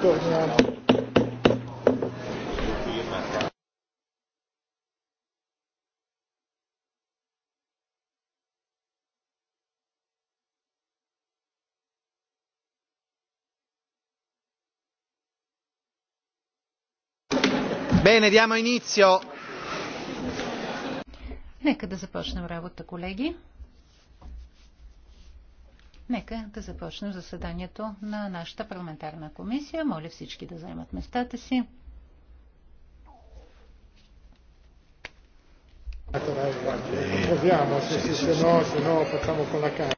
torniamo. Bene, diamo inizio. Нека да започнем работа, колеги. Нека да започнем заседанието на нашата парламентарна комисия. Моля всички да заемат местата си. Proviamo, se, se, se no, se no facciamo con la canna.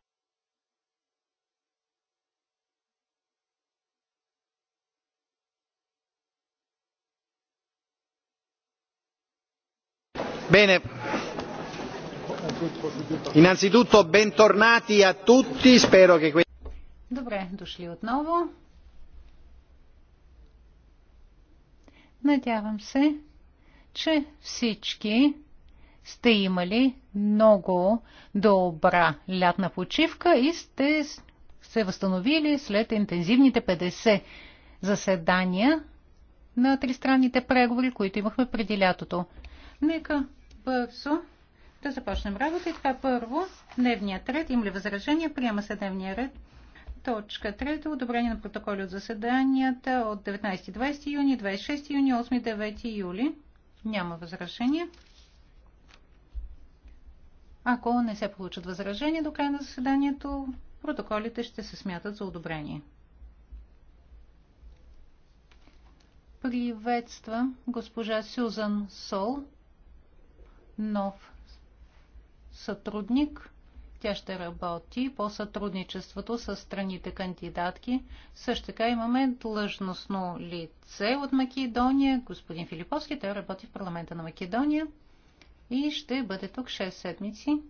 Bene. Innanzitutto bentornati a tutti, spero che Добре дошли отново. Надявам се, че всички сте имали много добра лятна почивка и сте се възстановили след интензивните 50 заседания на тристранните преговори, които имахме преди лятото. Нека бързо да започнем работа. И така е първо, дневният ред. Има ли възражение? Приема се дневния ред. Точка 3. Одобрение на протоколи от заседанията от 19-20 юни, 26 юни, 8-9 юли. Няма възражение. Ако не се получат възражения до края на заседанието, протоколите ще се смятат за одобрение. Приветства госпожа Сюзан Сол, нов сътрудник. Тя ще работи по сътрудничеството с страните кандидатки. Също така имаме длъжностно лице от Македония, господин Филиповски. Той работи в парламента на Македония и ще бъде тук 6 седмици.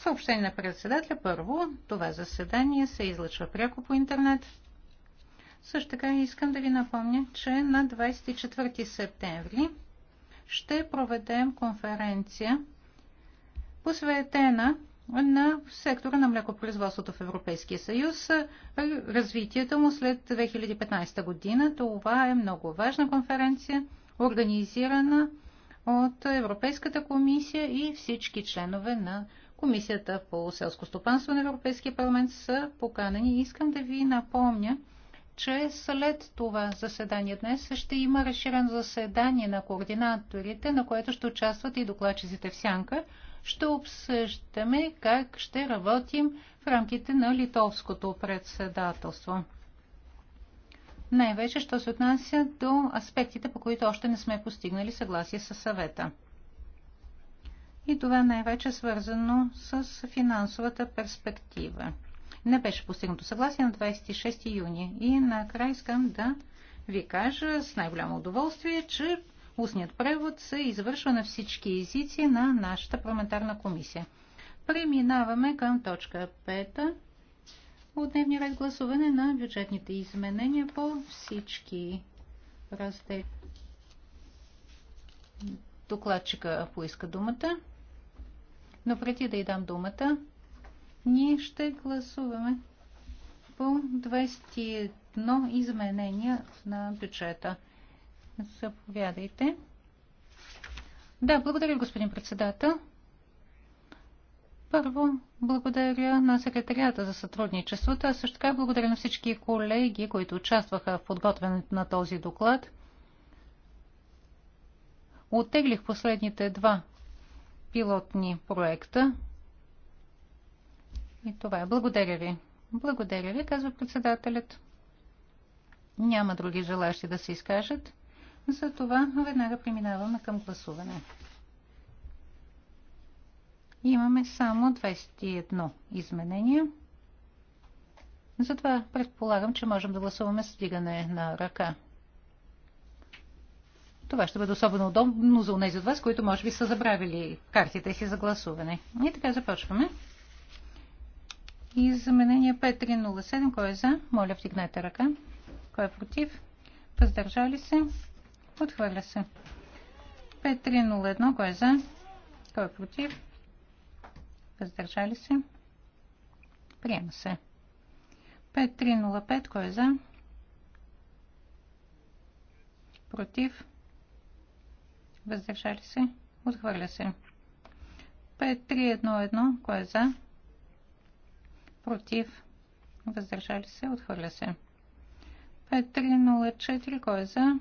Съобщение на председателя. Първо, това заседание се излъчва пряко по интернет. Също така искам да ви напомня, че на 24 септември ще проведем конференция посветена на сектора на млекопроизводството в Европейския съюз, развитието му след 2015 година. Това е много важна конференция, организирана от Европейската комисия и всички членове на Комисията по селско стопанство на Европейския парламент са поканени. Искам да ви напомня, че след това заседание днес ще има разширено заседание на координаторите, на което ще участват и докладчиците в Сянка ще обсъждаме как ще работим в рамките на литовското председателство. Най-вече, що се отнася до аспектите, по които още не сме постигнали съгласие с съвета. И това най-вече е свързано с финансовата перспектива. Не беше постигнато съгласие на 26 юни. И накрая искам да ви кажа с най-голямо удоволствие, че устният превод се извършва на всички езици на нашата парламентарна комисия. Преминаваме към точка 5 от дневния ред гласуване на бюджетните изменения по всички раздели. Докладчика поиска думата, но преди да й дам думата, ние ще гласуваме по 21 изменения на бюджета. Заповядайте. Да, благодаря, господин председател. Първо, благодаря на секретарията за сътрудничеството, а също така благодаря на всички колеги, които участваха в подготвянето на този доклад. Оттеглих последните два пилотни проекта. И това е. Благодаря ви. Благодаря ви, казва председателят. Няма други желащи да се изкажат. Затова веднага преминаваме към гласуване. Имаме само 21 изменения. Затова предполагам, че можем да гласуваме с дигане на ръка. Това ще бъде особено удобно за тези от вас, които може би са забравили картите си за гласуване. И така започваме. Изменение 5307. Кой е за? Моля, вдигнете ръка. Кой е против? Въздържали се? Отхвърля се. 5301. Кой е за? Кой е против? Въздържали се. Приема се. 5305. Кой е за? Против? Въздържали се. Отхвърля се. 5311. Кой е за? Против? Въздържали се. Отхвърля се. 5304. Кой е за?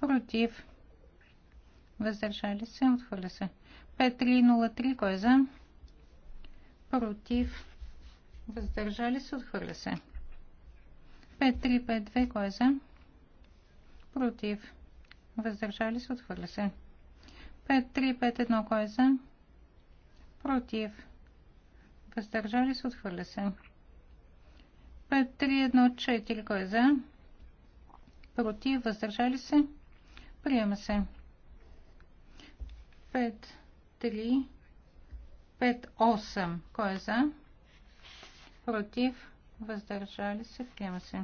против, въздържали се, отхвърля се. 5303, кой е за? Против, въздържали се, отхвърля се. 5352, кой е за? Против, въздържали се, отхвърля се. 5351, кой е за? Против, въздържали се, отхвърля се. 5314, кой е за? Против, въздържали се, отхвърля се. Приема се. 5, 3, 5, Кой е за? Против. Въздържали се. Приема се.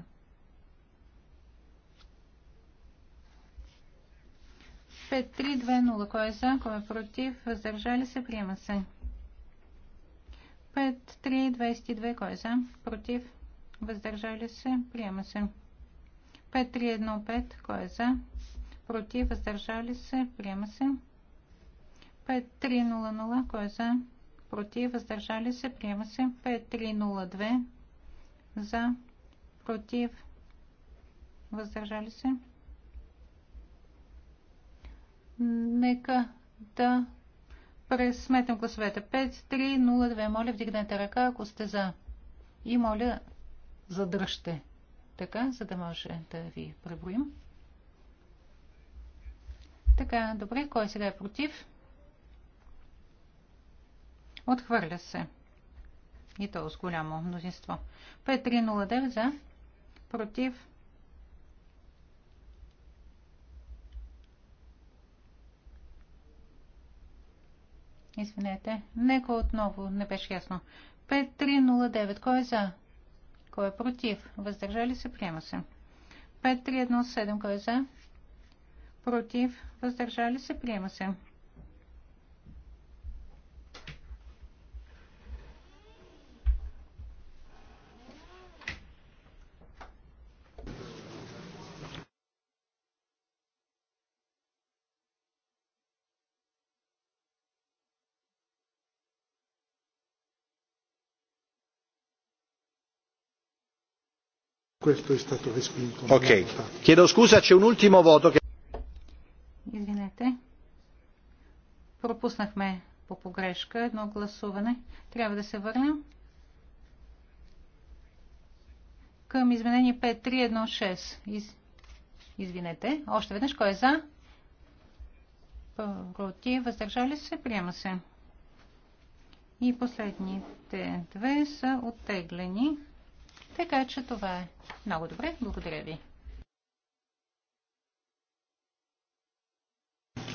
3 три, две, нула. Кой е за? Кой е против? Въздържали се. Приема се. 5-3-22. Кой е за? Против? Въздържали се? Приема се. 5-3-1-5. Кой е за? против, въздържали се, приема се. 5300, кой е за, против, въздържали се, приема се. 5302, за, против, въздържали се. Нека да пресметнем гласовете. 5302, моля, вдигнете ръка, ако сте за. И моля, задръжте. Така, за да може да ви преброим. Така, добре, кой сега е против? Отхвърля се. И то с голямо мнозинство. 5309 за. Против. Извинете. Нека отново не беше ясно. 5309. Кой е за? Кой е против? Въздържали се? Приема се. 5317. Кой е за? против, въздържали се, приема се. questo è stato respinto. Ok, chiedo scusa, c'è un ultimo voto che... Извинете. Пропуснахме по погрешка едно гласуване. Трябва да се върнем. Към изменение 5316. Из... Извинете. Още веднъж. Кой е за? Против. Въздържали се. Приема се. И последните две са оттеглени. Така че това е много добре. Благодаря ви.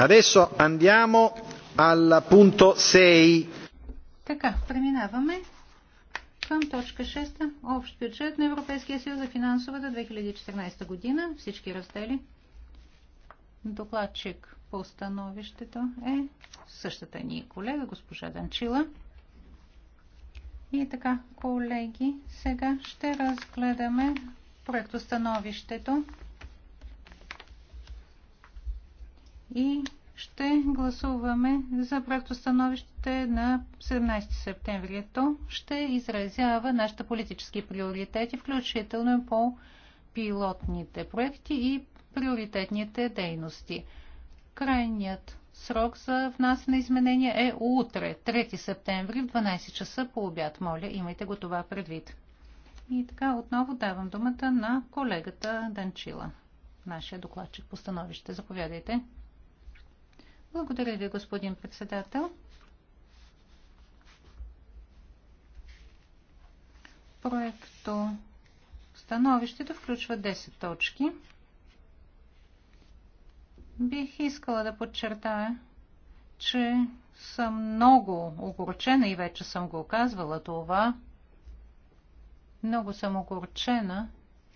Adesso andiamo al punto 6. Така, преминаваме към точка 6. Общ бюджет на Европейския съюз за финансовата 2014 година. Всички раздели. Докладчик по становището е същата ни колега, госпожа Данчила. И така, колеги, сега ще разгледаме проектостановището и ще гласуваме за проектостановище на 17 септември. То ще изразява нашите политически приоритети, включително по пилотните проекти и приоритетните дейности. Крайният срок за внасяне изменения е утре, 3 септември в 12 часа по обяд. Моля, имайте го това предвид. И така отново давам думата на колегата Данчила, нашия докладчик по становище. Заповядайте. Благодаря ви, господин председател. Проекто становището включва 10 точки. Бих искала да подчертая, че съм много огорчена и вече съм го казвала това. Много съм огорчена,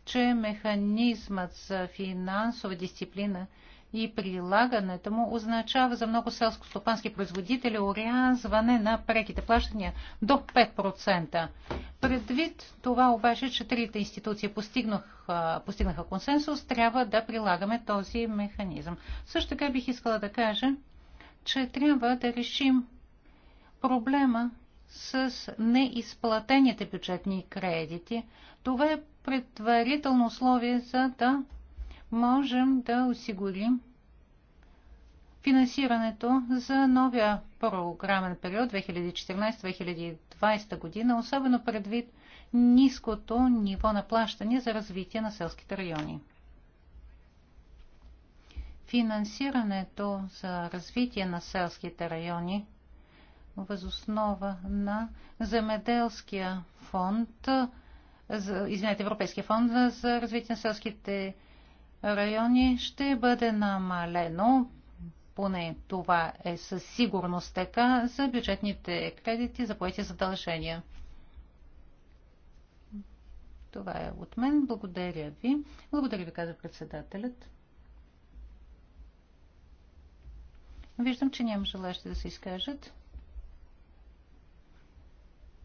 че механизмът за финансова дисциплина – и прилагането му означава за много селско-стопански производители урязване на преките плащания до 5%. Предвид това обаче, че трите институции постигнаха, постигнаха консенсус, трябва да прилагаме този механизъм. Също така бих искала да кажа, че трябва да решим проблема с неизплатените бюджетни кредити. Това е предварително условие за да можем да осигурим финансирането за новия програмен период 2014-2020 година, особено предвид ниското ниво на плащане за развитие на селските райони. Финансирането за развитие на селските райони възоснова на земеделския фонд, извинете, Европейския фонд за развитие на селските райони, райони ще бъде намалено, поне това е със сигурност така, за бюджетните кредити за поети задължения. Това е от мен. Благодаря ви. Благодаря ви, каза председателят. Виждам, че няма желащи да се изкажат.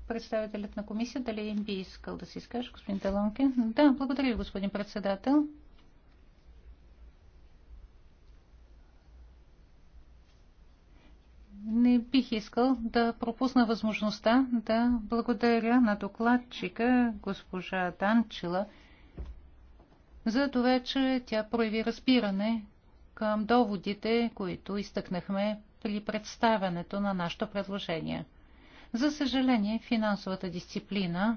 Представителят на комисия, дали би искал да се изкаже, господин Талонкин? Да, благодаря ви, господин председател. не бих искал да пропусна възможността да благодаря на докладчика госпожа Данчила за това, че тя прояви разбиране към доводите, които изтъкнахме при представянето на нашето предложение. За съжаление, финансовата дисциплина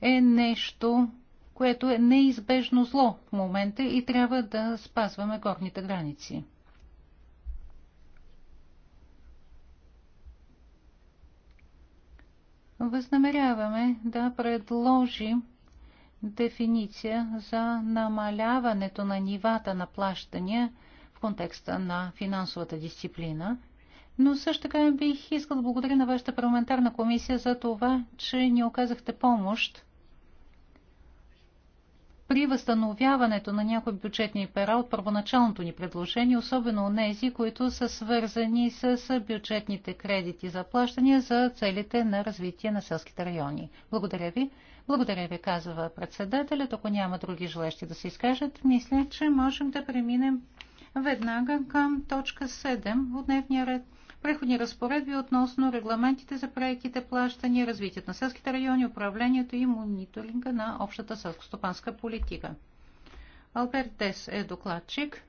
е нещо, което е неизбежно зло в момента и трябва да спазваме горните граници. Възнамеряваме да предложим дефиниция за намаляването на нивата на плащания в контекста на финансовата дисциплина, но също така бих искал да благодаря на вашата парламентарна комисия за това, че ни оказахте помощ при възстановяването на някои бюджетни пера от първоначалното ни предложение, особено от тези, които са свързани с бюджетните кредити за плащания за целите на развитие на селските райони. Благодаря ви. Благодаря ви, казва председателят. Ако няма други желащи да се изкажат, мисля, че можем да преминем веднага към точка 7 от дневния ред – преходни разпоредби относно регламентите за преките плащания, развитието на селските райони, управлението и мониторинга на общата селскостопанска политика. Алберт Дес е докладчик.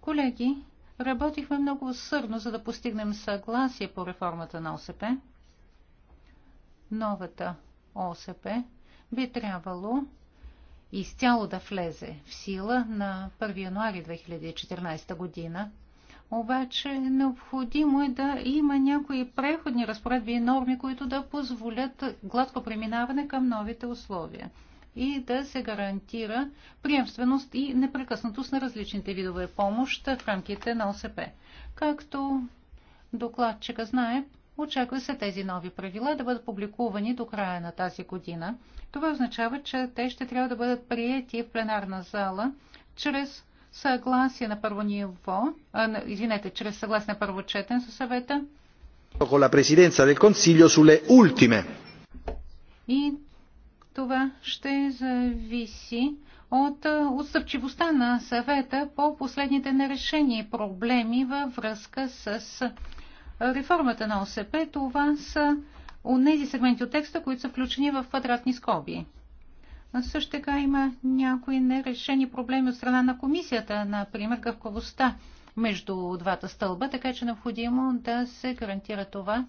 Колеги, работихме много усърдно, за да постигнем съгласие по реформата на ОСП. Новата ОСП би трябвало изцяло да влезе в сила на 1 януари 2014 година, обаче необходимо е да има някои преходни разпоредби и норми, които да позволят гладко преминаване към новите условия и да се гарантира приемственост и непрекъснатост на различните видове помощ в рамките на ОСП. Както докладчика знае, очаква се тези нови правила да бъдат публикувани до края на тази година. Това означава, че те ще трябва да бъдат приети в пленарна зала чрез съгласие на първо ниво, а, извинете, чрез съгласие на първо четен със съвета. Con la presidenza del Consiglio sulle ultime. И това ще зависи от отстъпчивостта на съвета по последните нерешени проблеми във връзка с реформата на ОСП. Това са тези сегменти от текста, които са включени в квадратни скоби. Също така има някои нерешени проблеми от страна на комисията, например гъвкавостта между двата стълба, така че е необходимо да се гарантира това,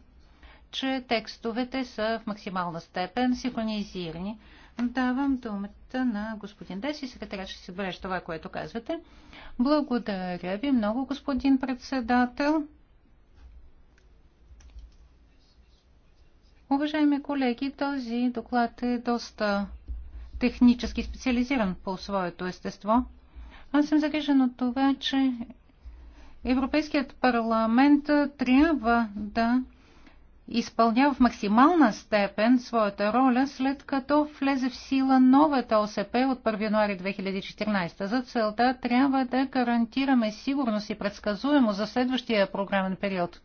че текстовете са в максимална степен синхронизирани. Давам думата на господин Деси, секретаря ще се бреш това, което казвате. Благодаря ви много, господин председател. Уважаеми колеги, този доклад е доста технически специализиран по своето естество. Аз съм загрижен от това, че Европейският парламент трябва да изпълнява в максимална степен своята роля, след като влезе в сила новата ОСП от 1 януари 2014. За целта трябва да гарантираме сигурност и предсказуемо за следващия програмен период.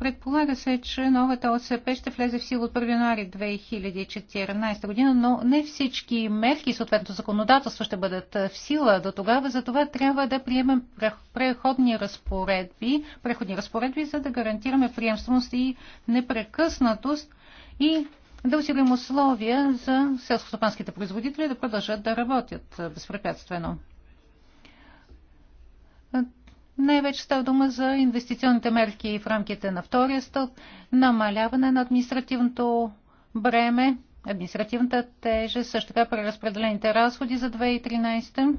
Предполага се, че новата ОСП ще влезе в сила от 1 януари 2014 година, но не всички мерки, съответно законодателство, ще бъдат в сила до тогава. За това трябва да приемем преходни разпоредби, преходни разпоредби, за да гарантираме приемственост и непрекъснатост и да усилим условия за селскостопанските производители да продължат да работят безпрепятствено. Най-вече става дума за инвестиционните мерки в рамките на втория стълб, намаляване на административното бреме, административната тежест, също така преразпределените разходи за 2013.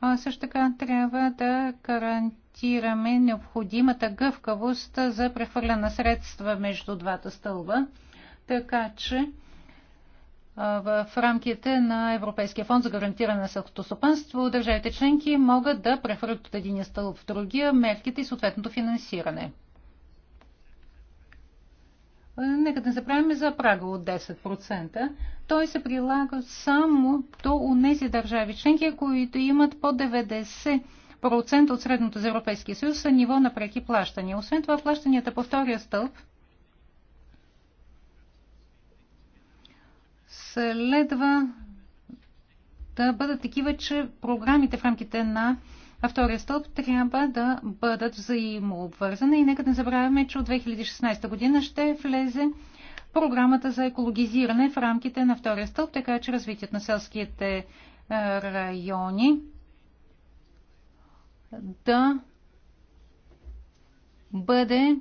А също така трябва да гарантираме необходимата гъвкавост за прехвърляне на средства между двата стълба, така че в рамките на Европейския фонд за гарантиране на селското стопанство държавите членки могат да прехвърлят от един стълб в другия мерките и съответното финансиране. Нека да не забравяме за прага от 10%. Той се прилага само до унези държави членки, които имат по 90% от средното за Европейския съюз ниво на преки плащания. Освен това, плащанията по втория стълб – следва да бъдат такива, че програмите в рамките на втория стълб трябва да бъдат взаимообвързани. И нека да не забравяме, че от 2016 година ще влезе програмата за екологизиране в рамките на втория стълб, така че развитието на селските е, райони да бъде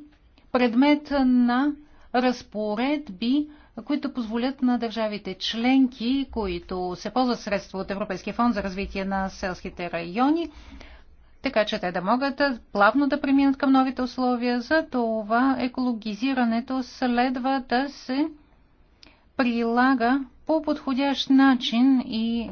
предмет на разпоредби, които позволят на държавите членки, които се ползват средства от Европейския фонд за развитие на селските райони, така че те да могат плавно да преминат към новите условия. За това екологизирането следва да се прилага по подходящ начин и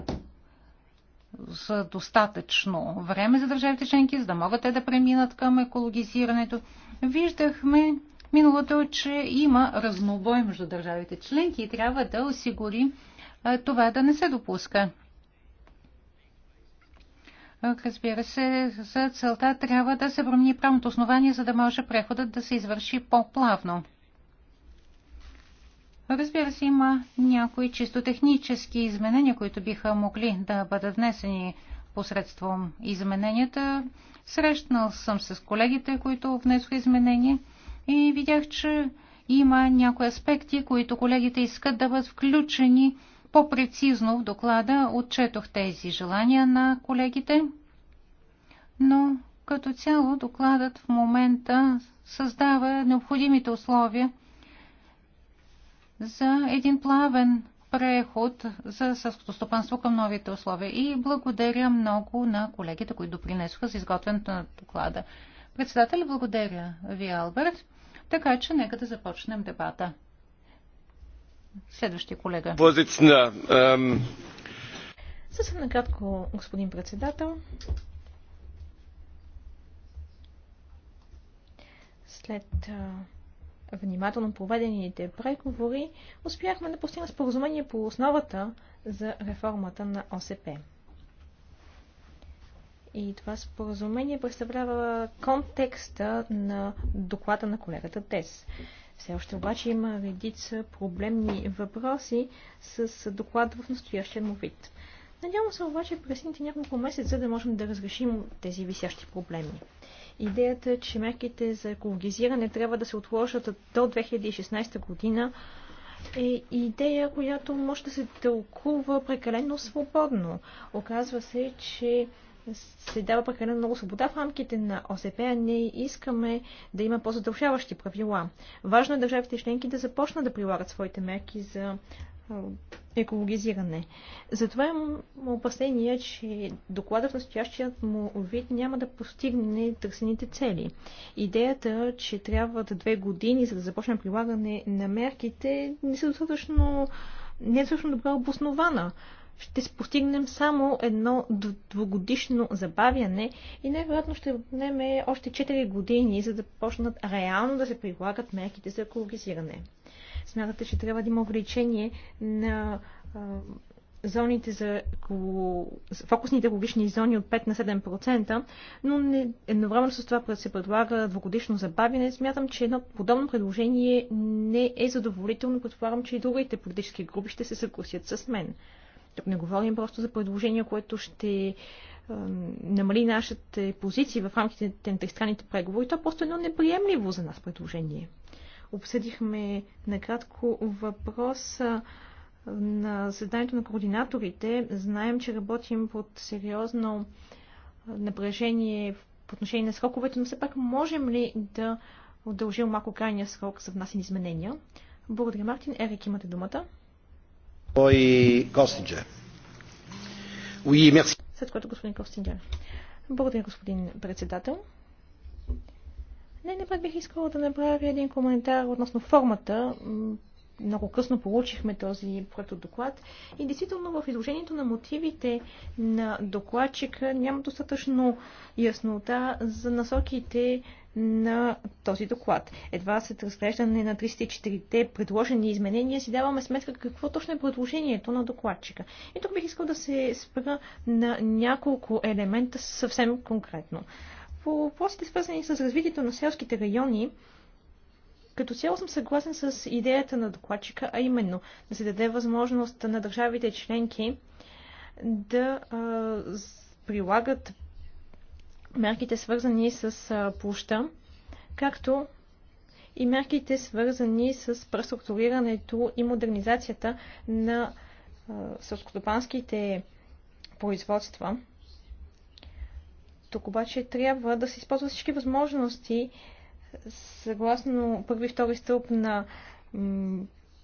за достатъчно време за държавите членки, за да могат те да преминат към екологизирането. Виждахме миналото е, че има разнобой между държавите членки и трябва да осигури това да не се допуска. Разбира се, за целта трябва да се промени правното основание, за да може преходът да се извърши по-плавно. Разбира се, има някои чисто технически изменения, които биха могли да бъдат внесени посредством измененията. Срещнал съм се с колегите, които внесоха изменения и видях, че има някои аспекти, които колегите искат да бъдат включени по-прецизно в доклада. Отчетох тези желания на колегите, но като цяло докладът в момента създава необходимите условия за един плавен преход за съвкостопанство към новите условия. И благодаря много на колегите, които допринесоха за изготвянето на доклада. Председател, благодаря ви, Алберт. Така че нека да започнем дебата. Следващия колега. Съвсем накратко, господин председател. След внимателно проведените преговори, успяхме да постигнем споразумение по основата за реформата на ОСП. И това споразумение представлява контекста на доклада на колегата Тес. Все още обаче има редица проблемни въпроси с доклада в настоящия му вид. Надявам се обаче през няколко месеца да можем да разрешим тези висящи проблеми. Идеята, е, че мерките за екологизиране трябва да се отложат до 2016 година, е идея, която може да се тълкува прекалено свободно. Оказва се, че се дава прекалено много свобода в рамките на ОСП, а ние искаме да има по-задължаващи правила. Важно е държавите членки да започнат да прилагат своите мерки за екологизиране. Затова имам опасение, че докладът в настоящият му вид няма да постигне търсените цели. Идеята, че да две години за да започне прилагане на мерките, не, е достатъчно, не е достатъчно добре обоснована ще постигнем само едно двугодишно забавяне и най-вероятно ще отнеме още 4 години, за да почнат реално да се прилагат мерките за екологизиране. Смятате, че трябва да има увеличение на зоните за фокусните екологични зони от 5 на 7%, но не, едновременно с това се предлага двогодишно забавяне. Смятам, че едно подобно предложение не е задоволително. Предполагам, че и другите политически групи ще се съгласят с мен. Тук не говорим просто за предложение, което ще намали нашите позиции в рамките на тристранните преговори, то е просто едно неприемливо за нас предложение. Обсъдихме накратко въпроса на заседанието на координаторите. Знаем, че работим под сериозно напрежение по отношение на сроковете, но все пак можем ли да удължим малко крайния срок за внасени изменения? Благодаря, Мартин. Ерик, имате думата. След което господин Костинджер. Благодаря, господин председател. Не, не бих искала да направя един коментар относно формата. Много късно получихме този проект доклад и действително в изложението на мотивите на докладчика няма достатъчно яснота за насоките на този доклад. Едва след разглеждане на 304-те предложени изменения си даваме сметка какво точно е предложението на докладчика. И тук бих искал да се спра на няколко елемента съвсем конкретно. По въпросите свързани с развитието на селските райони, като цяло съм съгласен с идеята на докладчика, а именно да се даде възможност на държавите членки да а, прилагат мерките свързани с площа, както и мерките свързани с преструктурирането и модернизацията на сълскотопанските производства. Тук обаче трябва да се използват всички възможности съгласно първи и втори стълб на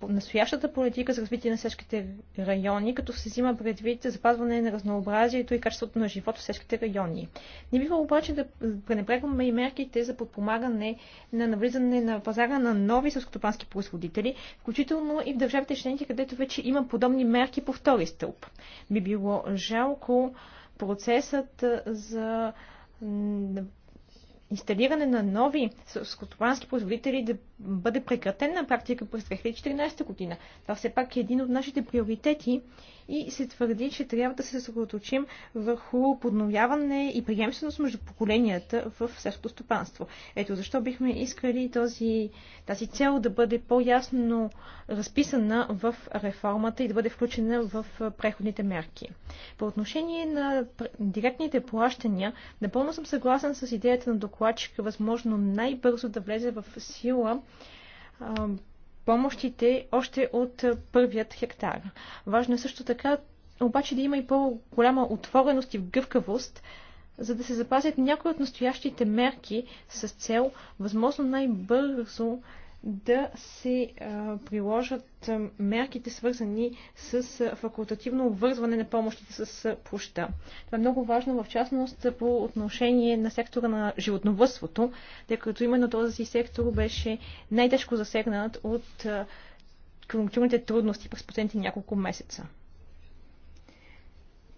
настоящата политика за развитие на селските райони, като се взима предвид запазване на разнообразието и качеството на живот в селските райони. Не бива обаче да пренебрегваме и мерките за подпомагане на навлизане на пазара на нови селскотопански производители, включително и в държавите членки, където вече има подобни мерки по втори стълб. Би било жалко процесът за инсталиране на нови скотопански производители да бъде прекратен на практика през 2014 година. Това все пак е един от нашите приоритети и се твърди, че трябва да се съсредоточим върху подновяване и приемственост между поколенията в селското стопанство. Ето защо бихме искали този, тази цел да бъде по-ясно разписана в реформата и да бъде включена в преходните мерки. По отношение на директните плащания, напълно съм съгласен с идеята на докладчика, възможно най-бързо да влезе в сила помощите още от е, първият хектар. Важно е също така обаче да има и по-голяма отвореност и гъвкавост, за да се запазят някои от настоящите мерки с цел възможно най-бързо да се приложат мерките свързани с факултативно обвързване на помощите с площа. Това е много важно в частност по отношение на сектора на животновътството, тъй като именно този сектор беше най-тежко засегнат от конъюнктурните трудности през последните няколко месеца.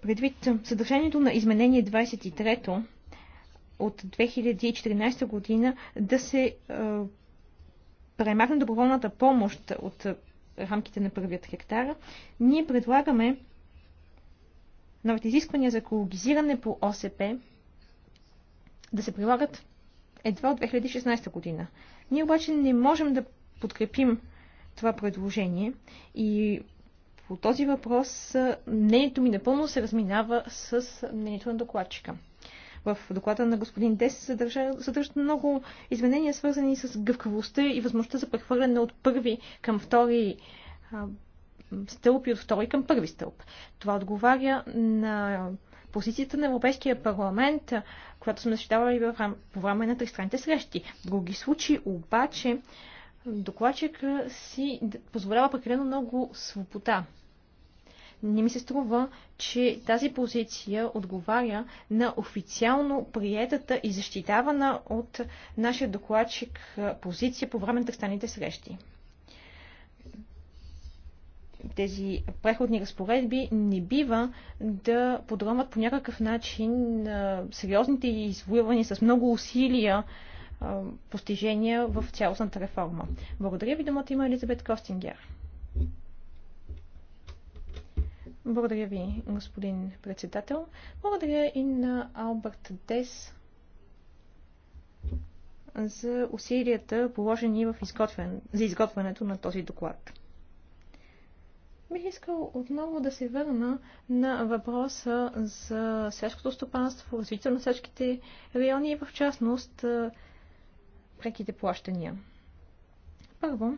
Предвид съдържанието на изменение 23 от 2014 година да се премахнем доброволната помощ от рамките на първият хектар, ние предлагаме новите изисквания за екологизиране по ОСП да се прилагат едва от 2016 година. Ние обаче не можем да подкрепим това предложение и по този въпрос мнението ми напълно се разминава с мнението на докладчика. В доклада на господин Дес съдържат много изменения, свързани с гъвкавостта и възможността за прехвърляне от първи към втори стълб и от втори към първи стълб. Това отговаря на позицията на Европейския парламент, която сме защитавали по време на тристранните срещи. В други случаи обаче докладчик си позволява прекалено много свобода не ми се струва, че тази позиция отговаря на официално приетата и защитавана от нашия докладчик позиция по време на тъкстаните срещи. Тези преходни разпоредби не бива да подромат по някакъв начин сериозните и извоювани с много усилия постижения в цялостната реформа. Благодаря ви, думата има Елизабет Костингер. Благодаря ви, господин председател. Благодаря и на Алберт Дес за усилията, положени в изготвен, за изготвянето на този доклад. Бих искал отново да се върна на въпроса за селското стопанство, развитието на селските райони и в частност преките плащания. Първо,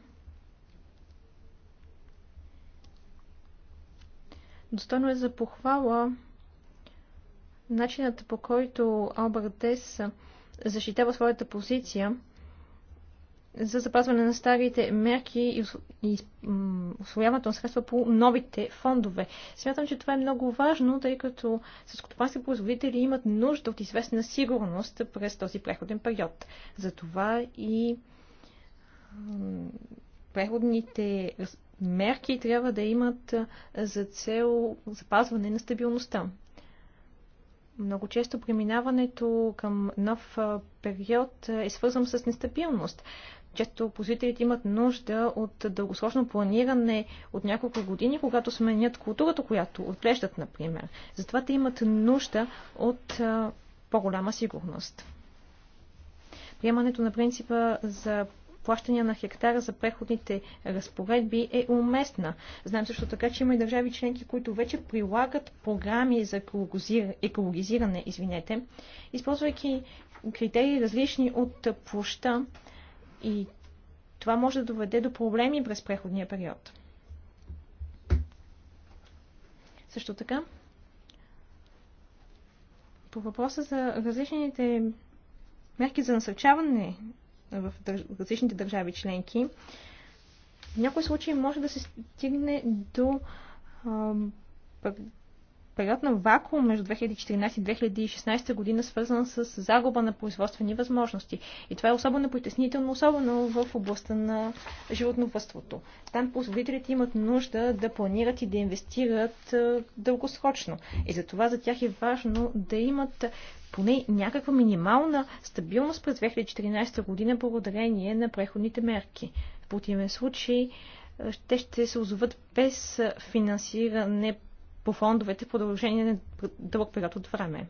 Достойно е за похвала начинът по който Алберт Дес защитава своята позиция за запазване на старите мерки и освояването на средства по новите фондове. Смятам, че това е много важно, тъй като съскотопански производители имат нужда от известна сигурност през този преходен период. Затова и преходните мерки трябва да имат за цел запазване на стабилността. Много често преминаването към нов период е свързан с нестабилност. Често позителите имат нужда от дългосрочно планиране от няколко години, когато сменят културата, която отглеждат, например. Затова те имат нужда от по-голяма сигурност. Приемането на принципа за плащания на хектара за преходните разпоредби е уместна. Знаем също така, че има и държави членки, които вече прилагат програми за екологизиране, извинете, използвайки критерии различни от площа и това може да доведе до проблеми през преходния период. Също така, по въпроса за различните мерки за насърчаване в различните държави членки, в някои случаи може да се стигне до период на вакуум между 2014 и 2016 година, свързан с загуба на производствени възможности. И това е особено притеснително, особено в областта на животновътството. Там производителите имат нужда да планират и да инвестират дългосрочно. И затова за тях е важно да имат поне някаква минимална стабилност през 2014 година благодарение на преходните мерки. В противен случай е, те ще се озоват без финансиране по фондовете в продължение на дълъг период от време.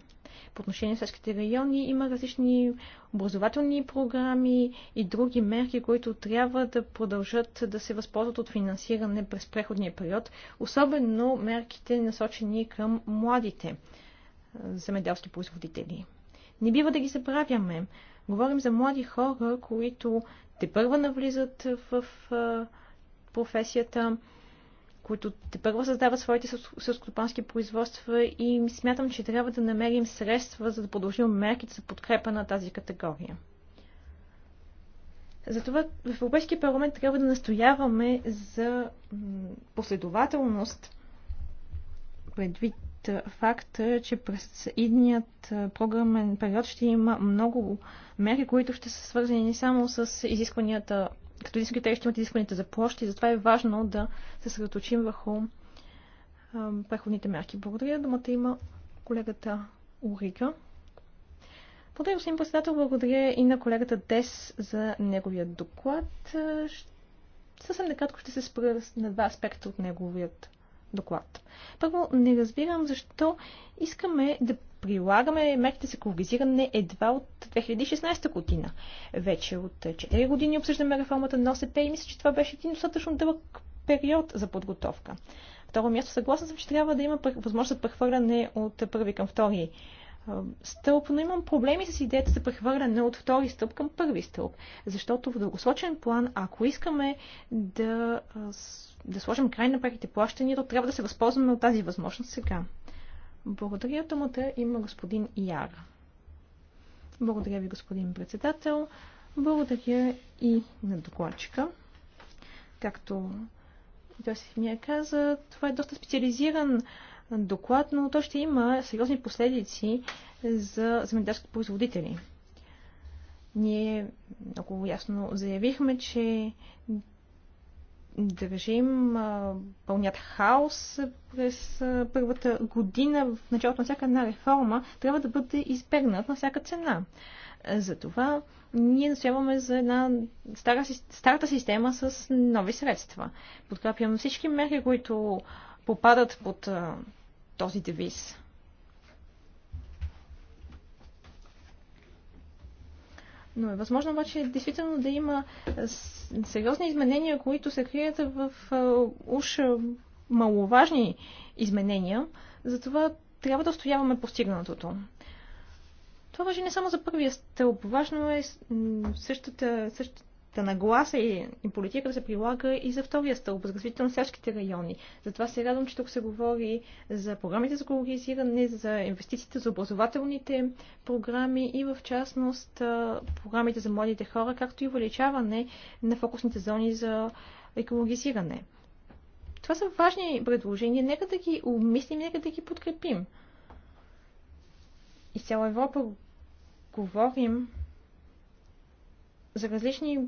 По отношение на селските райони има различни образователни програми и други мерки, които трябва да продължат да се възползват от финансиране през преходния период, особено мерките насочени към младите земеделски производители. Не бива да ги забравяме. Говорим за млади хора, които те първа навлизат в професията, които те първо създават своите селскостопански производства и смятам, че трябва да намерим средства, за да продължим мерките за подкрепа на тази категория. Затова в Европейския парламент трябва да настояваме за последователност предвид Факт факта, че през идният програмен период ще има много мерки, които ще са свързани не само с изискванията, като изискванията ще имат изискванията за площи, затова е важно да се съсредоточим върху преходните мерки. Благодаря. Думата има колегата Урика. Благодаря, господин председател. Благодаря и на колегата Дес за неговия доклад. Съвсем накратко ще се спра на два аспекта от неговият доклад. Първо, не разбирам защо искаме да прилагаме мерките за екологизиране едва от 2016 година. Вече от 4 години обсъждаме реформата на ОСП и мисля, че това беше един достатъчно дълъг период за подготовка. Второ място, съгласна съм, че трябва да има възможност за прехвърляне от първи към втори стълб, но имам проблеми с идеята за прехвърляне от втори стълб към първи стълб. Защото в дългосрочен план, ако искаме да, да сложим край на парите плащания, то трябва да се възползваме от тази възможност сега. Благодаря думата има господин Яра. Благодаря ви, господин председател. Благодаря и на докладчика. Както Йосиф ми е каза, това е доста специализиран доклад, но то ще има сериозни последици за земеделските производители. Ние много ясно заявихме, че държим пълнят хаос през първата година в началото на всяка една реформа трябва да бъде избегнат на всяка цена. Затова ние настояваме за една стара, старата система с нови средства. Подкрепям всички мерки, които попадат под а, този девиз. Но е възможно обаче действително да има сериозни изменения, които се крият в уж маловажни изменения. Затова трябва да устояваме постигнатото. Това въжи не само за първия стълб. Важно е същата, същата политическата нагласа и, и политика да се прилага и за втория стълб, за развитието на селските райони. Затова се радвам, че тук се говори за програмите за колоризиране, за инвестициите, за образователните програми и в частност програмите за младите хора, както и увеличаване на фокусните зони за екологизиране. Това са важни предложения. Нека да ги обмислим, нека да ги подкрепим. И цяла Европа говорим за различни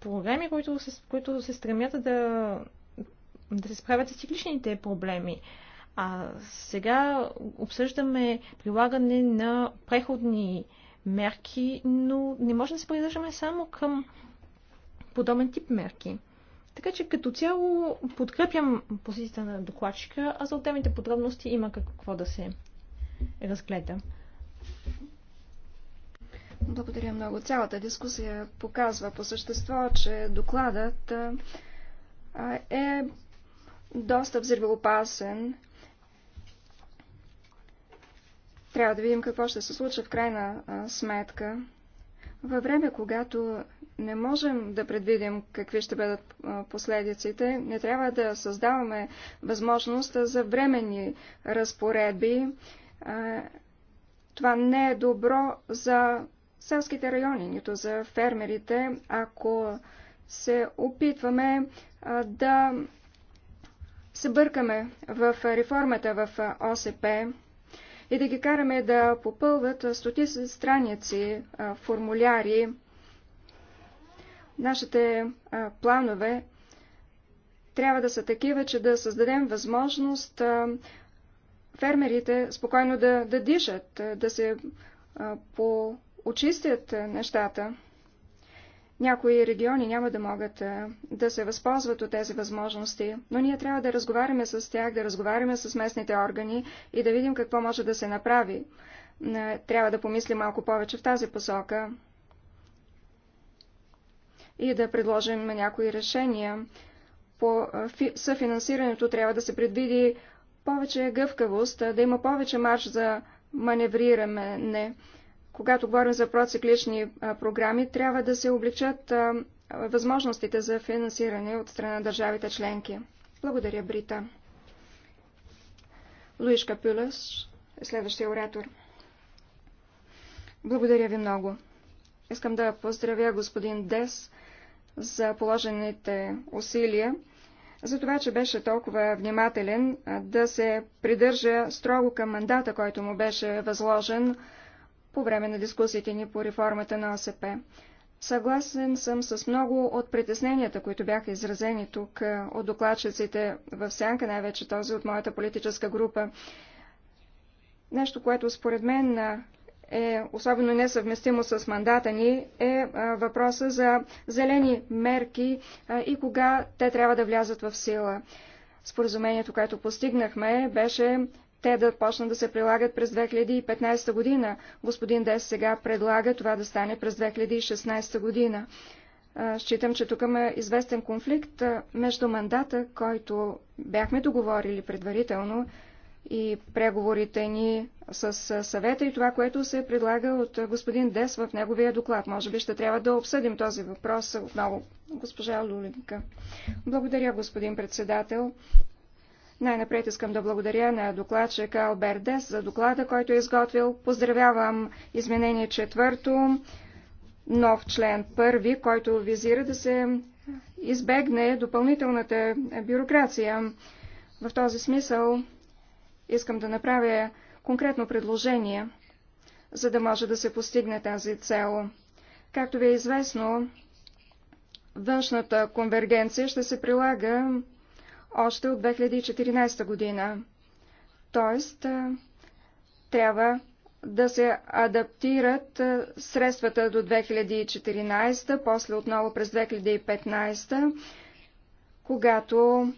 програми, които се, които се стремят да, да се справят с цикличните проблеми. А сега обсъждаме прилагане на преходни мерки, но не може да се придържаме само към подобен тип мерки. Така че като цяло подкрепям позицията на докладчика, а за отделните подробности има какво да се разгледа. Благодаря много. Цялата дискусия показва по същество, че докладът е доста взривоопасен. Трябва да видим какво ще се случи в крайна сметка. Във време, когато не можем да предвидим какви ще бъдат последиците, не трябва да създаваме възможност за временни разпоредби. Това не е добро за селските райони, нито за фермерите, ако се опитваме да се бъркаме в реформата в ОСП и да ги караме да попълват стотици страници формуляри. Нашите планове трябва да са такива, че да създадем възможност фермерите спокойно да, да дишат, да се по очистят нещата. Някои региони няма да могат да се възползват от тези възможности, но ние трябва да разговаряме с тях, да разговаряме с местните органи и да видим какво може да се направи. Трябва да помислим малко повече в тази посока и да предложим някои решения. По съфинансирането трябва да се предвиди повече гъвкавост, да има повече марш за маневриране когато говорим за проциклични програми, трябва да се обличат възможностите за финансиране от страна на държавите членки. Благодаря, Брита. Луишка Капюлес е следващия оратор. Благодаря ви много. Искам да поздравя господин Дес за положените усилия, за това, че беше толкова внимателен да се придържа строго към мандата, който му беше възложен по време на дискусиите ни по реформата на ОСП. Съгласен съм с много от притесненията, които бяха изразени тук е, от докладчиците в сянка, най-вече този от моята политическа група. Нещо, което според мен е, е особено несъвместимо с мандата ни, е, е въпроса за зелени мерки и кога те трябва да влязат в сила. Споразумението, което постигнахме, беше те да почнат да се прилагат през 2015 година. Господин Дес сега предлага това да стане през 2016 година. Считам, че тук има известен конфликт между мандата, който бяхме договорили предварително и преговорите ни с съвета и това, което се предлага от господин Дес в неговия доклад. Може би ще трябва да обсъдим този въпрос отново. Госпожа Лулинка. Благодаря, господин председател. Най-напред искам да благодаря на докладчика Албердес за доклада, който е изготвил. Поздравявам изменение четвърто, нов член първи, който визира да се избегне допълнителната бюрокрация. В този смисъл искам да направя конкретно предложение, за да може да се постигне тази цел. Както ви е известно, външната конвергенция ще се прилага още от 2014 година. Тоест, трябва да се адаптират средствата до 2014, после отново през 2015, когато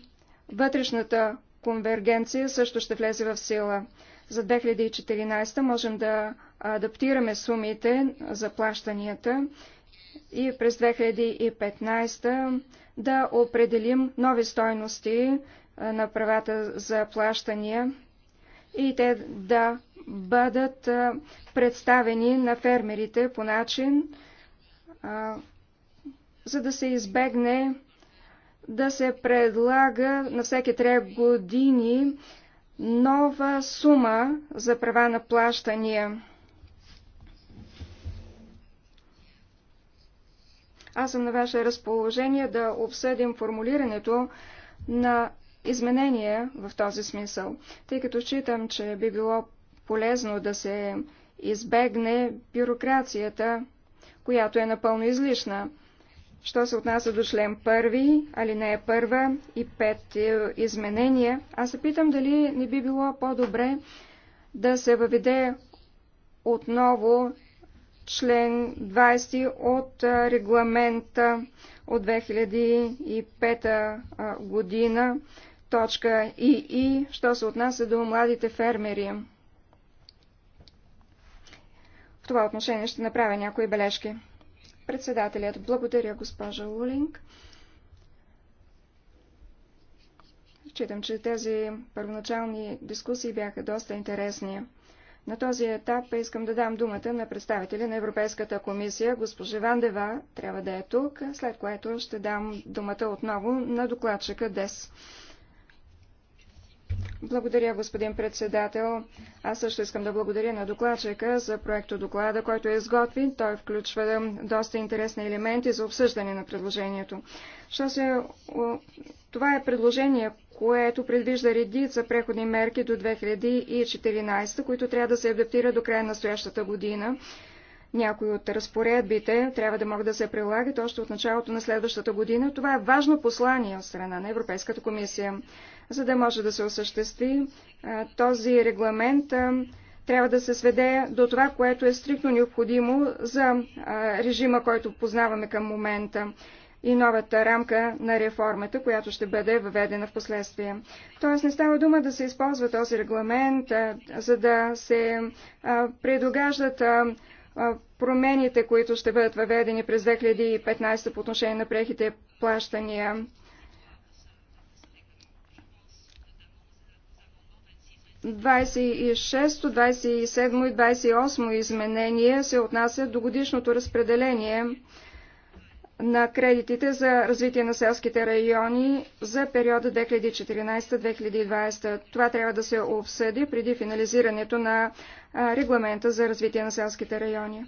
вътрешната конвергенция също ще влезе в сила. За 2014 можем да адаптираме сумите за плащанията и през 2015 да определим нови стойности на правата за плащания и те да бъдат представени на фермерите по начин, за да се избегне да се предлага на всеки 3 години нова сума за права на плащания. Аз съм на ваше разположение да обсъдим формулирането на изменения в този смисъл, тъй като считам, че би било полезно да се избегне бюрокрацията, която е напълно излишна. Що се отнася до член не алинея първа, и пет е, изменения, аз се питам дали не би било по-добре да се въведе отново член 20 от регламента от 2005 година, точка ИИ, що се отнася до младите фермери. В това отношение ще направя някои бележки. Председателят, благодаря госпожа Лулинг. Считам, че тези първоначални дискусии бяха доста интересни. На този етап искам да дам думата на представители на Европейската комисия. Госпожа Вандева трябва да е тук, след което ще дам думата отново на докладчика ДЕС. Благодаря, господин председател. Аз също искам да благодаря на докладчика за проекто доклада, който е изготвен. Той включва доста интересни елементи за обсъждане на предложението. Що се... Това е предложение, което предвижда редица преходни мерки до 2014, които трябва да се адаптират до края на настоящата година. Някои от разпоредбите трябва да могат да се прилагат още от началото на следващата година. Това е важно послание от страна на Европейската комисия. За да може да се осъществи този регламент, трябва да се сведе до това, което е стрикно необходимо за режима, който познаваме към момента и новата рамка на реформата, която ще бъде въведена в последствие. Тоест не става дума да се използва този регламент, за да се предогаждат промените, които ще бъдат въведени през 2015 по отношение на прехите плащания. Двадесет 27 и 28 изменение се отнасят до годишното разпределение на кредитите за развитие на селските райони за периода 2014-2020. Това трябва да се обсъди преди финализирането на регламента за развитие на селските райони.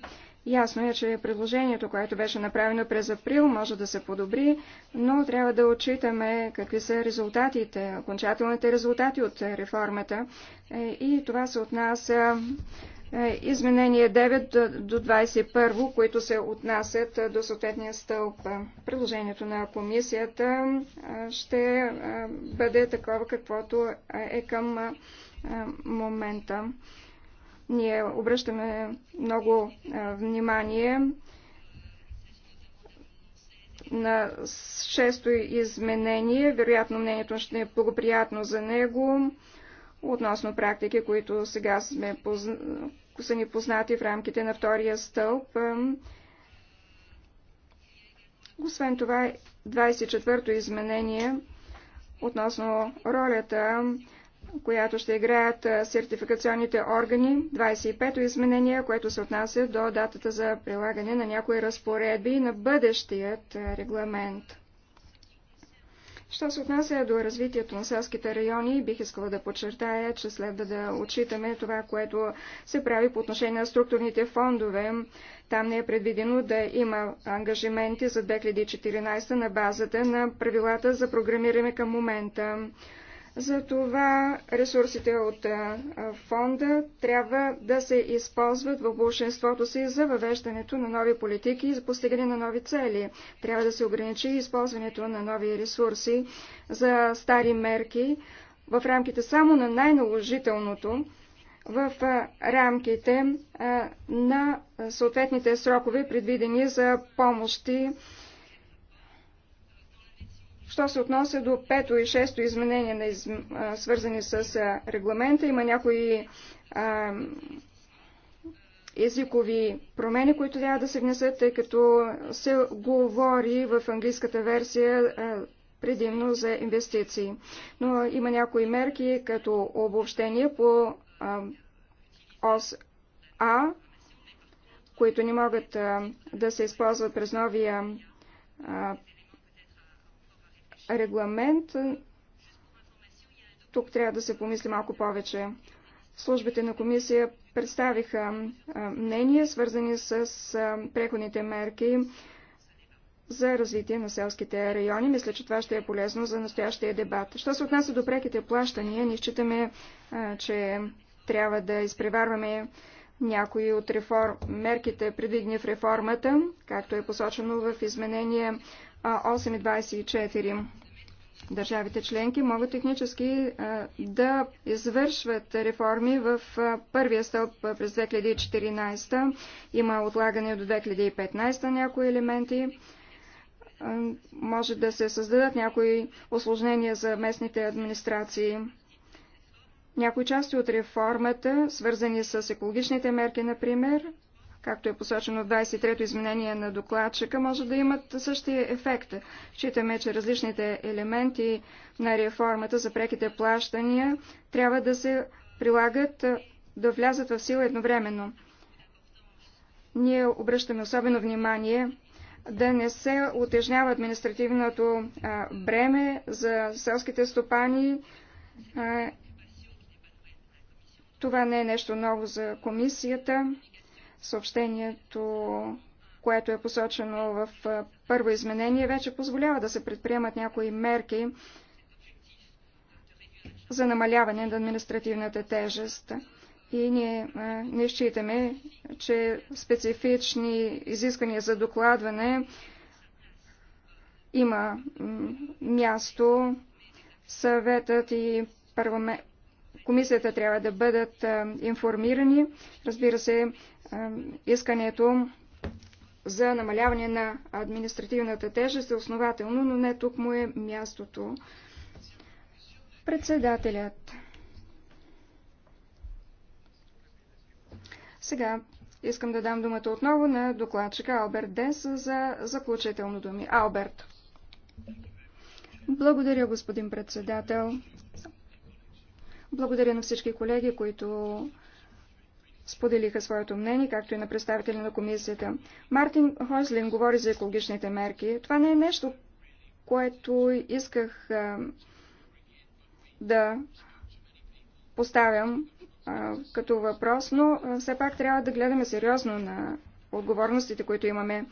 Ясно е, че предложението, което беше направено през април, може да се подобри, но трябва да отчитаме какви са резултатите, окончателните резултати от реформата. Е, и това се отнася е, изменение 9 е, до 21, които се отнасят е, до съответния стълб. Предложението на комисията ще бъде такова, каквото е към момента. Ние обръщаме много внимание на шесто изменение. Вероятно мнението ще е благоприятно за него относно практики, които сега сме познали които са ни познати в рамките на втория стълб. Освен това, 24-то изменение относно ролята, която ще играят сертификационните органи, 25-то изменение, което се отнася до датата за прилагане на някои разпоредби на бъдещият регламент. Що се отнася до развитието на селските райони, бих искала да подчертая, че следва да отчитаме това, което се прави по отношение на структурните фондове. Там не е предвидено да има ангажименти за 2014 на базата на правилата за програмиране към момента. Затова ресурсите от фонда трябва да се използват в большинството си за въвеждането на нови политики и за постигане на нови цели. Трябва да се ограничи използването на нови ресурси за стари мерки в рамките само на най-наложителното, в рамките на съответните срокове, предвидени за помощи Що се относя до пето и шесто изменение, на изм... свързани с регламента, има някои а, езикови промени, които трябва да се внесат, тъй като се говори в английската версия а, предимно за инвестиции. Но има някои мерки, като обобщение по а, ОС А, които не могат а, да се използват през новия а, регламент. Тук трябва да се помисли малко повече. Службите на комисия представиха мнения, свързани с преходните мерки за развитие на селските райони. Мисля, че това ще е полезно за настоящия дебат. Що се отнася до преките плащания, ние считаме, че трябва да изпреварваме някои от реформ... мерките, предвидени в реформата, както е посочено в изменение 8.24. Държавите членки могат технически да извършват реформи в първия стълб през 2014. Има отлагане до 2015 някои елементи. Може да се създадат някои осложнения за местните администрации. Някои части от реформата, свързани с екологичните мерки, например, както е посочено 23-то изменение на докладчика, може да имат същия ефект. Считаме, че различните елементи на реформата за преките плащания трябва да се прилагат, да влязат в сила едновременно. Ние обръщаме особено внимание да не се отежнява административното бреме за селските стопани. Това не е нещо ново за комисията. Съобщението, което е посочено в първо изменение, вече позволява да се предприемат някои мерки за намаляване на административната тежест. И ние не считаме, че специфични изисквания за докладване има място. Съветът и парламент, Комисията трябва да бъдат информирани. Разбира се, искането за намаляване на административната тежест е основателно, но не тук му е мястото. Председателят. Сега искам да дам думата отново на докладчика Алберт Дес за заключително думи. Алберт. Благодаря, господин председател. Благодаря на всички колеги, които споделиха своето мнение, както и на представители на комисията. Мартин Хойслин говори за екологичните мерки. Това не е нещо, което исках а, да поставям а, като въпрос, но а, все пак трябва да гледаме сериозно на отговорностите, които имаме.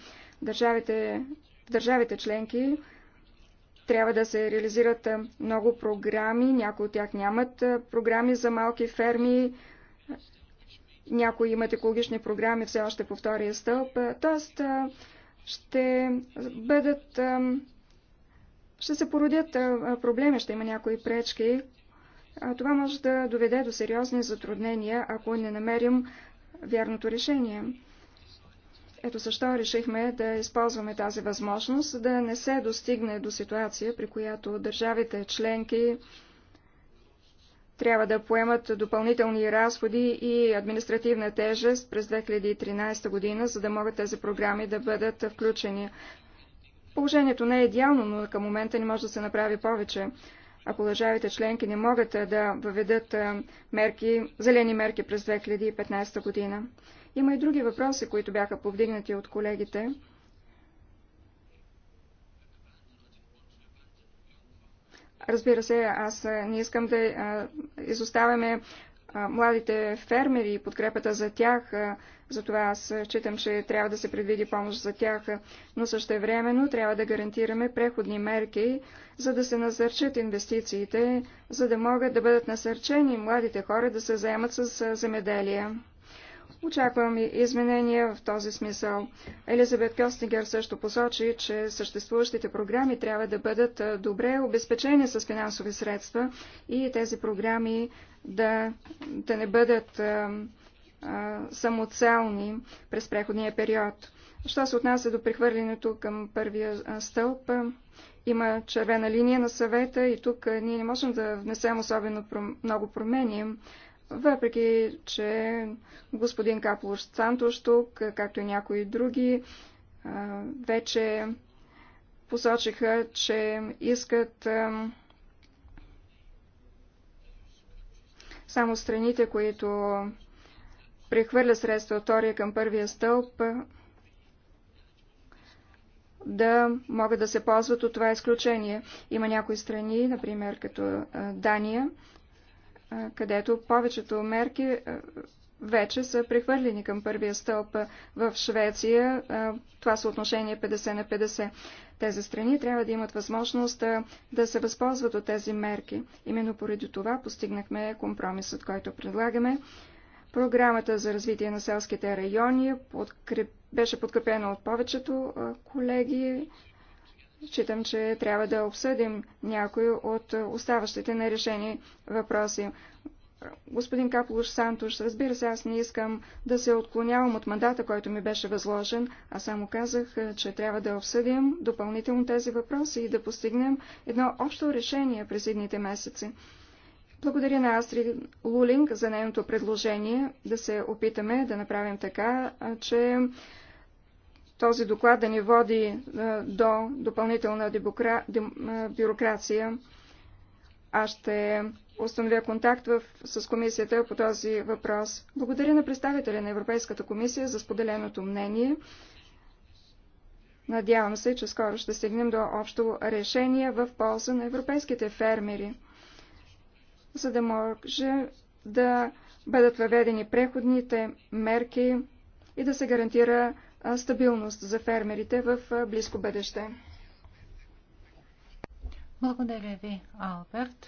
Държавите, държавите членки трябва да се реализират много програми, някои от тях нямат програми за малки ферми, някои имат екологични програми все още по втория стълб. Тоест, ще бъдат, ще се породят проблеми, ще има някои пречки. Това може да доведе до сериозни затруднения, ако не намерим вярното решение. Ето защо решихме да използваме тази възможност, да не се достигне до ситуация, при която държавите членки трябва да поемат допълнителни разходи и административна тежест през 2013 година, за да могат тези програми да бъдат включени. Положението не е идеално, но към момента не може да се направи повече. Ако държавите членки не могат да въведат мерки, зелени мерки през 2015 година. Има и други въпроси, които бяха повдигнати от колегите. Разбира се, аз не искам да изоставяме младите фермери и подкрепата за тях. Затова аз считам, че трябва да се предвиди помощ за тях, но също времено трябва да гарантираме преходни мерки, за да се насърчат инвестициите, за да могат да бъдат насърчени младите хора да се заемат с земеделие. Очаквам и изменения в този смисъл. Елизабет Костигер също посочи, че съществуващите програми трябва да бъдат добре обезпечени с финансови средства и тези програми да, да не бъдат а, а, самоцелни през преходния период. Що се отнася до прехвърлянето към първия стълб, има червена линия на съвета и тук ние не можем да внесем особено много промени. Въпреки, че господин Каплош Цантош тук, както и някои други, вече посочиха, че искат само страните, които прехвърлят средства от втория към първия стълб, да могат да се ползват от това изключение. Има някои страни, например като Дания, където повечето мерки вече са прехвърлени към първия стълб в Швеция. Това съотношение 50 на 50. Тези страни трябва да имат възможност да се възползват от тези мерки. Именно поради това постигнахме компромисът, който предлагаме. Програмата за развитие на селските райони подкреп... беше подкрепена от повечето колеги Считам, че трябва да обсъдим някои от оставащите нерешени въпроси. Господин Капулуш Сантуш, разбира се, аз не искам да се отклонявам от мандата, който ми беше възложен, а само казах, е, че трябва да обсъдим допълнително тези въпроси и да постигнем едно общо решение през едните месеци. Благодаря на Астрид Лулинг за нейното предложение да се опитаме да направим така, че този доклад да ни води е, до допълнителна е, бюрокрация. Аз ще установя контакт в... с комисията по този въпрос. Благодаря на представителя на Европейската комисия за споделеното мнение. Надявам се, че скоро ще стигнем до общо решение в полза на европейските фермери, за да може да бъдат въведени преходните мерки и да се гарантира стабилност за фермерите в близко бъдеще. Благодаря ви, Алберт.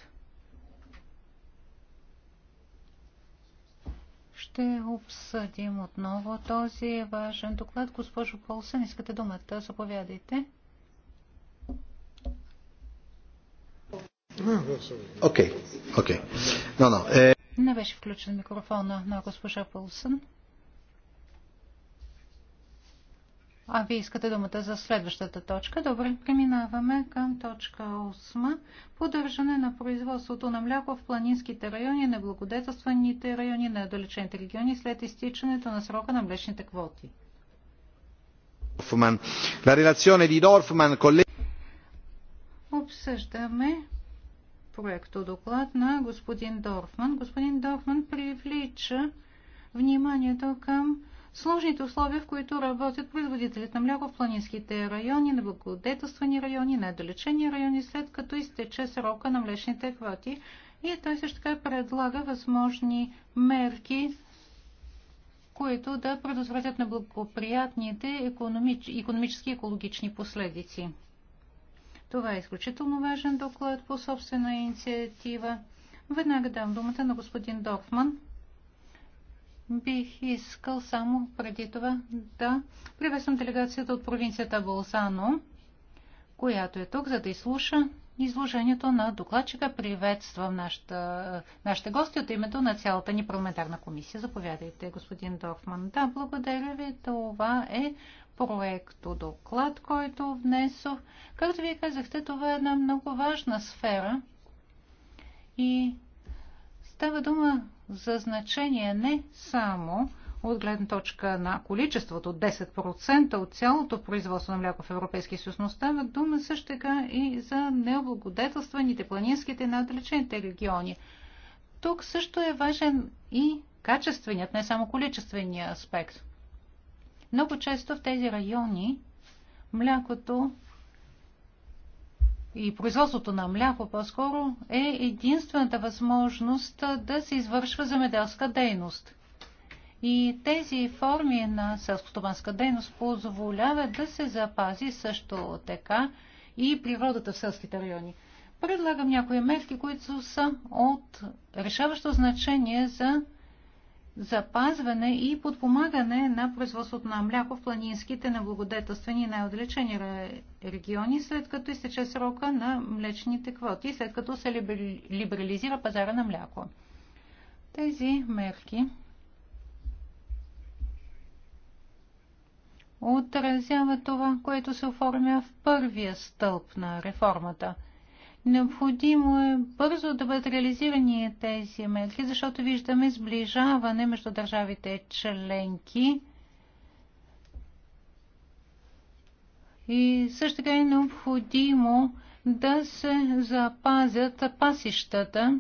Ще обсъдим отново този важен доклад. Госпожо Полсен, искате думата? Заповядайте. Окей, okay, окей. Okay. No, no. Не беше включен микрофона на госпожа Полсен. А, вие искате думата за следващата точка. Добре, преминаваме към точка 8. Поддържане на производството на мляко в планинските райони, неблагодетелстваните райони, на далечените региони след изтичането на срока на млечните квоти. Обсъждаме проекто доклад на господин Дорфман. Господин Дорфман привлича вниманието към сложните условия, в които работят производителите на мляко в планинските райони, на благодетелствани райони, на далечени райони, след като изтече срока на млечните квоти. И той също така предлага възможни мерки, които да предотвратят на економич... економически и екологични последици. Това е изключително важен доклад по собствена инициатива. Веднага дам думата на господин Дорфман. Бих искал само преди това да приветствам делегацията от провинцията Болсано, която е тук, за да изслуша изложението на докладчика. Приветствам нашата, нашите гости от името на цялата ни парламентарна комисия. Заповядайте, господин Дорфман. Да, благодаря ви. Това е проекто доклад, който внесох. Както вие казахте, това е една много важна сфера и става дума за значение не само от гледна точка на количеството 10% от цялото производство на мляко в Европейския съюз, но става дума също така и за необлагодетелстваните планинските на надалечените региони. Тук също е важен и качественият, не само количествения аспект. Много често в тези райони млякото и производството на мляко по-скоро е единствената възможност да се извършва земеделска дейност. И тези форми на селскостопанска дейност позволяват да се запази също така и природата в селските райони. Предлагам някои мерки, които са от решаващо значение за запазване и подпомагане на производството на мляко в планинските неблагодетелствени и най-отдалечени региони, след като изтече срока на млечните квоти, след като се либерализира пазара на мляко. Тези мерки отразяват това, което се оформя в първия стълб на реформата – Необходимо е бързо да бъдат реализирани тези мерки, защото виждаме сближаване между държавите членки. И също така е необходимо да се запазят пасищата,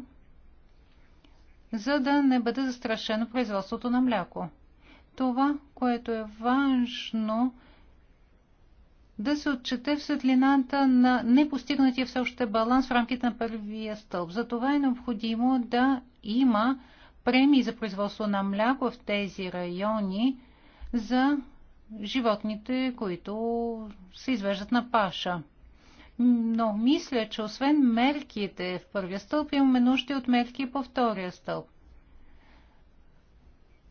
за да не бъде застрашено производството на мляко. Това, което е важно, е да се отчете в светлината на непостигнатия все още баланс в рамките на първия стълб. Затова е необходимо да има премии за производство на мляко в тези райони за животните, които се извеждат на паша. Но мисля, че освен мерките в първия стълб, имаме нужди от мерки по втория стълб.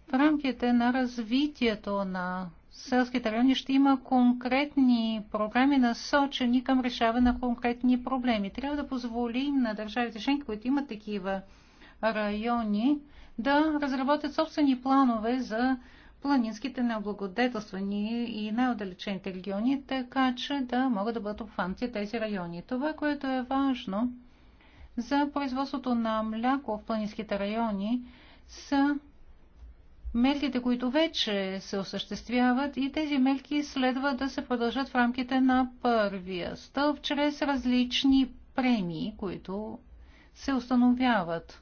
В рамките на развитието на селските райони ще има конкретни програми, насочени към решаване на конкретни проблеми. Трябва да позволим на държавите членки, които имат такива райони, да разработят собствени планове за планинските необлагодетелствани и най-отдалечените региони, така че да могат да бъдат обхванати тези райони. Това, което е важно за производството на мляко в планинските райони, са мерките, които вече се осъществяват и тези мерки следва да се продължат в рамките на първия стълб чрез различни премии, които се установяват.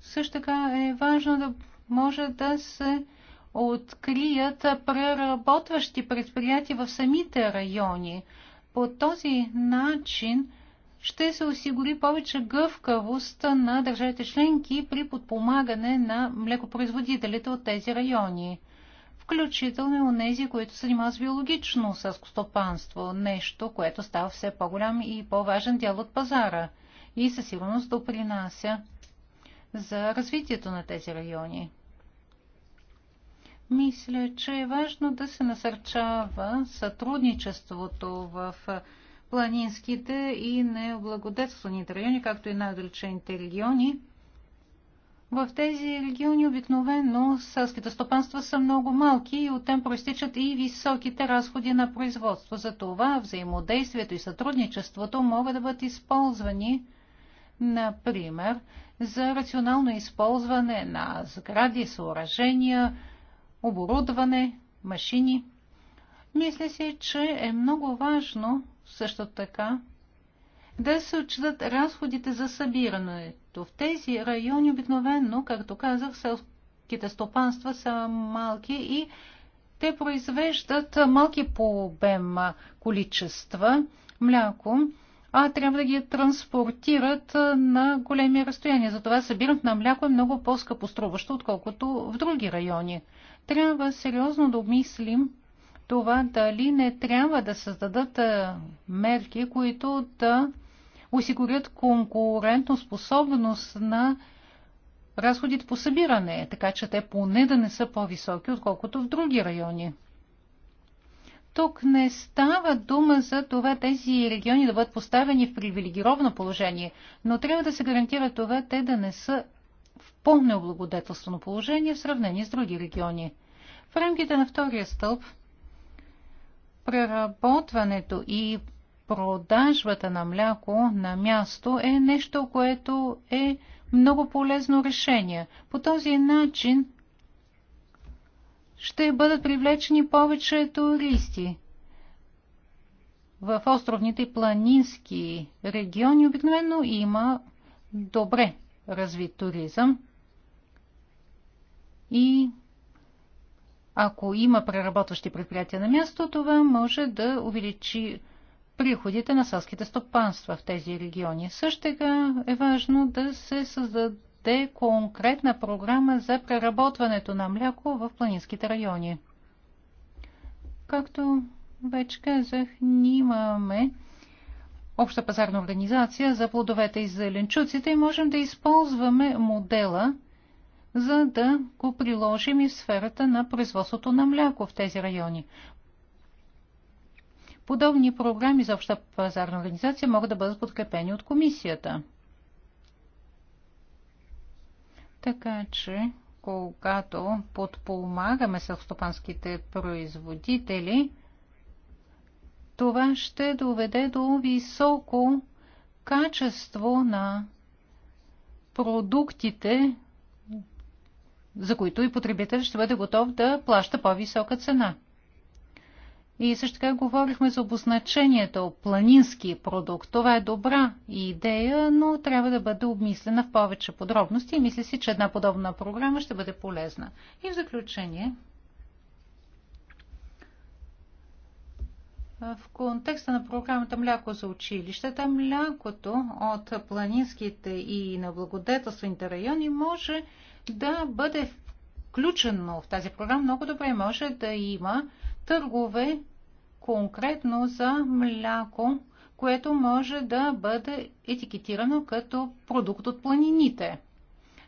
Също така е важно да може да се открият преработващи предприятия в самите райони. По този начин ще се осигури повече гъвкавост на държавите членки при подпомагане на млекопроизводителите от тези райони, включително и у нези, които се занимават с биологично съскостопанство, нещо, което става все по-голям и по-важен дял от пазара и със сигурност допринася за развитието на тези райони. Мисля, че е важно да се насърчава сътрудничеството в планинските и необлагодетелстваните райони, както и най-отдалечените региони. В тези региони обикновено селските стопанства са много малки и оттам проистичат и високите разходи на производство. Затова взаимодействието и сътрудничеството могат да бъдат използвани, например, за рационално използване на сгради, съоръжения, оборудване, машини. Мисля си, че е много важно също така да се отчитат разходите за събирането. В тези райони обикновено, както казах, селските стопанства са малки и те произвеждат малки по обем количества мляко, а трябва да ги транспортират на големи разстояния. Затова събирането на мляко е много по-скъпоструващо, отколкото в други райони. Трябва сериозно да обмислим това дали не трябва да създадат е, мерки, които да осигурят конкурентно способност на разходите по събиране, така че те поне да не са по-високи, отколкото в други райони. Тук не става дума за това тези региони да бъдат поставени в привилегировано положение, но трябва да се гарантира това те да не са в по-необлагодетелствено положение в сравнение с други региони. В рамките на втория стълб преработването и продажбата на мляко на място е нещо, което е много полезно решение. По този начин ще бъдат привлечени повече туристи. В островните и планински региони обикновено има добре развит туризъм и ако има преработващи предприятия на място, това може да увеличи приходите на селските стопанства в тези региони. Също така е важно да се създаде конкретна програма за преработването на мляко в планинските райони. Както вече казах, ние имаме обща пазарна организация за плодовете и зеленчуците и можем да използваме модела – за да го приложим и в сферата на производството на мляко в тези райони. Подобни програми за обща пазарна организация могат да бъдат подкрепени от комисията. Така че, когато подпомагаме селстопанските производители, това ще доведе до високо качество на продуктите, за които и потребител ще бъде готов да плаща по-висока цена. И също така говорихме за обозначението планински продукт. Това е добра идея, но трябва да бъде обмислена в повече подробности и мисля си, че една подобна програма ще бъде полезна. И в заключение, в контекста на програмата Мляко за училищата, млякото от планинските и на благодетелствените райони може да бъде включено в тази програма, много добре може да има търгове конкретно за мляко, което може да бъде етикетирано като продукт от планините.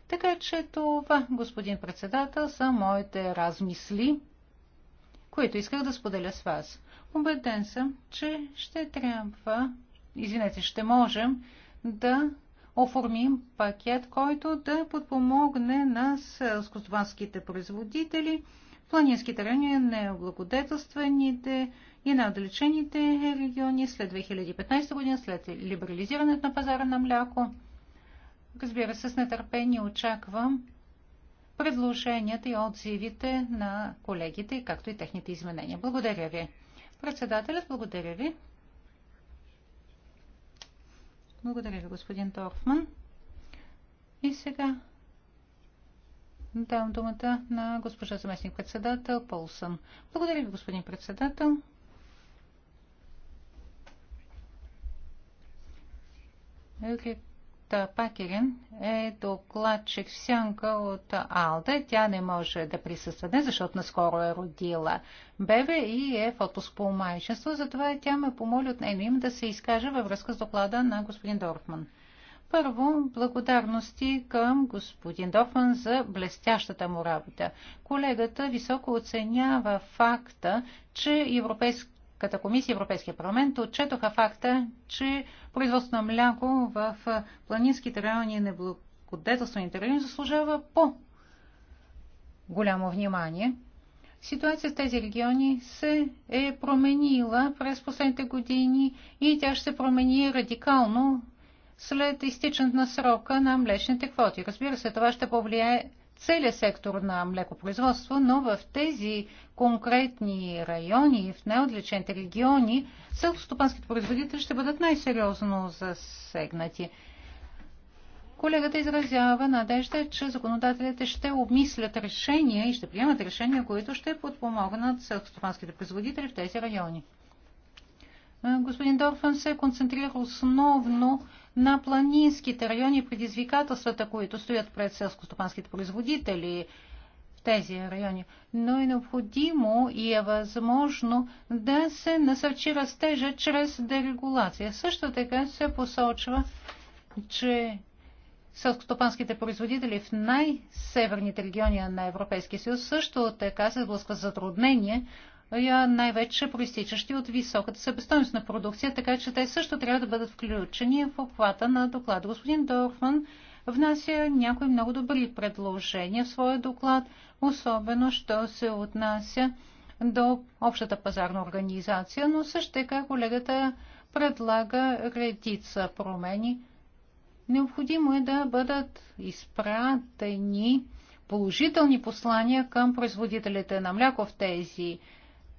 Така че това, господин председател, са моите размисли, които исках да споделя с вас. Убеден съм, че ще трябва, извинете, ще можем да оформим пакет, който да подпомогне на селскостопанските производители, планинските райони, необлагодетелстваните и неотдалечените отдалечените региони след 2015 година, след либерализирането на пазара на мляко. Разбира се, с нетърпение очаквам предложенията и отзивите на колегите, както и техните изменения. Благодаря ви. Председателят, благодаря ви. Благодаря ви, господин Торфман. И сега давам думата на госпожа заместник-председател Полсън. Благодаря ви, господин председател. Пакерин е докладчик сянка от Алда. Тя не може да присъства днес, защото наскоро е родила бебе и е в отпуск по майчество. Затова тя ме помоли от нейно им да се изкаже във връзка с доклада на господин Дорфман. Първо, благодарности към господин Дофман за блестящата му работа. Колегата високо оценява факта, че Европейски Европейската комисия и Европейския парламент отчетоха факта, че производството на мляко в планинските райони и неблагодетелствените райони заслужава по голямо внимание. Ситуация в тези региони се е променила през последните години и тя ще се промени радикално след изтичането на срока на млечните квоти. Разбира се, това ще повлияе Целият сектор на млекопроизводство, но в тези конкретни райони, в най-отличените региони, селскостопанските производители ще бъдат най-сериозно засегнати. Колегата изразява надежда, че законодателите ще обмислят решения и ще приемат решения, които ще подпомогнат селскостопанските производители в тези райони. Е, господин Дорфан се концентрира основно на планинските райони и предизвикателствата, които стоят пред селско-стопанските производители в тези райони. Но е необходимо и е възможно да се насърчи растежа чрез дерегулация. Също така се посочва, че селскостопанските производители в най-северните региони на Европейския съюз също така се сблъскват затруднения, най-вече проистичащи от високата събестойност на продукция, така че те също трябва да бъдат включени в обхвата на доклада. Господин Дорфман внася някои много добри предложения в своя доклад, особено що се отнася до общата пазарна организация, но също така колегата предлага редица промени. Необходимо е да бъдат изпратени положителни послания към производителите на мляко в тези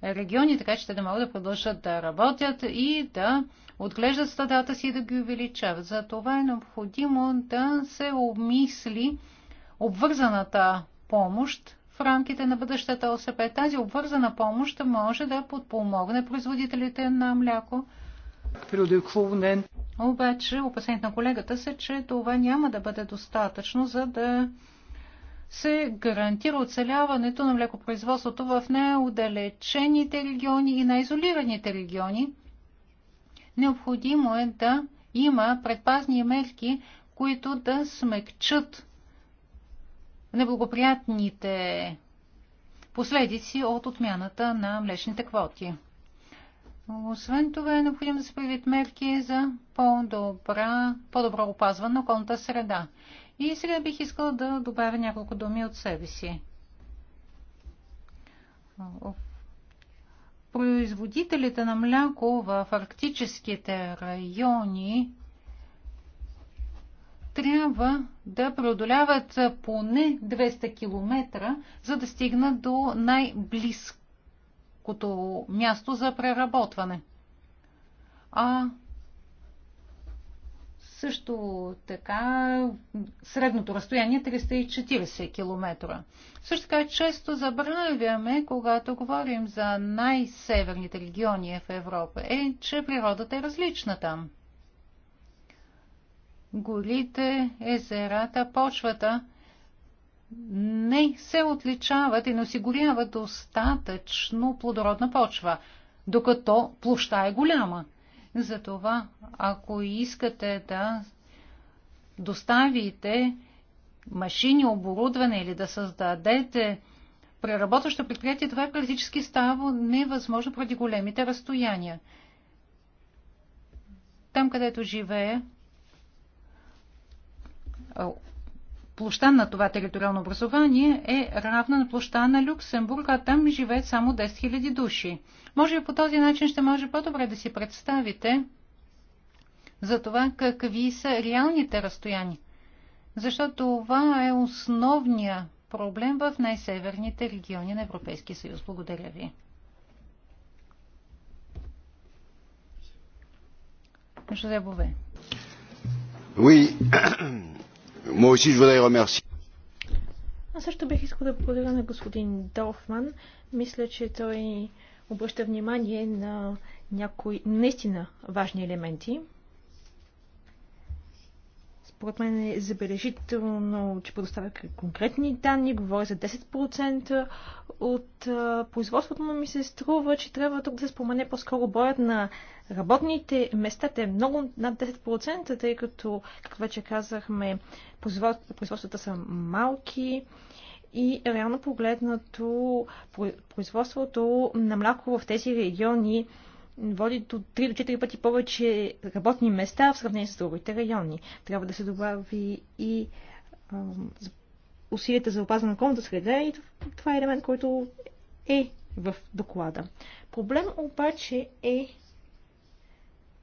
региони, така че те да могат да продължат да работят и да отглеждат стадата си и да ги увеличават. За това е необходимо да се обмисли обвързаната помощ в рамките на бъдещата ОСП. Тази обвързана помощ може да подпомогне производителите на мляко. Обаче опасението на колегата се, че това няма да бъде достатъчно, за да се гарантира оцеляването на млекопроизводството в най отдалечените региони и най-изолираните региони. Необходимо е да има предпазни мерки, които да смекчат неблагоприятните последици от отмяната на млечните квоти. Освен това е необходимо да се правят мерки за по-добра, по-добро опазване на околната среда. И сега бих искал да добавя няколко думи от себе си. Производителите на мляко в арктическите райони трябва да преодоляват поне 200 км, за да стигнат до най-близкото място за преработване. А също така средното разстояние 340 е км. Също така често забравяме, когато говорим за най-северните региони в Европа, е, че природата е различна там. Горите, езерата, почвата не се отличават и не осигуряват достатъчно плодородна почва, докато площа е голяма. Затова, ако искате да доставите машини, оборудване или да създадете преработващо предприятие, това е практически става невъзможно поради големите разстояния. Там, където живее, площа на това териториално образование е равна на площа на Люксембург, а там живеят само 10 000 души. Може би по този начин ще може по-добре да си представите за това какви са реалните разстояния. Защото това е основния проблем в най-северните региони на Европейския съюз. Благодаря ви. Жозе Бове. Oui. Moi aussi, je voudrais remercier. Аз също бих искал да благодаря на господин Долфман. Мисля, че той обръща внимание на някои наистина важни елементи. Според мен е забележително, че предоставя конкретни данни, Говоря за 10% от а, производството, но ми се струва, че трябва тук да се спомене по-скоро боят на работните места, те е много над 10%, тъй като, как вече казахме, производствата са малки и реално погледнато производството на мляко в тези региони води до 3 до 4 пъти повече работни места в сравнение с другите райони. Трябва да се добави и ам, усилията за опазване на околната среда и това е елемент, който е в доклада. Проблем обаче е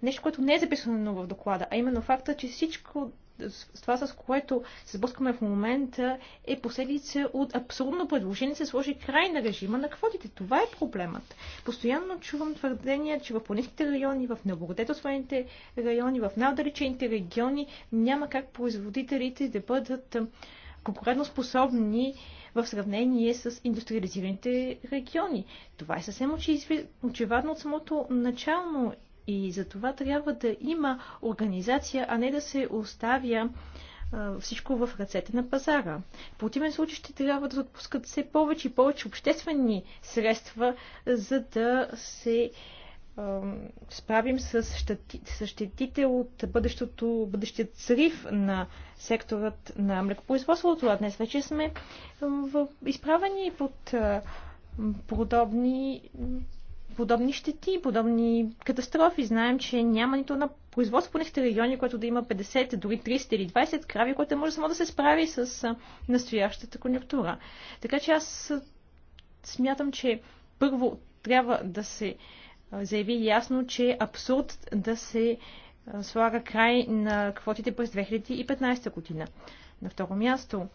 нещо, което не е записано в доклада, а именно факта, че всичко с това, с което се сблъскаме в момента, е последица от абсурдно предложение да се сложи край на режима на квотите. Това е проблемът. Постоянно чувам твърдения, че в планинските райони, в необлагодетелствените райони, в най-отдалечените региони няма как производителите да бъдат конкурентоспособни в сравнение с индустриализираните региони. Това е съвсем очевидно от самото начално и за това трябва да има организация, а не да се оставя всичко в ръцете на пазара. В противен случай ще трябва да отпускат все повече и повече обществени средства, за да се справим с, с щетите от бъдещото, бъдещият срив на секторът на млекопроизводството. А днес вече сме в, изправени под подобни подобни щети, подобни катастрофи. Знаем, че няма нито на производство по нехте региони, което да има 50, дори 300 или 20 крави, което може само да се справи с настоящата конъюнктура. Така че аз смятам, че първо трябва да се заяви ясно, че е абсурд да се слага край на квотите през 2015 година. На второ място,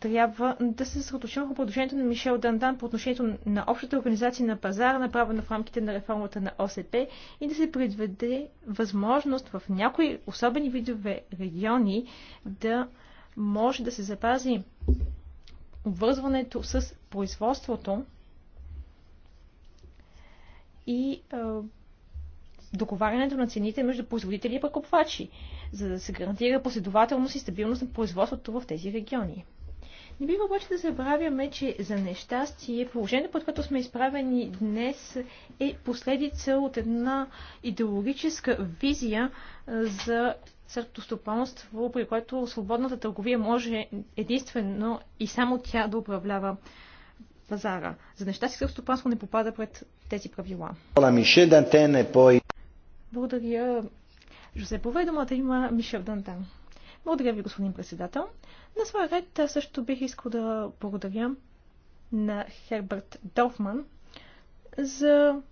трябва да се съсредоточим върху предложението на Мишел Дандан по отношението на общата организация на пазара, направена в рамките на реформата на ОСП и да се предведе възможност в някои особени видове региони да може да се запази обвързването с производството и договарянето на цените между производители и прекупвачи, за да се гарантира последователност и стабилност на производството в тези региони. Не бива обаче да забравяме, че за нещастие положението, под което сме изправени днес, е последица от една идеологическа визия за стопанство, при което свободната търговия може единствено и само тя да управлява пазара. За нещастие стопанство не попада пред тези правила. Е Благодаря. Жозепове думата има Мишел Дантан. Благодаря ви, господин председател. На своя ред също бих искал да благодаря на Херберт Дофман за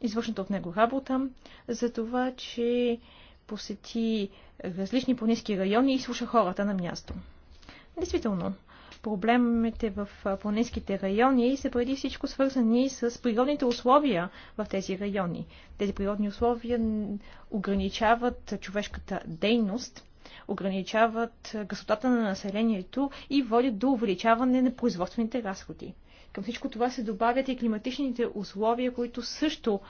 извършната от него работа, за това, че посети различни планински райони и слуша хората на място. Действително, проблемите в планинските райони са преди всичко свързани с природните условия в тези райони. Тези природни условия ограничават човешката дейност ограничават гъстотата на населението и водят до увеличаване на производствените разходи. Към всичко това се добавят и климатичните условия, които също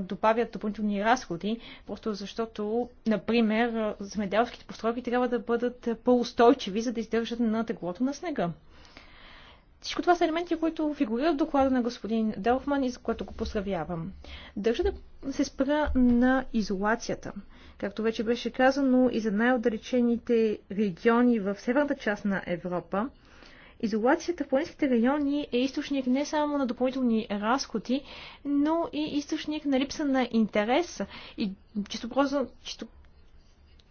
добавят допълнителни разходи, просто защото, например, земеделските постройки трябва да бъдат по-устойчиви, за да издържат на теглото на снега. Всичко това са елементи, които фигурират в доклада на господин Делфман и за което го поздравявам. Държа да се спра на изолацията както вече беше казано, и за най-отдалечените региони в северната част на Европа. Изолацията в планинските райони е източник не само на допълнителни разходи, но и източник на липса на интерес и чисто, просто, чисто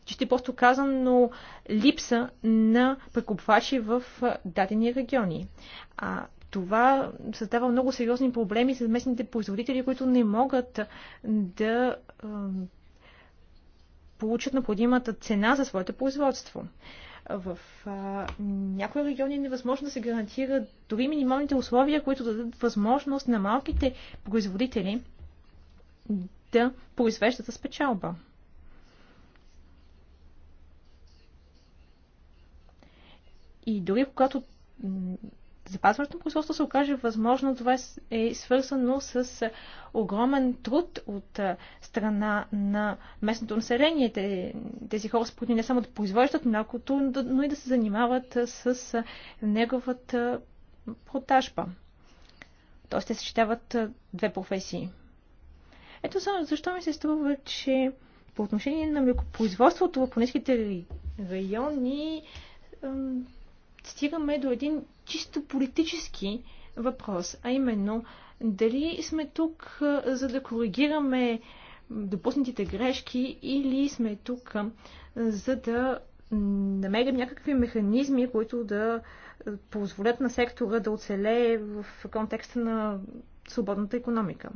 чисто просто казано липса на прекупвачи в дадени региони. А това създава много сериозни проблеми за местните производители, които не могат да получат необходимата цена за своето производство. В а, някои региони е невъзможно да се гарантира дори минималните условия, които дадат възможност на малките производители да произвеждат с печалба. И дори когато запазването на производство се окаже възможно, това е свързано с огромен труд от страна на местното население. Тези хора са не само да произвеждат млякото, но и да се занимават с неговата продажба. Тоест те съчетават две професии. Ето защо ми се струва, че по отношение на млекопроизводството в планинските райони стигаме до един чисто политически въпрос, а именно дали сме тук за да коригираме допуснатите грешки или сме тук за да намерим някакви механизми, които да позволят на сектора да оцелее в контекста на свободната економика.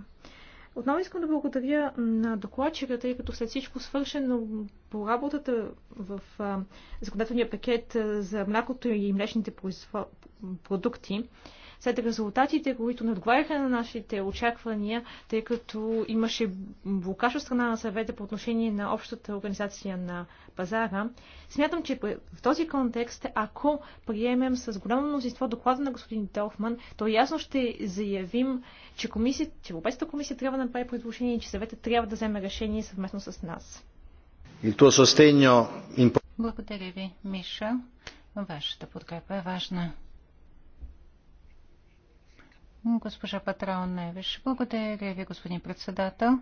Отново искам да благодаря на докладчика, тъй като след всичко свършено по работата в законодателния пакет за млякото и млечните продукти след резултатите, които не отговаряха на нашите очаквания, тъй като имаше блокаж от страна на съвета по отношение на общата организация на пазара. Смятам, че в този контекст, ако приемем с голямо мнозинство доклада на господин Телфман, то ясно ще заявим, че, комисия, че Европейската комисия трябва да направи предложение и че съвета трябва да вземе решение съвместно с нас. Благодаря ви, Миша. Вашата подкрепа е важна. Госпожа Патрао Невиш, благодаря ви, господин председател.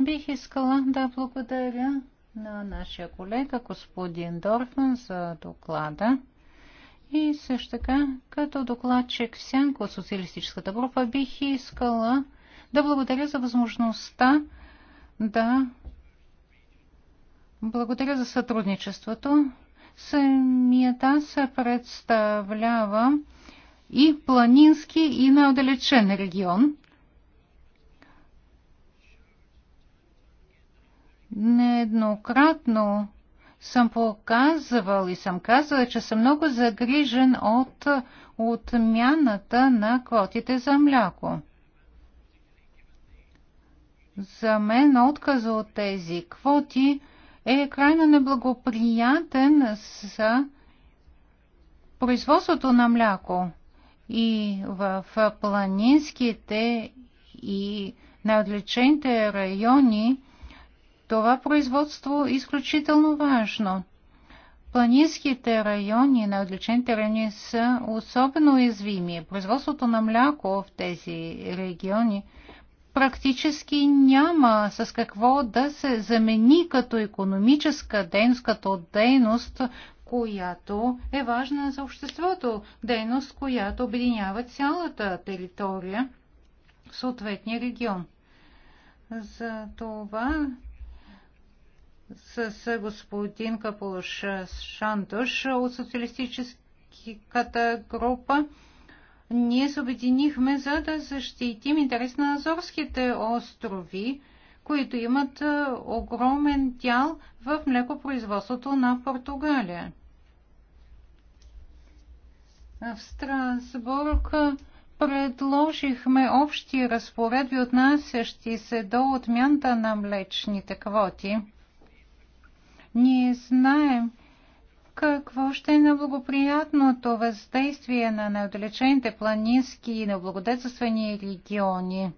Бих искала да благодаря на нашия колега господин Дорфман за доклада. И също така, като докладчик Сянко от социалистическата група, бих искала да благодаря за възможността да благодаря за сътрудничеството. Самият аз представлявам и планински и на отдалечен регион. Нееднократно съм показвал и съм казвал, че съм много загрижен от отмяната на квотите за мляко. За мен отказа от тези квоти е крайно неблагоприятен за производството на мляко и в планинските и най-отличените райони това производство е изключително важно. Планинските райони, най-отличените райони са особено уязвими. Производството на мляко в тези региони практически няма с какво да се замени като економическа дейност, като дейност, която е важна за обществото, дейност, която обединява цялата територия в съответния регион. За това с господин Капулаш Шантош от социалистическата група ние се обединихме за да защитим интерес на Азорските острови, които имат огромен дял в млекопроизводството на Португалия. В Страсбург предложихме общи разпоредби, отнасящи се до отмянта на млечните квоти. Ние знаем, какво ще е неблагоприятното въздействие на неотдалечените планински и неблагодетелствени региони.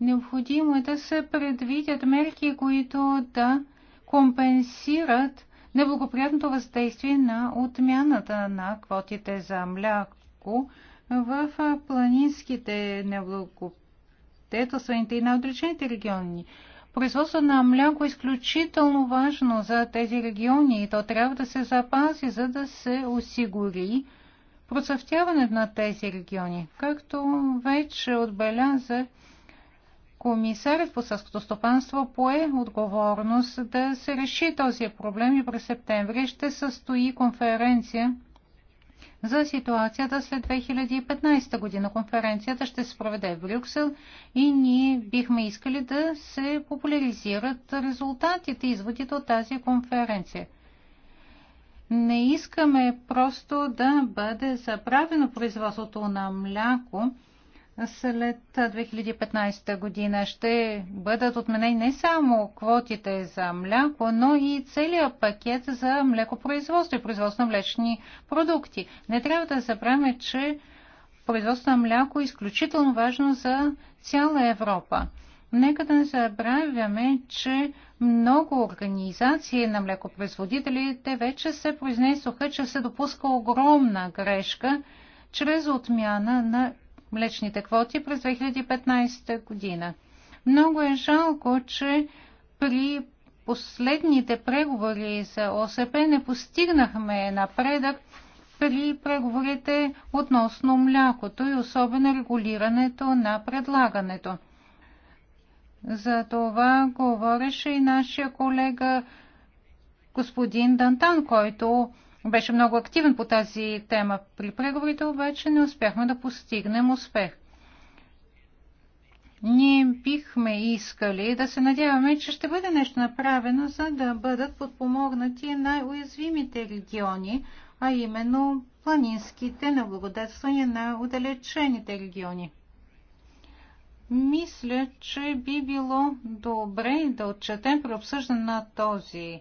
Необходимо е да се предвидят мерки, които да компенсират неблагоприятното въздействие на отмяната на квотите за мляко в планинските неблагоприятелствените и на отречените региони. Производство на мляко е изключително важно за тези региони и то трябва да се запази, за да се осигури процъфтяването на тези региони. Както вече отбелязах, комисарят по съското стопанство пое отговорност да се реши този проблем и през септември ще състои конференция за ситуацията след 2015 година. Конференцията ще се проведе в Брюксел и ние бихме искали да се популяризират резултатите, изводите от тази конференция. Не искаме просто да бъде забравено производството на мляко, след 2015 година ще бъдат отменени не само квотите за мляко, но и целият пакет за млекопроизводство и производство на млечни продукти. Не трябва да забравяме, че производство на мляко е изключително важно за цяла Европа. Нека да не забравяме, че много организации на млекопроизводителите вече се произнесоха, че се допуска огромна грешка чрез отмяна на млечните квоти през 2015 година. Много е жалко, че при последните преговори за ОСП не постигнахме напредък при преговорите относно млякото и особено регулирането на предлагането. За това говореше и нашия колега господин Дантан, който беше много активен по тази тема. При преговорите обаче не успяхме да постигнем успех. Ние бихме искали да се надяваме, че ще бъде нещо направено, за да бъдат подпомогнати най-уязвимите региони, а именно планинските наблагодетствания на отдалечените региони. Мисля, че би било добре да отчетем при обсъждане на този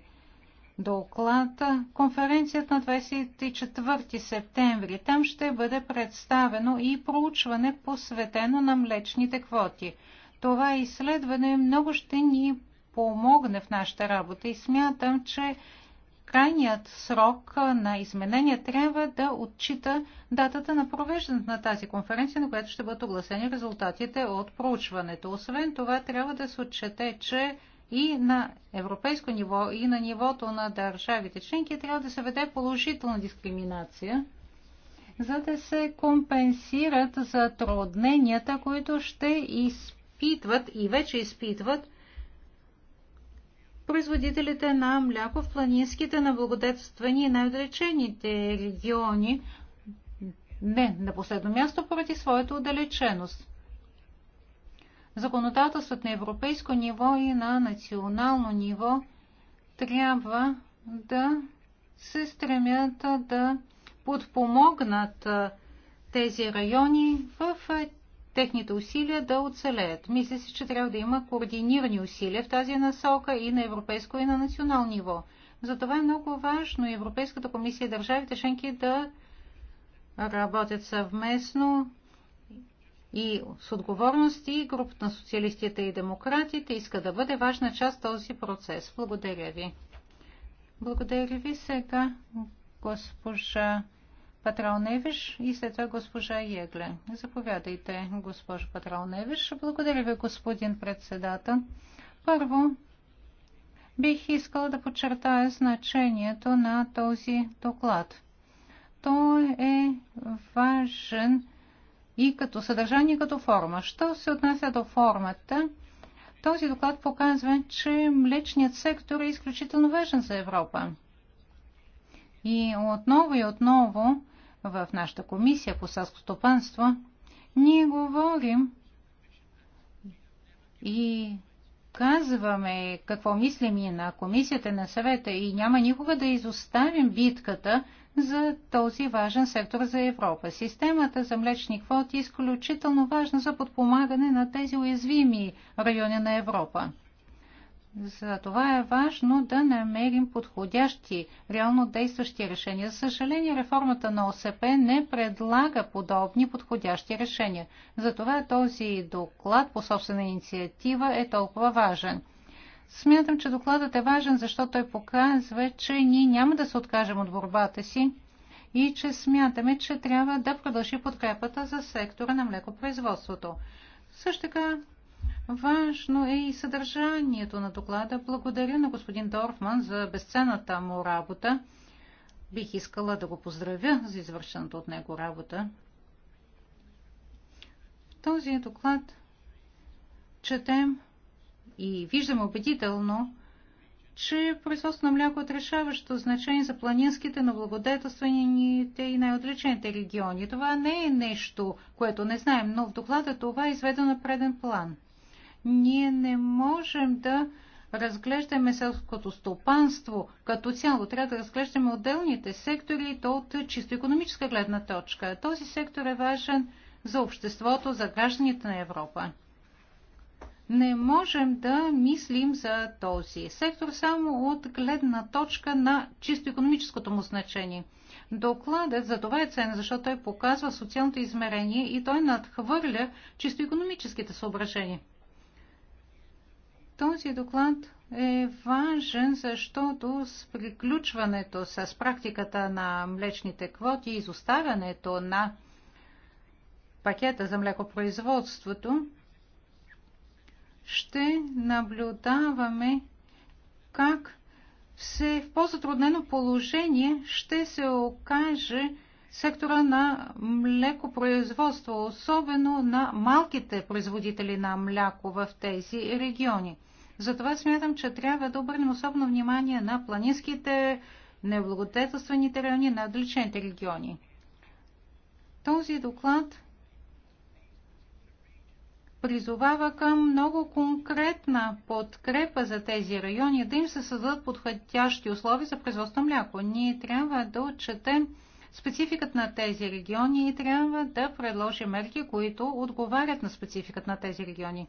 доклада, конференцията на 24 септември. Там ще бъде представено и проучване посветено на млечните квоти. Това изследване много ще ни помогне в нашата работа и смятам, че крайният срок на изменения трябва да отчита датата на провеждането на тази конференция, на която ще бъдат огласени резултатите от проучването. Освен това, трябва да се отчете, че и на европейско ниво, и на нивото на държавите членки трябва да се веде положителна дискриминация, за да се компенсират затрудненията, които ще изпитват и вече изпитват производителите на мляко в планинските, на благодетствени и най-отдалечените региони, не на последно място поради своята отдалеченост законодателството на европейско ниво и на национално ниво трябва да се стремят да подпомогнат тези райони в техните усилия да оцелеят. Мисля си, че трябва да има координирани усилия в тази насока и на европейско и на национално ниво. Затова е много важно Европейската комисия и държавите членки да работят съвместно и с отговорности групата на социалистите и демократите иска да бъде важна част този процес. Благодаря ви. Благодаря ви сега госпожа Патралневиш и след това госпожа Егле. Заповядайте, госпожа Патралневиш. Благодаря ви, господин председател. Първо, бих искала да подчертая значението на този доклад. Той е важен и като съдържание, и като форма. Що се отнася до формата, този доклад показва, че млечният сектор е изключително важен за Европа. И отново и отново в нашата комисия по селско стопанство ние говорим и казваме какво мислим и на комисията, и на съвета и няма никога да изоставим битката – за този важен сектор за Европа. Системата за млечни квоти е изключително важна за подпомагане на тези уязвими райони на Европа. Затова е важно да намерим подходящи, реално действащи решения. За съжаление, реформата на ОСП не предлага подобни подходящи решения. Затова този доклад по собствена инициатива е толкова важен. Смятам, че докладът е важен, защото той показва, че ние няма да се откажем от борбата си и че смятаме, че трябва да продължи подкрепата за сектора на млекопроизводството. Също така важно е и съдържанието на доклада. Благодаря на господин Дорфман за безценната му работа. Бих искала да го поздравя за извършената от него работа. В този доклад четем и виждаме убедително, че производството на мляко е от решаващо значение за планинските, но благодетелствените и най-отличените региони. Това не е нещо, което не знаем, но в доклада това е изведено на преден план. Ние не можем да разглеждаме селското стопанство като цяло. Трябва да разглеждаме отделните сектори то от чисто економическа гледна точка. Този сектор е важен за обществото, за гражданите на Европа не можем да мислим за този сектор само от гледна точка на чисто економическото му значение. Докладът за това е ценен, защото той показва социалното измерение и той надхвърля чисто економическите съображения. Този доклад е важен, защото с приключването с практиката на млечните квоти и изоставянето на пакета за млекопроизводството, ще наблюдаваме как все в по-затруднено положение ще се окаже сектора на млекопроизводство, особено на малките производители на мляко в тези региони. Затова смятам, че трябва да обърнем особено внимание на планинските, неблагодетелствените райони, на отличените региони. Този доклад призовава към много конкретна подкрепа за тези райони, да им се създадат подходящи условия за производство на мляко. Ние трябва да отчетем спецификата на тези региони и трябва да предложим мерки, които отговарят на спецификата на тези региони.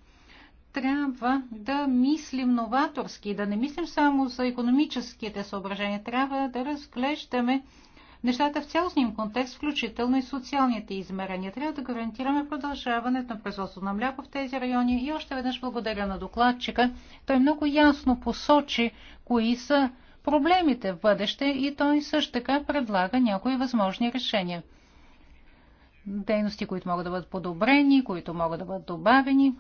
Трябва да мислим новаторски, да не мислим само за економическите съображения. Трябва да разглеждаме нещата в цялостния им контекст, включително и социалните измерения. Трябва да гарантираме продължаването на производство на мляко в тези райони. И още веднъж благодаря на докладчика. Той много ясно посочи кои са проблемите в бъдеще и той също така предлага някои възможни решения. Дейности, които могат да бъдат подобрени, които могат да бъдат добавени.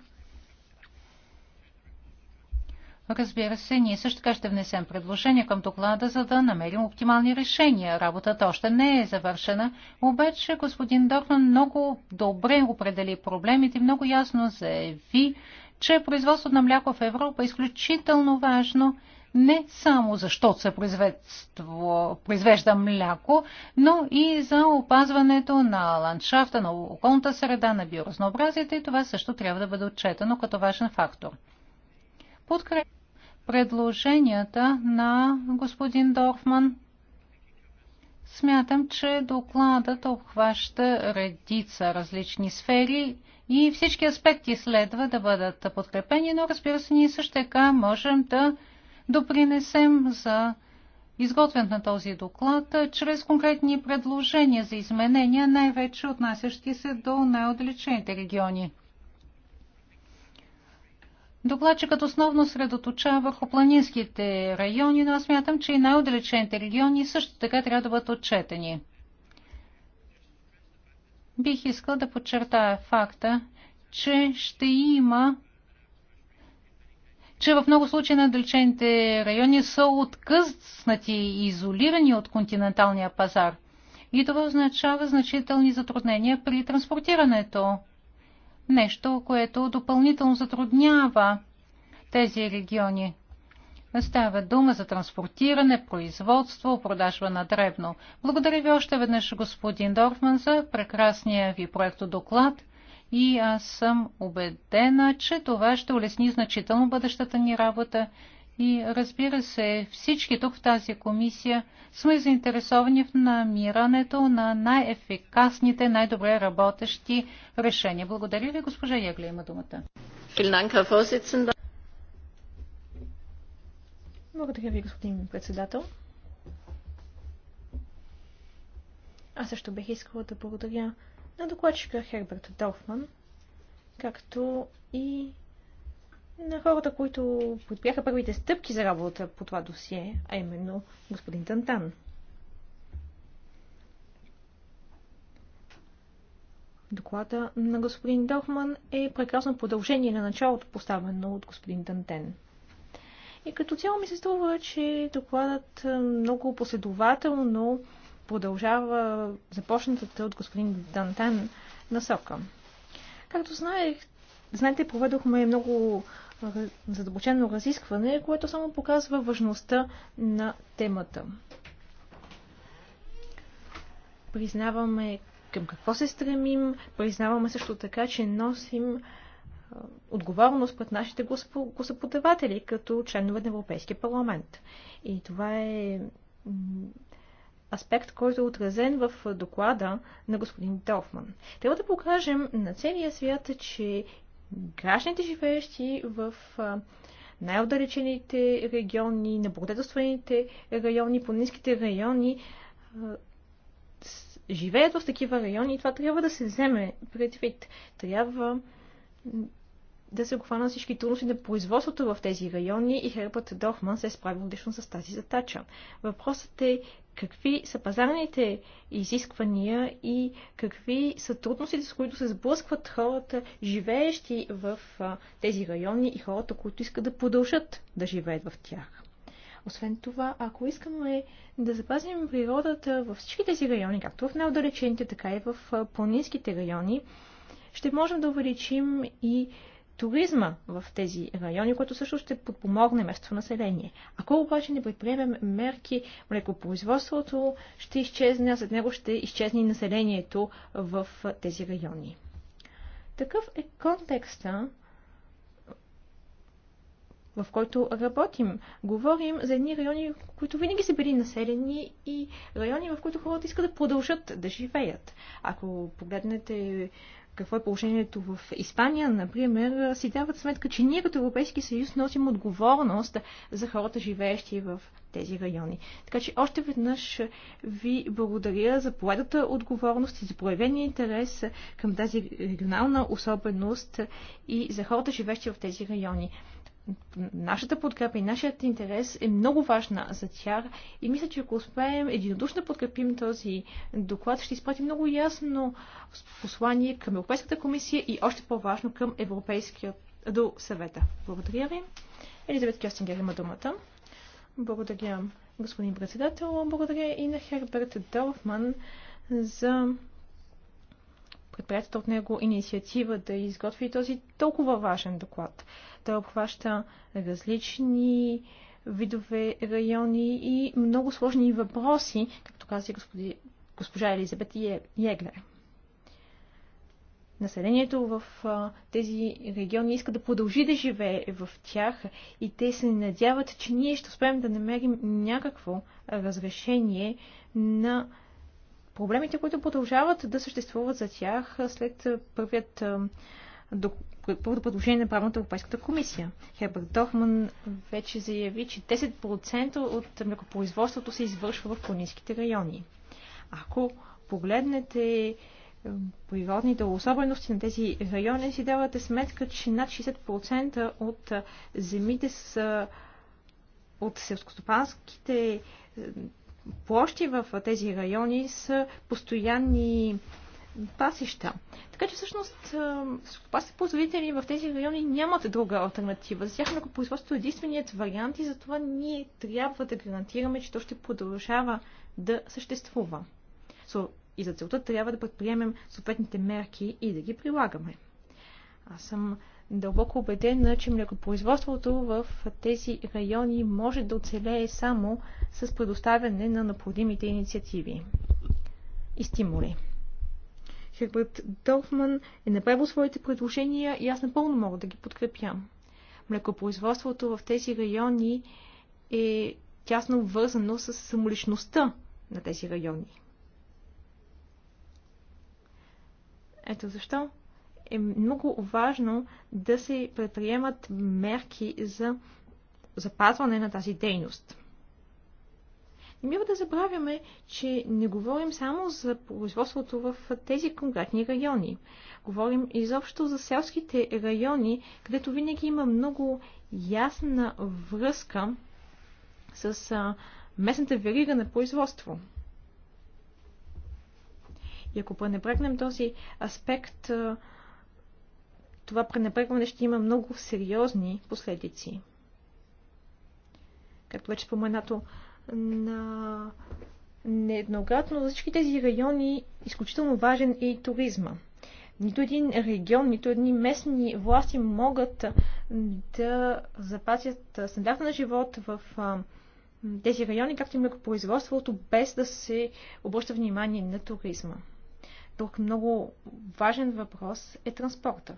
Разбира се, ние също така ще внесем предложения към доклада, за да намерим оптимални решения. Работата още не е завършена, обаче господин Дорман много добре определи проблемите и много ясно заяви, че производството на мляко в Европа е изключително важно не само защото се произвежда мляко, но и за опазването на ландшафта, на околната среда, на биоразнообразието и това също трябва да бъде отчетено като важен фактор. Подкреп предложенията на господин Дорфман. Смятам, че докладът обхваща редица различни сфери и всички аспекти следва да бъдат подкрепени, но разбира се, ние също така можем да допринесем за изготвен на този доклад чрез конкретни предложения за изменения, най-вече отнасящи се до най-отдалечените региони. Докладчикът основно средоточа върху планинските райони, но аз мятам, че и най-отдалечените региони също така трябва да бъдат отчетени. Бих искал да подчертая факта, че ще има че в много случаи на далечените райони са откъснати и изолирани от континенталния пазар. И това означава значителни затруднения при транспортирането нещо, което допълнително затруднява тези региони. Става дума за транспортиране, производство, продажба на древно. Благодаря ви още веднъж, господин Дорфман, за прекрасния ви доклад. и аз съм убедена, че това ще улесни значително бъдещата ни работа и разбира се, всички тук в тази комисия сме заинтересовани в намирането на най-ефикасните, най-добре работещи решения. Благодаря ви, госпожа Ягле, има думата. Благодаря ви, господин председател. Аз също бих искала да благодаря на докладчика Херберт Дорфман, както и на хората, които подпяха първите стъпки за работа по това досие, а именно господин Тантан. Доклада на господин Дохман е прекрасно продължение на началото, поставено от господин Тантен. И като цяло ми се струва, че докладът е, много последователно продължава започнатата от господин Дантан насока. Както знаех, знаете, проведохме много задълбочено разискване, което само показва важността на темата. Признаваме към какво се стремим, признаваме също така, че носим отговорност пред нашите госпоподаватели като членове на Европейския парламент. И това е аспект, който е отразен в доклада на господин Дорфман. Трябва да покажем на целия свят, че гражданите, живеещи в най-отдалечените региони, наблагодетелствените райони, планинските райони, живеят в такива райони и това трябва да се вземе предвид. Трябва да се обхвана всички трудности на производството в тези райони и Херпът Дорфман се е справил лично с тази задача. Въпросът е какви са пазарните изисквания и какви са трудностите, с които се сблъскват хората, живеещи в тези райони и хората, които искат да продължат да живеят в тях. Освен това, ако искаме да запазим природата във всички тези райони, както в най-отдалечените, така и в планинските райони, ще можем да увеличим и туризма в тези райони, което също ще подпомогне местното население. Ако обаче не предприемем мерки, млекопроизводството ще изчезне, а след него ще изчезне и населението в тези райони. Такъв е контекста, в който работим. Говорим за едни райони, които винаги са били населени и райони, в които хората искат да продължат да живеят. Ако погледнете какво е положението в Испания, например, си дават сметка, че ние като Европейски съюз носим отговорност за хората, живеещи в тези райони. Така че още веднъж ви благодаря за поедата отговорност и за проявения интерес към тази регионална особеност и за хората, живеещи в тези райони нашата подкрепа и нашият интерес е много важна за тях и мисля, че ако успеем единодушно да подкрепим този доклад, ще изпратим много ясно послание към Европейската комисия и още по-важно към Европейския до съвета. Благодаря ви. Елизабет Кестингер, има думата. Благодаря, господин председател. Благодаря и на Херберт Долфман за предприятата от него инициатива да изготви този толкова важен доклад. Той обхваща различни видове райони и много сложни въпроси, както каза господи, госпожа Елизабет Йеглер. Е-, Населението в тези региони иска да продължи да живее в тях и те се надяват, че ние ще успеем да намерим някакво разрешение на проблемите, които продължават да съществуват за тях след първият първото предложение на правната Европейската комисия. Херберт Дохман вече заяви, че 10% от млекопроизводството се извършва в планинските райони. Ако погледнете природните особености на тези райони, си давате сметка, че над 60% от земите са от селскостопанските площи в тези райони са постоянни пасища. Така че всъщност стопанските производители в тези райони нямат друга альтернатива. За тях производството е единственият вариант и затова ние трябва да гарантираме, че то ще продължава да съществува. И за целта трябва да предприемем съответните мерки и да ги прилагаме. Аз съм дълбоко убедена, че млекопроизводството в тези райони може да оцелее само с предоставяне на необходимите инициативи и стимули. Херберт Долфман е направил своите предложения и аз напълно мога да ги подкрепя. Млекопроизводството в тези райони е тясно вързано с самоличността на тези райони. Ето защо е много важно да се предприемат мерки за запазване на тази дейност. Не бива да забравяме, че не говорим само за производството в тези конкретни райони. Говорим изобщо за селските райони, където винаги има много ясна връзка с местната верига на производство. И ако пренебрегнем този аспект, това пренебрегване ще има много сериозни последици. Както вече споменато на нееднократно, за всички тези райони изключително важен е и туризма. Нито един регион, нито едни местни власти могат да запазят стандарта на живот в тези райони, както и мекопроизводството, без да се обръща внимание на туризма. Друг много важен въпрос е транспорта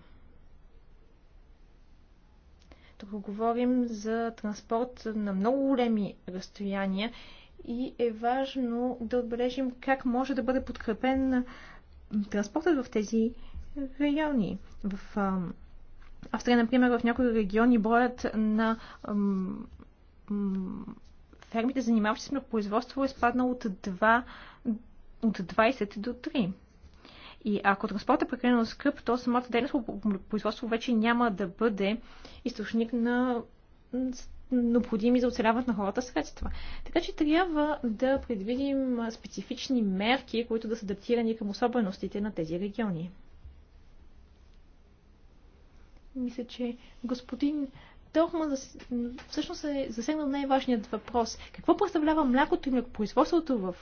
го говорим за транспорт на много големи разстояния и е важно да отбележим как може да бъде подкрепен транспортът в тези райони. В Австрия, например, в някои региони броят на фермите, занимаващи се на производство, е спаднал от 2 от 20 до 3. И ако транспортът е прекалено скъп, то самата дейност по производство вече няма да бъде източник на необходими за оцеляването на хората средства. Така че трябва да предвидим специфични мерки, които да са адаптирани към особеностите на тези региони. Мисля, че господин Тохма всъщност е засегнал най-важният въпрос. Какво представлява млякото и млекопроизводството в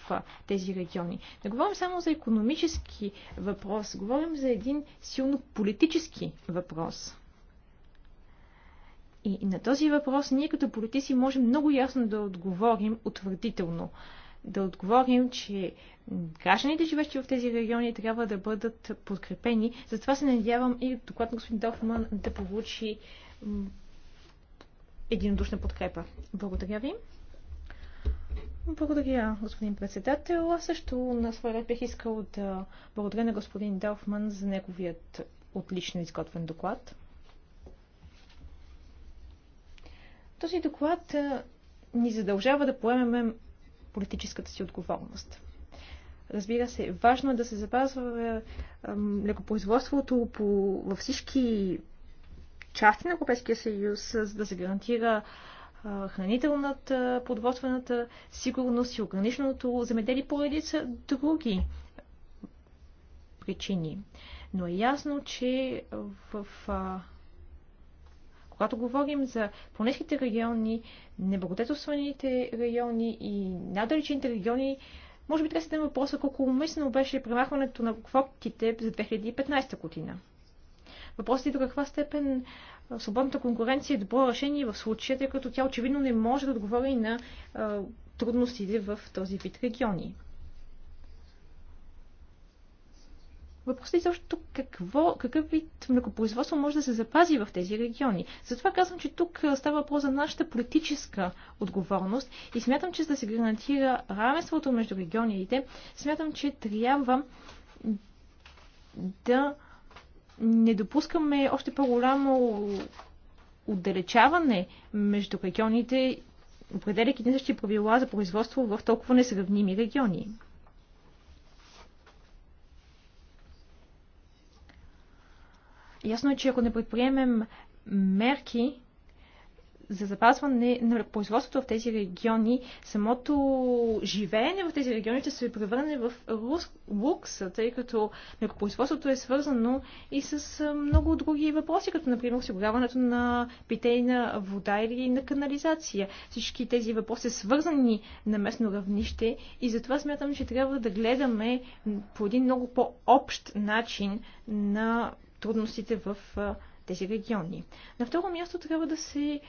тези региони? Не говорим само за економически въпрос, говорим за един силно политически въпрос. И на този въпрос ние като политици можем много ясно да отговорим утвърдително. Да отговорим, че гражданите, живещи в тези региони, трябва да бъдат подкрепени. Затова се надявам и доклад на господин Дохман да получи единодушна подкрепа. Благодаря ви. Благодаря, господин председател. Аз също на своя ред бих искал да благодаря на господин Делфман за неговият отлично изготвен доклад. Този доклад ни задължава да поемем политическата си отговорност. Разбира се, важно е да се запазва лекопроизводството по, във всички части на Европейския съюз, за да се гарантира хранителната, подводствената сигурност и ограниченото земеделие по редица други причини. Но е ясно, че в, а, когато говорим за понеските региони, неблагодетелстваните райони и надалечените региони, може би трябва да се въпроса колко умислено беше премахването на квотите за 2015 година. Въпросът е до каква степен свободната конкуренция е добро решение в случая, тъй като тя очевидно не може да отговори на трудностите в този вид региони. Въпросът е също какво, какъв вид млекопроизводство може да се запази в тези региони. Затова казвам, че тук става въпрос за нашата политическа отговорност и смятам, че за да се гарантира равенството между регионите, смятам, че трябва да не допускаме още по-голямо отдалечаване между регионите, определяйки не същи правила за производство в толкова несравними региони. Ясно е, че ако не предприемем мерки, за запазване на производството в тези региони, самото живеене в тези региони ще се превърне в лукс, тъй като млекопроизводството е свързано и с много други въпроси, като например осигуряването на питейна вода или на канализация. Всички тези въпроси са свързани на местно равнище и затова смятам, че трябва да гледаме по един много по-общ начин на трудностите в тези региони. На второ място трябва да се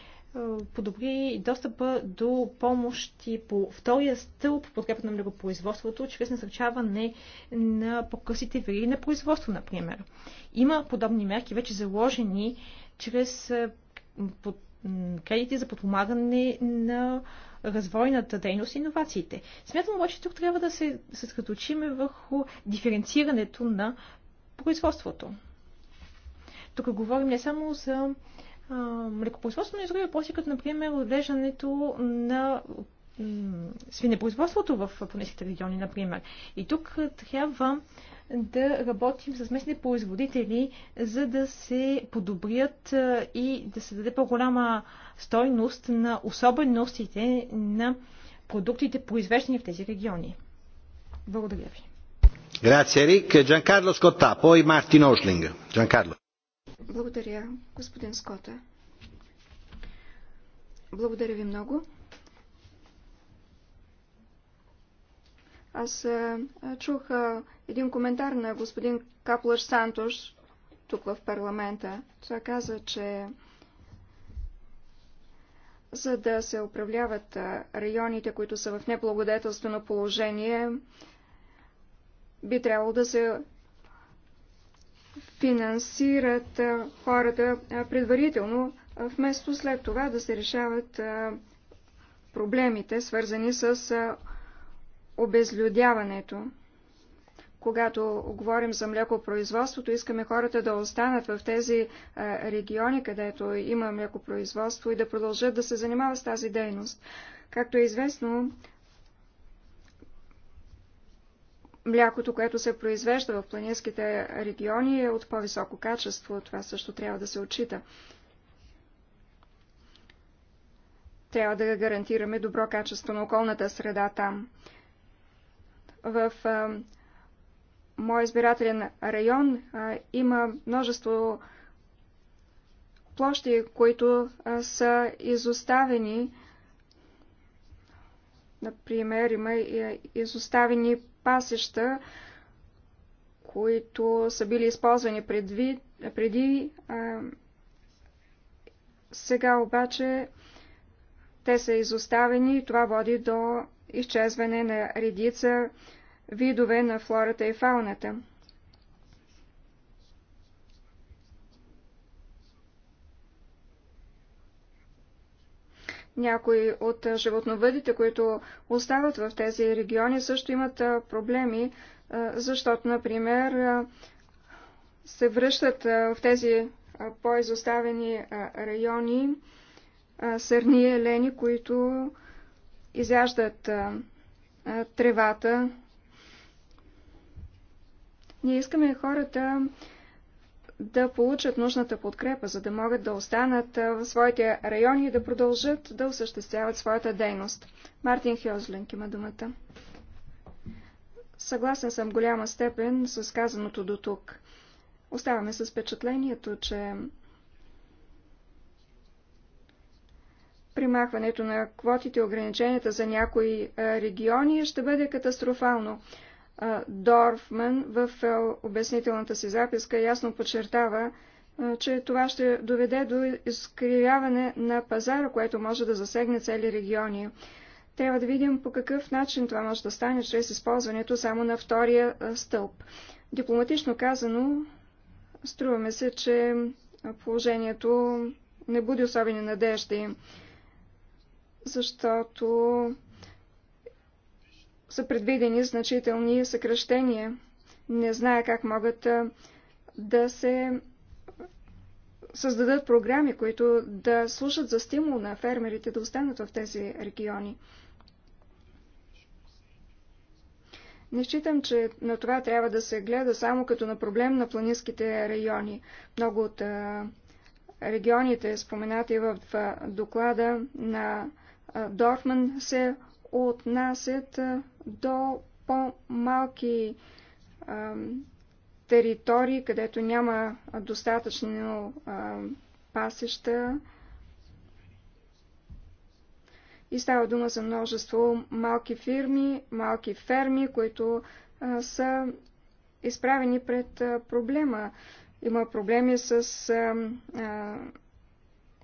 подобри достъпа до помощи по втория стълб подкрепа на млекопроизводството, чрез насърчаване на по-късите вериги на производство, например. Има подобни мерки вече заложени чрез кредити за подпомагане на развойната дейност и иновациите. Смятам обаче, тук трябва да се съсредоточим върху диференцирането на производството. Тук говорим не само за Млекопроизводството но и други въпроси, като например отглеждането на свинепроизводството в планинските региони, например. И тук трябва да работим с местни производители, за да се подобрят и да се даде по-голяма стойност на особеностите на продуктите, произвеждани в тези региони. Благодаря ви. Grazie Rick. Giancarlo Scottà, poi Martin Osling. Giancarlo. Благодаря, господин Скота. Благодаря ви много. Аз чух един коментар на господин Каплаш Сантош тук в парламента. Той каза, че за да се управляват районите, които са в неблагодетелствено положение, би трябвало да се финансират хората предварително, вместо след това да се решават проблемите, свързани с обезлюдяването. Когато говорим за млекопроизводството, искаме хората да останат в тези региони, където има млекопроизводство и да продължат да се занимават с тази дейност. Както е известно, млякото, което се произвежда в планинските региони е от по-високо качество. Това също трябва да се отчита. Трябва да гарантираме добро качество на околната среда там. В а, мой избирателен район а, има множество площи, които а, са изоставени. Например, има изоставени пасеща, които са били използвани предви, преди. А, сега обаче те са изоставени и това води до изчезване на редица видове на флората и фауната. Някои от животновъдите, които остават в тези региони, също имат проблеми, защото, например, се връщат в тези по-изоставени райони сърни елени, които изяждат тревата. Ние искаме хората да получат нужната подкрепа, за да могат да останат в своите райони и да продължат да осъществяват своята дейност. Мартин Хьозлинг има думата. Съгласен съм в голяма степен с казаното до тук. Оставаме с впечатлението, че примахването на квотите и ограниченията за някои региони ще бъде катастрофално. Дорфман в обяснителната си записка ясно подчертава, че това ще доведе до изкривяване на пазара, което може да засегне цели региони. Трябва да видим по какъв начин това може да стане, чрез използването само на втория стълб. Дипломатично казано, струваме се, че положението не буди особени надежди, защото са предвидени значителни съкръщения. Не зная как могат да се създадат програми, които да служат за стимул на фермерите да останат в тези региони. Не считам, че на това трябва да се гледа само като на проблем на планинските райони. Много от регионите, споменати в доклада на Дорфман, се отнасят до по-малки територии, където няма достатъчно пасеща. И става дума за множество малки фирми, малки ферми, които са изправени пред проблема. Има проблеми с а, а,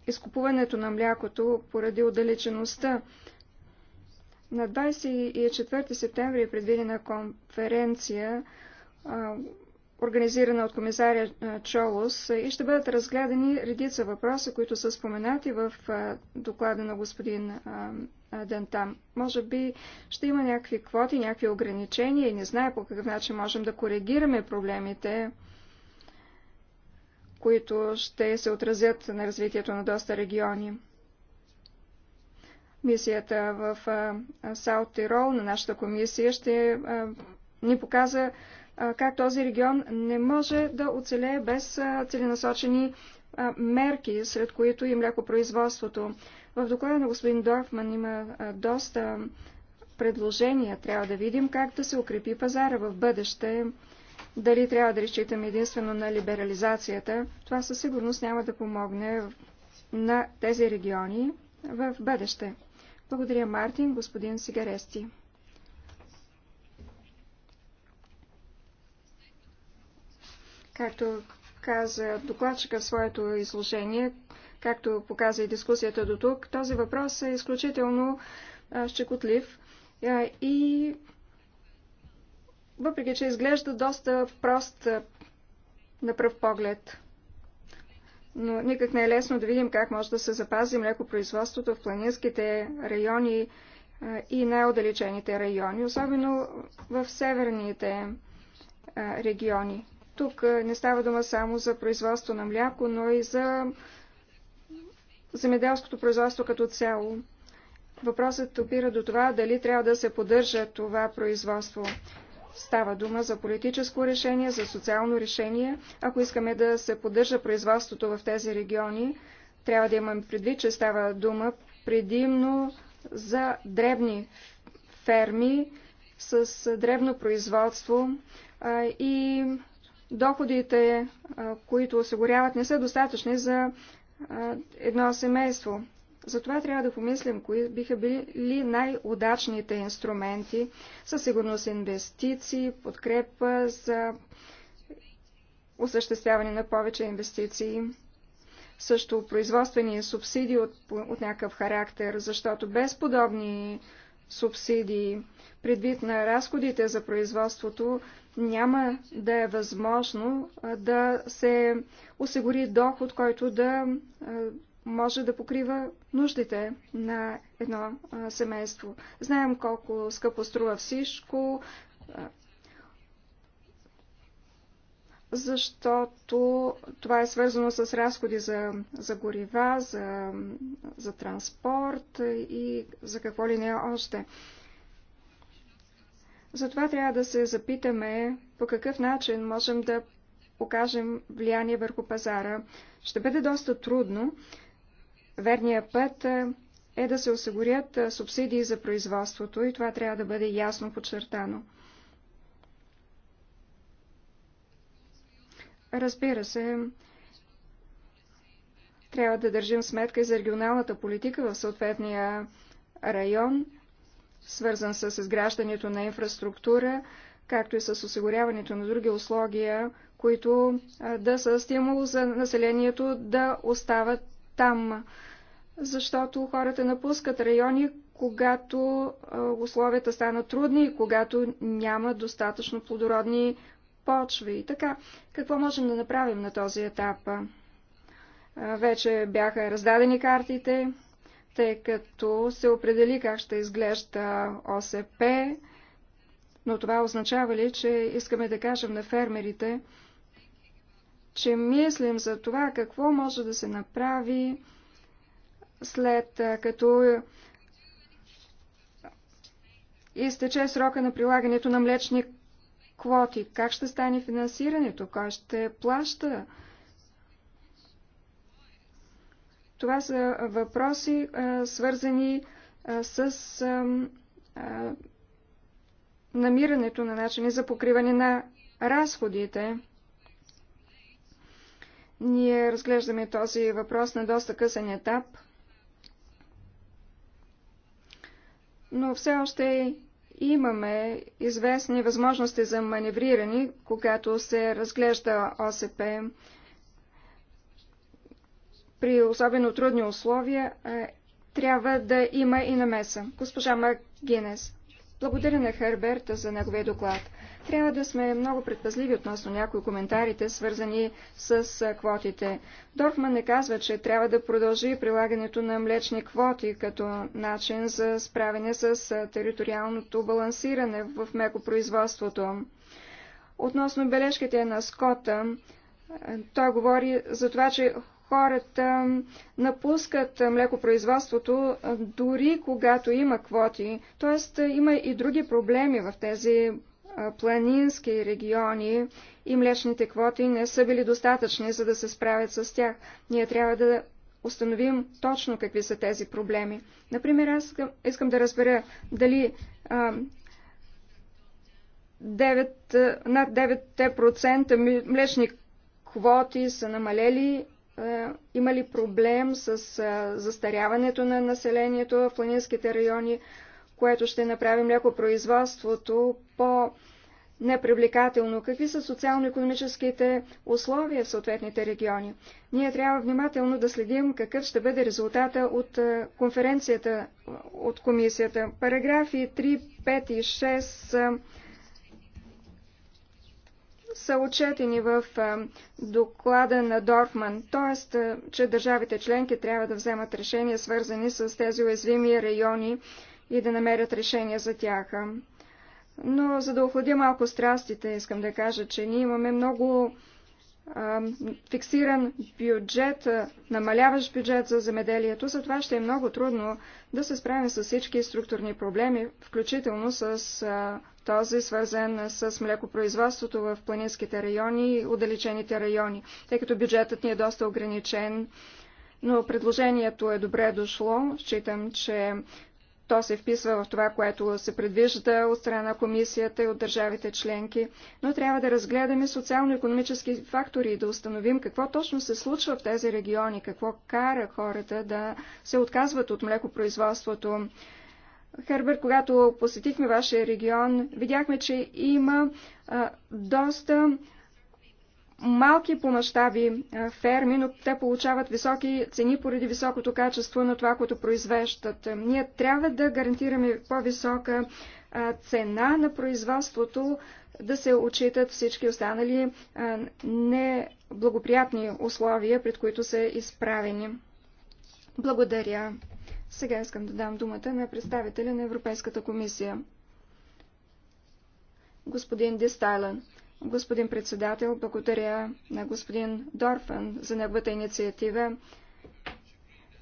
изкупуването на млякото поради отдалечеността. На 24 септември е предвидена конференция, организирана от комисаря Чолос, и ще бъдат разгледани редица въпроса, които са споменати в доклада на господин Дентам. Може би ще има някакви квоти, някакви ограничения и не знае по какъв начин можем да коригираме проблемите, които ще се отразят на развитието на доста региони. Мисията в Саут Тирол на нашата комисия ще ни показа как този регион не може да оцелее без целенасочени мерки, сред които и млекопроизводството. В доклада на господин Дорфман има доста предложения. Трябва да видим как да се укрепи пазара в бъдеще. Дали трябва да разчитаме единствено на либерализацията, това със сигурност няма да помогне на тези региони в бъдеще. Благодаря, Мартин, господин Сигарести. Както каза докладчика в своето изложение, както показа и дискусията до тук, този въпрос е изключително щекотлив и въпреки, че изглежда доста прост на пръв поглед но никак не е лесно да видим как може да се запази млекопроизводството в планинските райони и най-отдалечените райони, особено в северните региони. Тук не става дума само за производство на мляко, но и за земеделското производство като цяло. Въпросът опира до това дали трябва да се поддържа това производство. Става дума за политическо решение, за социално решение. Ако искаме да се поддържа производството в тези региони, трябва да имаме предвид, че става дума предимно за дребни ферми с дребно производство и доходите, които осигуряват, не са достатъчни за едно семейство. Затова трябва да помислим, кои биха били най-удачните инструменти, със сигурност инвестиции, подкрепа за осъществяване на повече инвестиции, също производствени субсидии от, от някакъв характер, защото без подобни субсидии, предвид на разходите за производството, няма да е възможно да се осигури доход, който да може да покрива нуждите на едно семейство. Знаем колко скъпо струва всичко, защото това е свързано с разходи за, за горива, за, за транспорт и за какво ли не още. Затова трябва да се запитаме по какъв начин можем да окажем влияние върху пазара. Ще бъде доста трудно, Верният път е, е да се осигурят е, субсидии за производството и това трябва да бъде ясно подчертано. Разбира се, трябва да държим сметка и за регионалната политика в съответния район, свързан с изграждането на инфраструктура, както и с осигуряването на други условия, които е, да са стимул за населението да остават там, защото хората напускат райони, когато условията станат трудни и когато няма достатъчно плодородни почви. И така, какво можем да направим на този етап? Вече бяха раздадени картите, тъй като се определи как ще изглежда ОСП, но това означава ли, че искаме да кажем на фермерите, че мислим за това какво може да се направи след като изтече срока на прилагането на млечни квоти. Как ще стане финансирането? Кой ще плаща? Това са въпроси, свързани с намирането на начини за покриване на разходите. Ние разглеждаме този въпрос на доста късен етап, но все още имаме известни възможности за маневриране, когато се разглежда ОСП. При особено трудни условия трябва да има и намеса. Госпожа Макгинес. Благодаря на Херберта за неговия доклад трябва да сме много предпазливи относно някои коментарите, свързани с квотите. Дорфман не казва, че трябва да продължи прилагането на млечни квоти като начин за справяне с териториалното балансиране в мекопроизводството. Относно бележките на Скота, той говори за това, че хората напускат млекопроизводството дори когато има квоти. Тоест има и други проблеми в тези планински региони и млечните квоти не са били достатъчни, за да се справят с тях. Ние трябва да установим точно какви са тези проблеми. Например, аз искам да разбера дали а, 9, над 9% млечни квоти са намалели, имали има ли проблем с а, застаряването на населението в планинските райони, което ще направи млекопроизводството по непривлекателно, какви са социално-економическите условия в съответните региони. Ние трябва внимателно да следим какъв ще бъде резултата от е, конференцията от комисията. Параграфи 3, 5 и 6 са, са отчетени в е, доклада на Дорфман, т.е. че държавите членки трябва да вземат решения, свързани с тези уязвими райони и да намерят решение за тях. Но за да охладя малко страстите, искам да кажа, че ние имаме много а, фиксиран бюджет, намаляващ бюджет за земеделието, затова ще е много трудно да се справим с всички структурни проблеми, включително с а, този, свързан с млекопроизводството в планинските райони и отдалечените райони, тъй като бюджетът ни е доста ограничен. Но предложението е добре дошло. Считам, че то се вписва в това, което се предвижда от страна на комисията и от държавите членки. Но трябва да разгледаме социално-економически фактори и да установим какво точно се случва в тези региони, какво кара хората да се отказват от млекопроизводството. Хербер, когато посетихме вашия регион, видяхме, че има а, доста малки по мащаби ферми, но те получават високи цени поради високото качество на това, което произвеждат. Ние трябва да гарантираме по-висока цена на производството, да се отчитат всички останали неблагоприятни условия, пред които са изправени. Благодаря. Сега искам да дам думата на представителя на Европейската комисия. Господин Дистайлен. Господин председател, благодаря на господин Дорфан за неговата инициатива.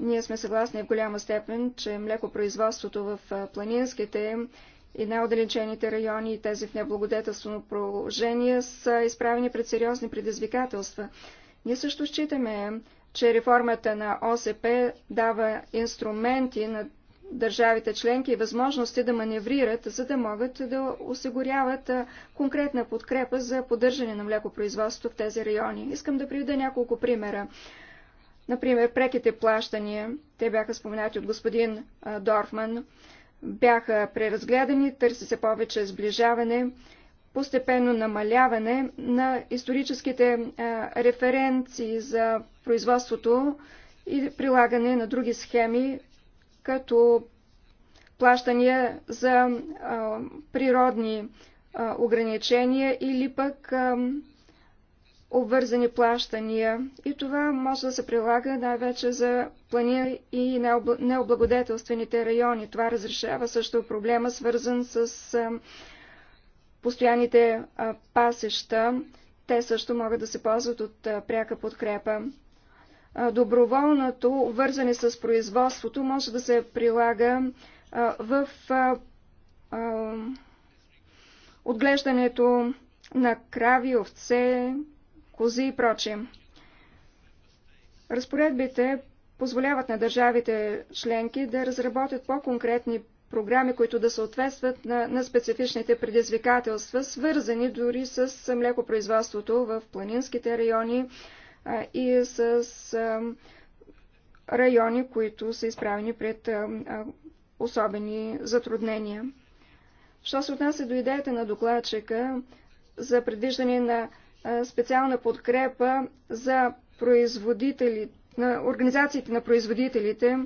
Ние сме съгласни в голяма степен, че млекопроизводството в планинските и най-отдалечените райони и тези в неблагодетелствено положение са изправени пред сериозни предизвикателства. Ние също считаме, че реформата на ОСП дава инструменти на държавите членки и възможности да маневрират, за да могат да осигуряват конкретна подкрепа за поддържане на млекопроизводството в тези райони. Искам да приведа няколко примера. Например, преките плащания, те бяха споменати от господин Дорфман, бяха преразгледани, търси се повече сближаване, постепенно намаляване на историческите референции за производството и прилагане на други схеми като плащания за а, природни а, ограничения или пък а, обвързани плащания. И това може да се прилага най-вече за плани и необлагодетелствените райони. Това разрешава също проблема, свързан с а, постоянните а, пасеща. Те също могат да се ползват от а, пряка подкрепа доброволното вързане с производството може да се прилага в отглеждането на крави, овце, кози и прочие. Разпоредбите позволяват на държавите членки да разработят по-конкретни програми, които да съответстват на, на специфичните предизвикателства, свързани дори с млекопроизводството в планинските райони, и с райони, които са изправени пред особени затруднения. Що се отнася до идеята на докладчика за предвиждане на специална подкрепа за производители, на организациите на производителите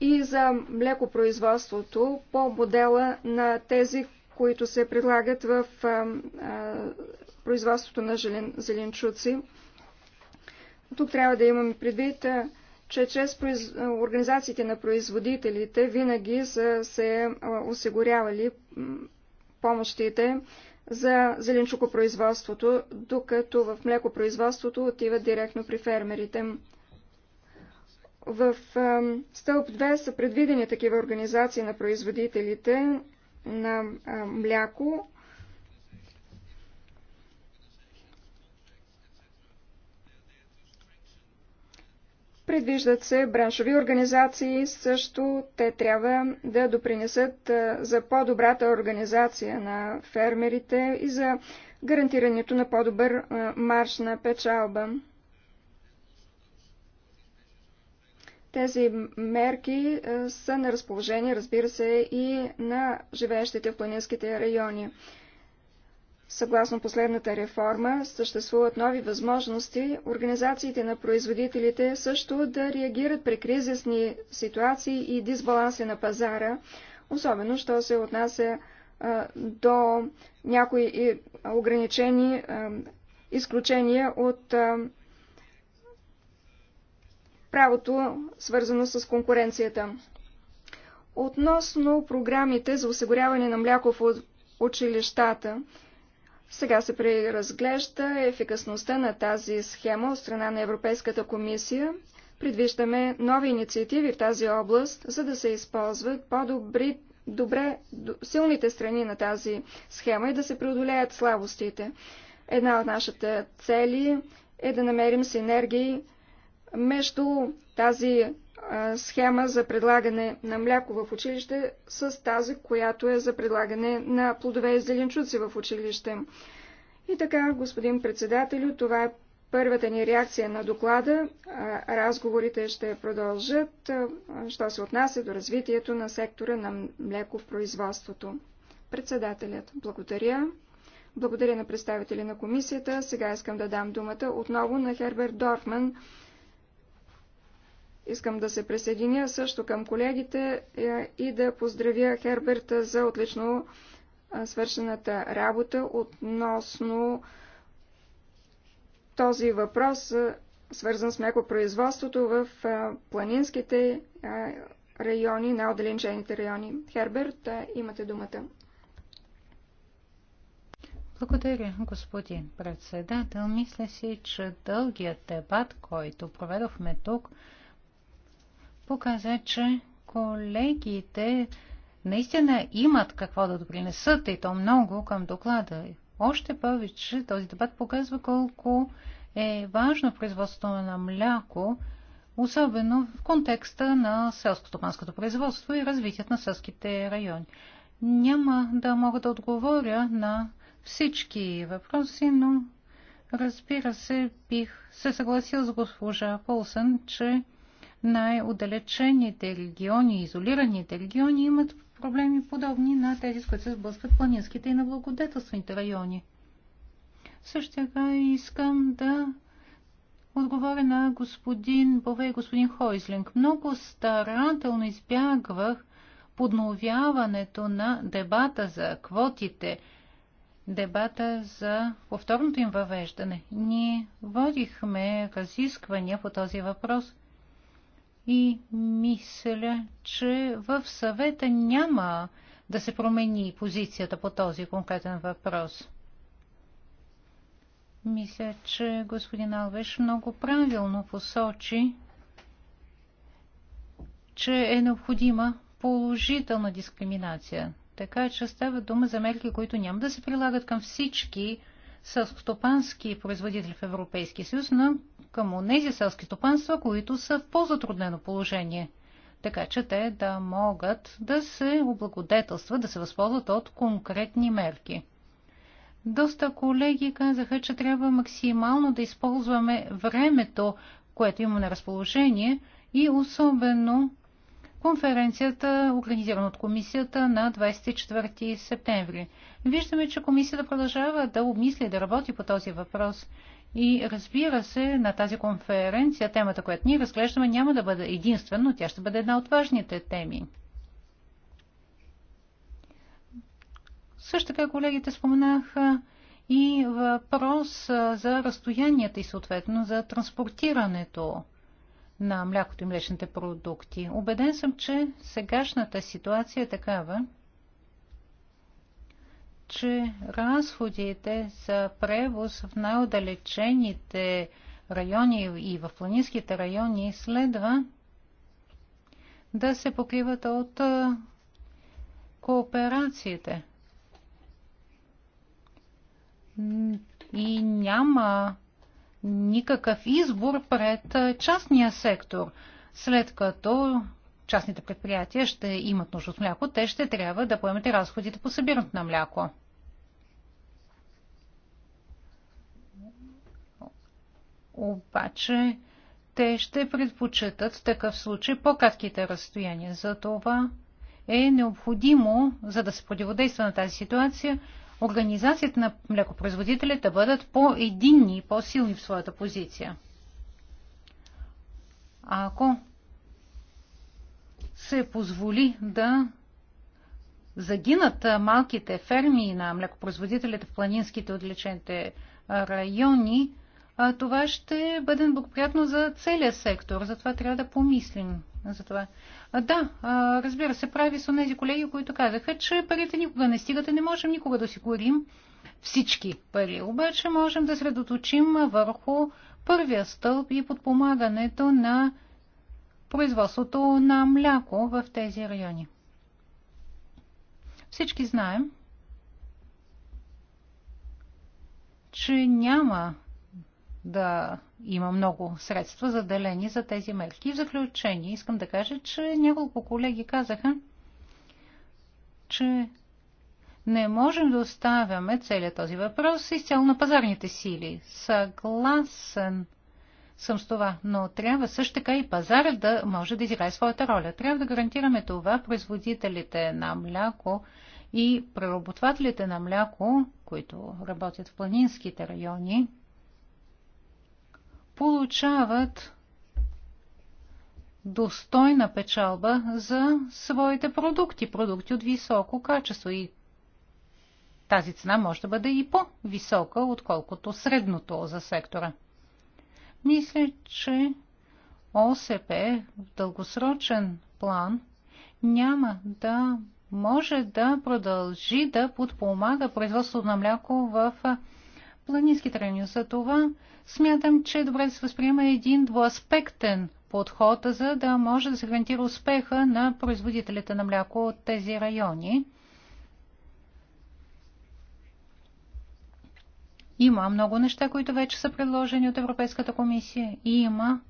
и за млекопроизводството по модела на тези, които се предлагат в производството на желен, зеленчуци. Тук трябва да имаме предвид, че чрез произ... организациите на производителите винаги са се осигурявали помощите за зеленчукопроизводството, докато в млекопроизводството отиват директно при фермерите. В стълб 2 са предвидени такива организации на производителите на мляко, Предвиждат се браншови организации, също те трябва да допринесат за по-добрата организация на фермерите и за гарантирането на по-добър марш на печалба. Тези мерки са на разположение, разбира се, и на живеещите в планинските райони. Съгласно последната реформа, съществуват нови възможности организациите на производителите също да реагират при кризисни ситуации и дисбаланси на пазара, особено що се отнася а, до някои ограничени а, изключения от а, правото, свързано с конкуренцията. Относно програмите за осигуряване на мляко в училищата, сега се преразглежда ефикасността на тази схема от страна на Европейската комисия. Предвиждаме нови инициативи в тази област, за да се използват по-добри, добре, силните страни на тази схема и да се преодолеят слабостите. Една от нашите цели е да намерим синергии между тази схема за предлагане на мляко в училище с тази, която е за предлагане на плодове и зеленчуци в училище. И така, господин председателю, това е първата ни реакция на доклада. Разговорите ще продължат, що се отнася до развитието на сектора на мляко в производството. Председателят, благодаря. Благодаря на представители на комисията. Сега искам да дам думата отново на Херберт Дорфман, Искам да се присъединя също към колегите е, и да поздравя Херберта за отлично свършената работа относно този въпрос, свързан с мекопроизводството в планинските райони, на отдалечените райони. Херберт, имате думата. Благодаря, господин председател. Мисля си, че дългият дебат, който проведохме тук, показа, че колегите наистина имат какво да допринесат и то много към доклада. Още повече този дебат показва колко е важно производството на мляко, особено в контекста на селско топанското производство и развитието на селските райони. Няма да мога да отговоря на всички въпроси, но разбира се, бих се съгласил с госпожа Полсън, че най-отдалечените региони, изолираните региони имат проблеми подобни на тези, с които се сблъскват планинските и благодетелствените райони. Също така искам да отговоря на господин Бове и господин Хойзлинг. Много старателно избягвах подновяването на дебата за квотите, дебата за повторното им въвеждане. Ние водихме разисквания по този въпрос – и мисля, че в съвета няма да се промени позицията по този конкретен въпрос. Мисля, че господин Алвеш много правилно посочи, че е необходима положителна дискриминация. Така че става дума за мерки, които няма да се прилагат към всички селскостопански производители в Европейския съюз, но към онези селски стопанства, които са в по-затруднено положение, така че те да могат да се облагодетелстват, да се възползват от конкретни мерки. Доста колеги казаха, че трябва максимално да използваме времето, което има на разположение и особено конференцията, организирана от комисията на 24 септември. Виждаме, че комисията продължава да обмисли да работи по този въпрос и разбира се, на тази конференция темата, която ние разглеждаме, няма да бъде единствена, но тя ще бъде една от важните теми. Също така колегите споменаха и въпрос за разстоянията и съответно за транспортирането на млякото и млечните продукти. Обеден съм, че сегашната ситуация е такава, че разходите за превоз в най-отдалечените райони и в планинските райони следва да се покриват от кооперациите. И няма никакъв избор пред частния сектор, след като частните предприятия ще имат нужда от мляко, те ще трябва да поемат и разходите по събирането на мляко. Обаче те ще предпочитат в такъв случай по-кратките разстояния. За това е необходимо, за да се противодейства на тази ситуация, организацията на млекопроизводителите да бъдат по-единни и по-силни в своята позиция. А ако се позволи да загинат малките ферми на млекопроизводителите в планинските отличените райони, това ще бъде благоприятно за целия сектор. Затова трябва да помислим за това. Да, разбира се, прави са тези колеги, които казаха, че парите никога не стигат и не можем никога да си горим всички пари. Обаче можем да средоточим върху първия стълб и подпомагането на производството на мляко в тези райони. Всички знаем, че няма да има много средства заделени за тези мерки. в заключение искам да кажа, че няколко колеги казаха, че не можем да оставяме целият този въпрос изцяло на пазарните сили. Съгласен съм с това, но трябва също така и пазара да може да изиграе своята роля. Трябва да гарантираме това производителите на мляко и преработвателите на мляко, които работят в планинските райони, получават достойна печалба за своите продукти, продукти от високо качество и тази цена може да бъде и по-висока, отколкото средното за сектора. Мисля, че ОСП в дългосрочен план няма да може да продължи да подпомага производството на мляко в планинските райони. За това смятам, че е добре да се възприема един двуаспектен подход, за да може да се гарантира успеха на производителите на мляко от тези райони. Има много неща, които вече са предложени от Европейската комисия и има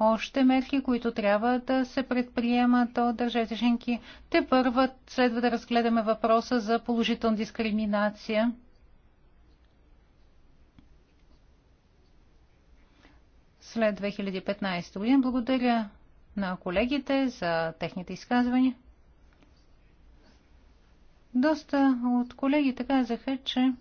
още мерки, които трябва да се предприемат от държавите членки. Те първа следва да разгледаме въпроса за положителна дискриминация. след 2015 година. Благодаря на колегите за техните изказвания. Доста от колегите казаха, че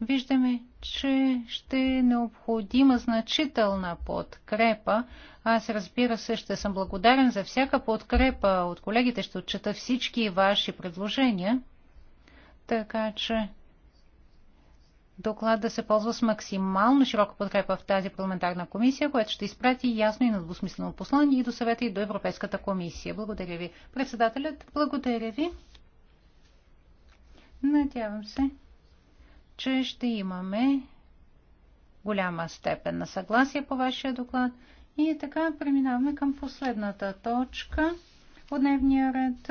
виждаме, че ще е необходима значителна подкрепа. Аз разбира се, ще съм благодарен за всяка подкрепа от колегите, ще отчета всички ваши предложения. Така че доклад да се ползва с максимално широка подкрепа в тази парламентарна комисия, която ще изпрати ясно и надвусмислено послание и до съвета и до Европейската комисия. Благодаря ви. Председателят, благодаря ви. Надявам се, че ще имаме голяма степен на съгласие по вашия доклад. И така преминаваме към последната точка от дневния ред.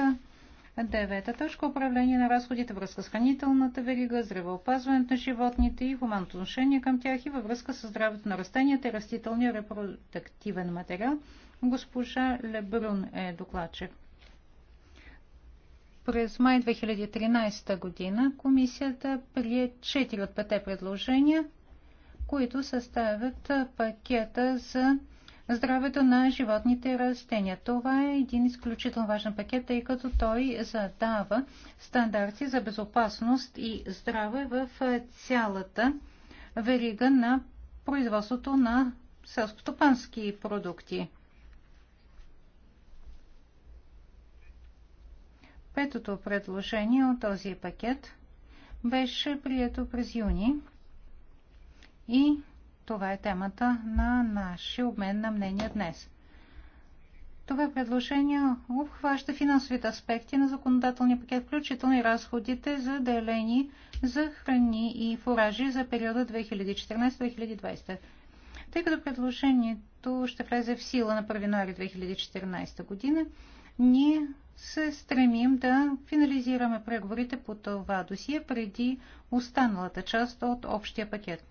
Девета точка управление на разходите връзка с хранителната верига, здравеопазването на животните и хуманното отношение към тях и във връзка с здравето на растенията и растителния репродуктивен материал. Госпожа Лебрун е докладчик. През май 2013 година комисията прие 4 от 5 предложения, които съставят пакета за здравето на животните и растения. Това е един изключително важен пакет, тъй като той задава стандарти за безопасност и здраве в цялата верига на производството на селскостопански продукти. Петото предложение от този пакет беше прието през юни и това е темата на нашия обмен на мнения днес. Това предложение обхваща финансовите аспекти на законодателния пакет, включително и разходите за делени за храни и фуражи за периода 2014-2020. Тъй като предложението ще влезе в сила на 1 януари 2014 година, ние се стремим да финализираме преговорите по това досие преди останалата част от общия пакет.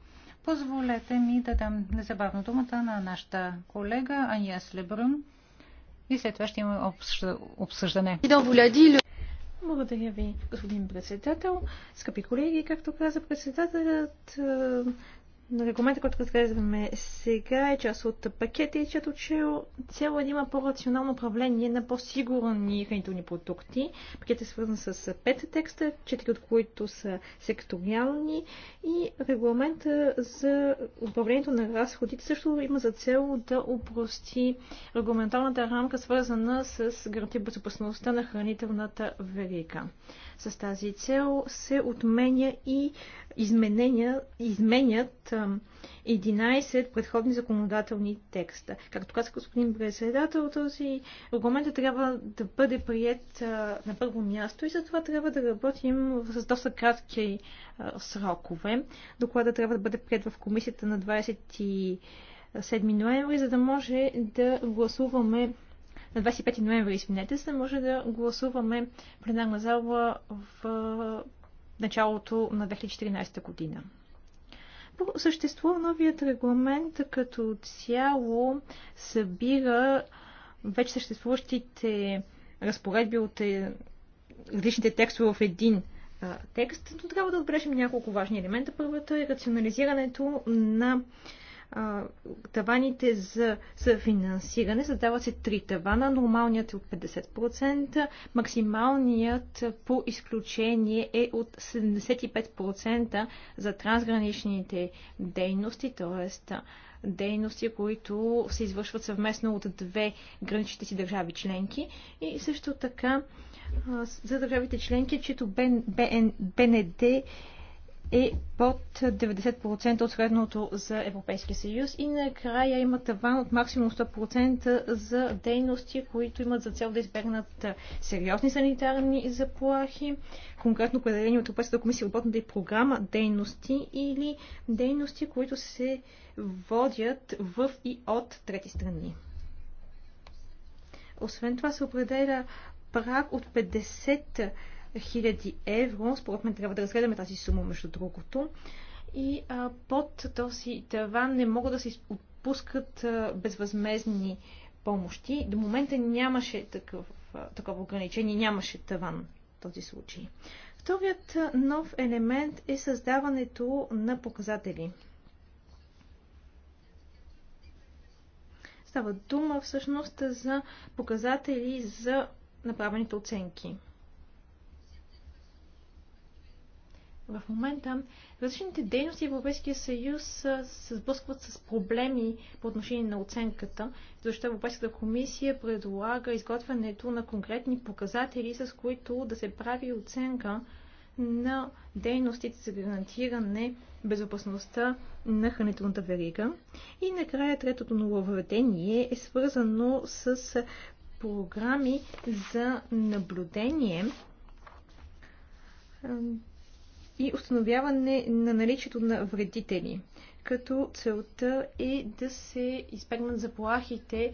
Позволете ми да дам незабавно думата на нашата колега Ания Слебрун и след това ще имаме обсъждане. Благодаря ви, господин председател. Скъпи колеги, както каза председателят, регламента, който разглеждаме сега, е част от пакета и чето цел Цяло е да има по-рационално управление на по-сигурни хранителни продукти. Пакетът е свързан с пет текста, четири от които са секториални и регламента за управлението на разходите също има за цел да упрости регламенталната рамка, свързана с гарантия безопасността на хранителната верига с тази цел, се отменя и изменят 11 предходни законодателни текста. Както каза господин председател, този регламент трябва да бъде прият на първо място и затова трябва да работим с доста кратки срокове. Доклада трябва да бъде прият в комисията на 20 7 ноември, за да може да гласуваме на 25 ноември, извинете, за да може да гласуваме пленарна зала в началото на 2014 година. По същество новият регламент като цяло събира вече съществуващите разпоредби от е, различните текстове в един текст, но трябва да отбележим няколко важни елемента. Първата е рационализирането на а, таваните за, за финансиране. Създават се три тавана. Нормалният е от 50%, максималният по изключение е от 75% за трансграничните дейности, т.е дейности, които се извършват съвместно от две граничните си държави членки и също така за държавите членки, чието БНД е под 90% от средното за Европейския съюз и накрая има таван от максимум 100% за дейности, които имат за цел да избегнат сериозни санитарни заплахи, конкретно определени от Европейската комисия работната и програма дейности или дейности, които се водят в и от трети страни. Освен това се определя прак от 50 Хиляди евро. Според мен трябва да разгледаме тази сума, между другото. И а, под този таван не могат да се отпускат а, безвъзмезни помощи. До момента нямаше такъв, а, такова ограничение, нямаше таван в този случай. Вторият нов елемент е създаването на показатели. Става дума всъщност за показатели за направените оценки. В момента различните дейности в Европейския съюз се сблъскват с проблеми по отношение на оценката, защото Европейската комисия предлага изготвянето на конкретни показатели, с които да се прави оценка на дейностите за гарантиране безопасността на хранителната верига. И накрая третото нововведение е свързано с програми за наблюдение и установяване на наличието на вредители, като целта е да се избегнат заплахите,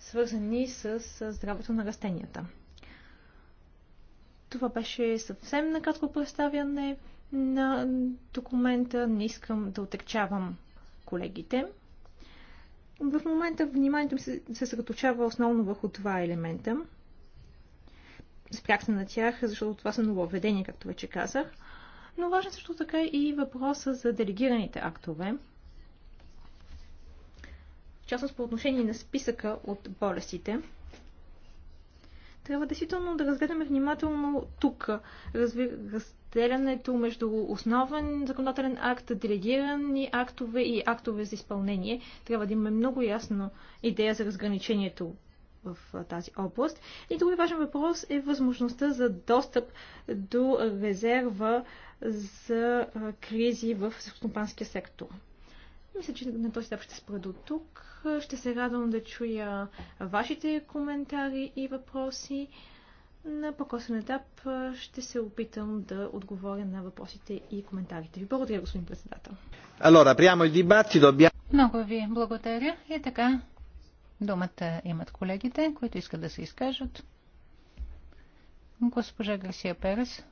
свързани с здравето на растенията. Това беше съвсем накратко представяне на документа. Не искам да отекчавам колегите. В момента вниманието ми се съсредоточава основно върху два елемента. Спрях се на тях, защото това са нововведения, както вече казах но важен е също така и въпроса за делегираните актове. В частност по отношение на списъка от болестите. Трябва действително да разгледаме внимателно тук разви... разделянето между основен законодателен акт, делегирани актове и актове за изпълнение. Трябва да имаме много ясна идея за разграничението в тази област. И друг важен въпрос е възможността за достъп до резерва за кризи в селскостопанския сектор. Мисля, че на този етап ще спра до тук. Ще се радвам да чуя вашите коментари и въпроси. На по-косен етап ще се опитам да отговоря на въпросите и коментарите ви. Благодаря, господин председател. Allora, apriamo il dibattito. Много ви благодаря. И така, думата имат колегите, които искат да се изкажат. Госпожа Гарсия Перес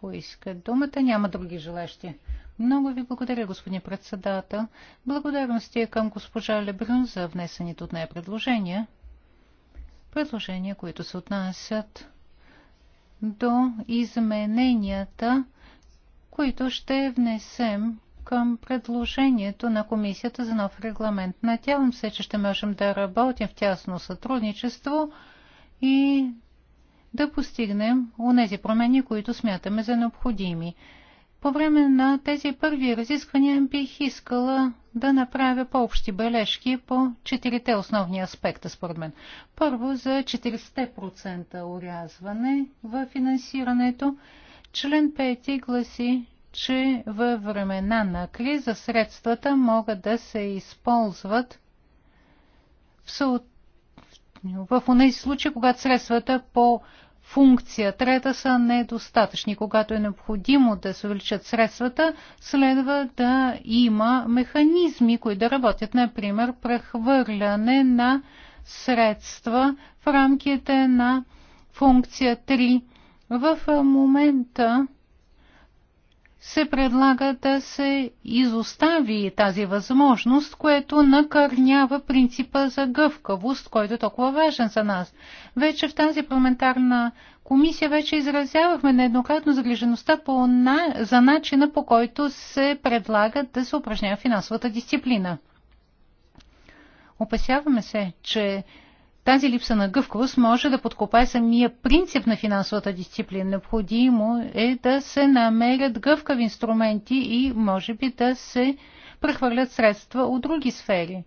поиска думата. Няма други желащи. Много ви благодаря, господин председател. Благодарности е към госпожа Лебрун за внесените от нея предложения. Предложения, които се отнасят до измененията, които ще внесем към предложението на Комисията за нов регламент. Надявам се, че ще можем да работим в тясно сътрудничество и да постигнем онези промени, които смятаме за необходими. По време на тези първи разисквания бих искала да направя по-общи бележки по четирите основни аспекта, според мен. Първо, за 40% урязване в финансирането. Член 5 гласи, че във времена на криза средствата могат да се използват в съответствие в тези случаи, когато средствата по функция трета са недостатъчни. Когато е необходимо да се увеличат средствата, следва да има механизми, които да работят. Например, прехвърляне на средства в рамките на функция 3. В момента се предлага да се изостави тази възможност, което накърнява принципа за гъвкавост, който е толкова важен за нас. Вече в тази парламентарна комисия вече изразявахме нееднократно загрижеността по на... за начина по който се предлага да се упражнява финансовата дисциплина. Опасяваме се, че тази липса на гъвкавост може да подкопае самия принцип на финансовата дисциплина. Необходимо е да се намерят гъвкави инструменти и може би да се прехвърлят средства от други сфери.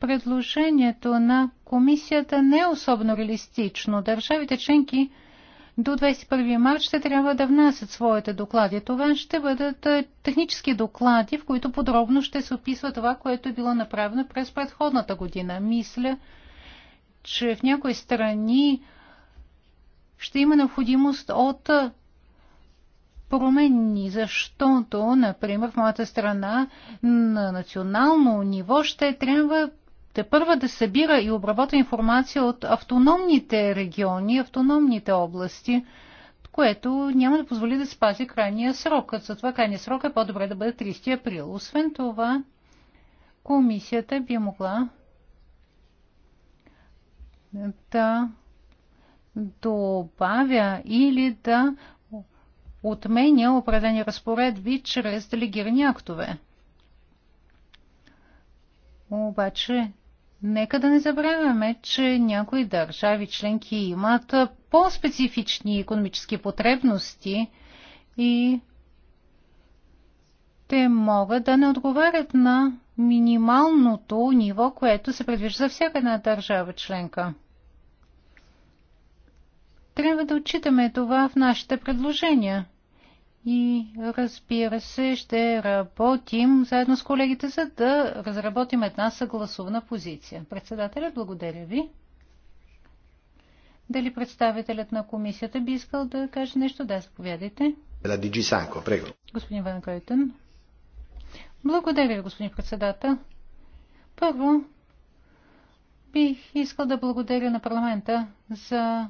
Предложението на комисията не е особено реалистично. Държавите членки – до 21 марта ще трябва да внасят своите доклади. Това ще бъдат е, технически доклади, в които подробно ще се описва това, което е било направено през предходната година. Мисля, че в някои страни ще има необходимост от е, промени, защото, например, в моята страна на национално ниво ще трябва те първа да събира и обработва информация от автономните региони, автономните области, което няма да позволи да спази крайния срок. Затова крайния срок е по-добре да бъде 30 април. Освен това, комисията би могла да добавя или да отменя определени разпоредби чрез делегирани актове. Обаче Нека да не забравяме, че някои държави членки имат по-специфични економически потребности и те могат да не отговарят на минималното ниво, което се предвижда за всяка една държава членка. Трябва да отчитаме това в нашите предложения. И разбира се, ще работим заедно с колегите, за да разработим една съгласувана позиция. Председателя, благодаря ви. Дали представителят на комисията би искал да каже нещо? Да, заповядайте. Господин Ван Кройтън. Благодаря ви, господин председател. Първо, бих искал да благодаря на парламента за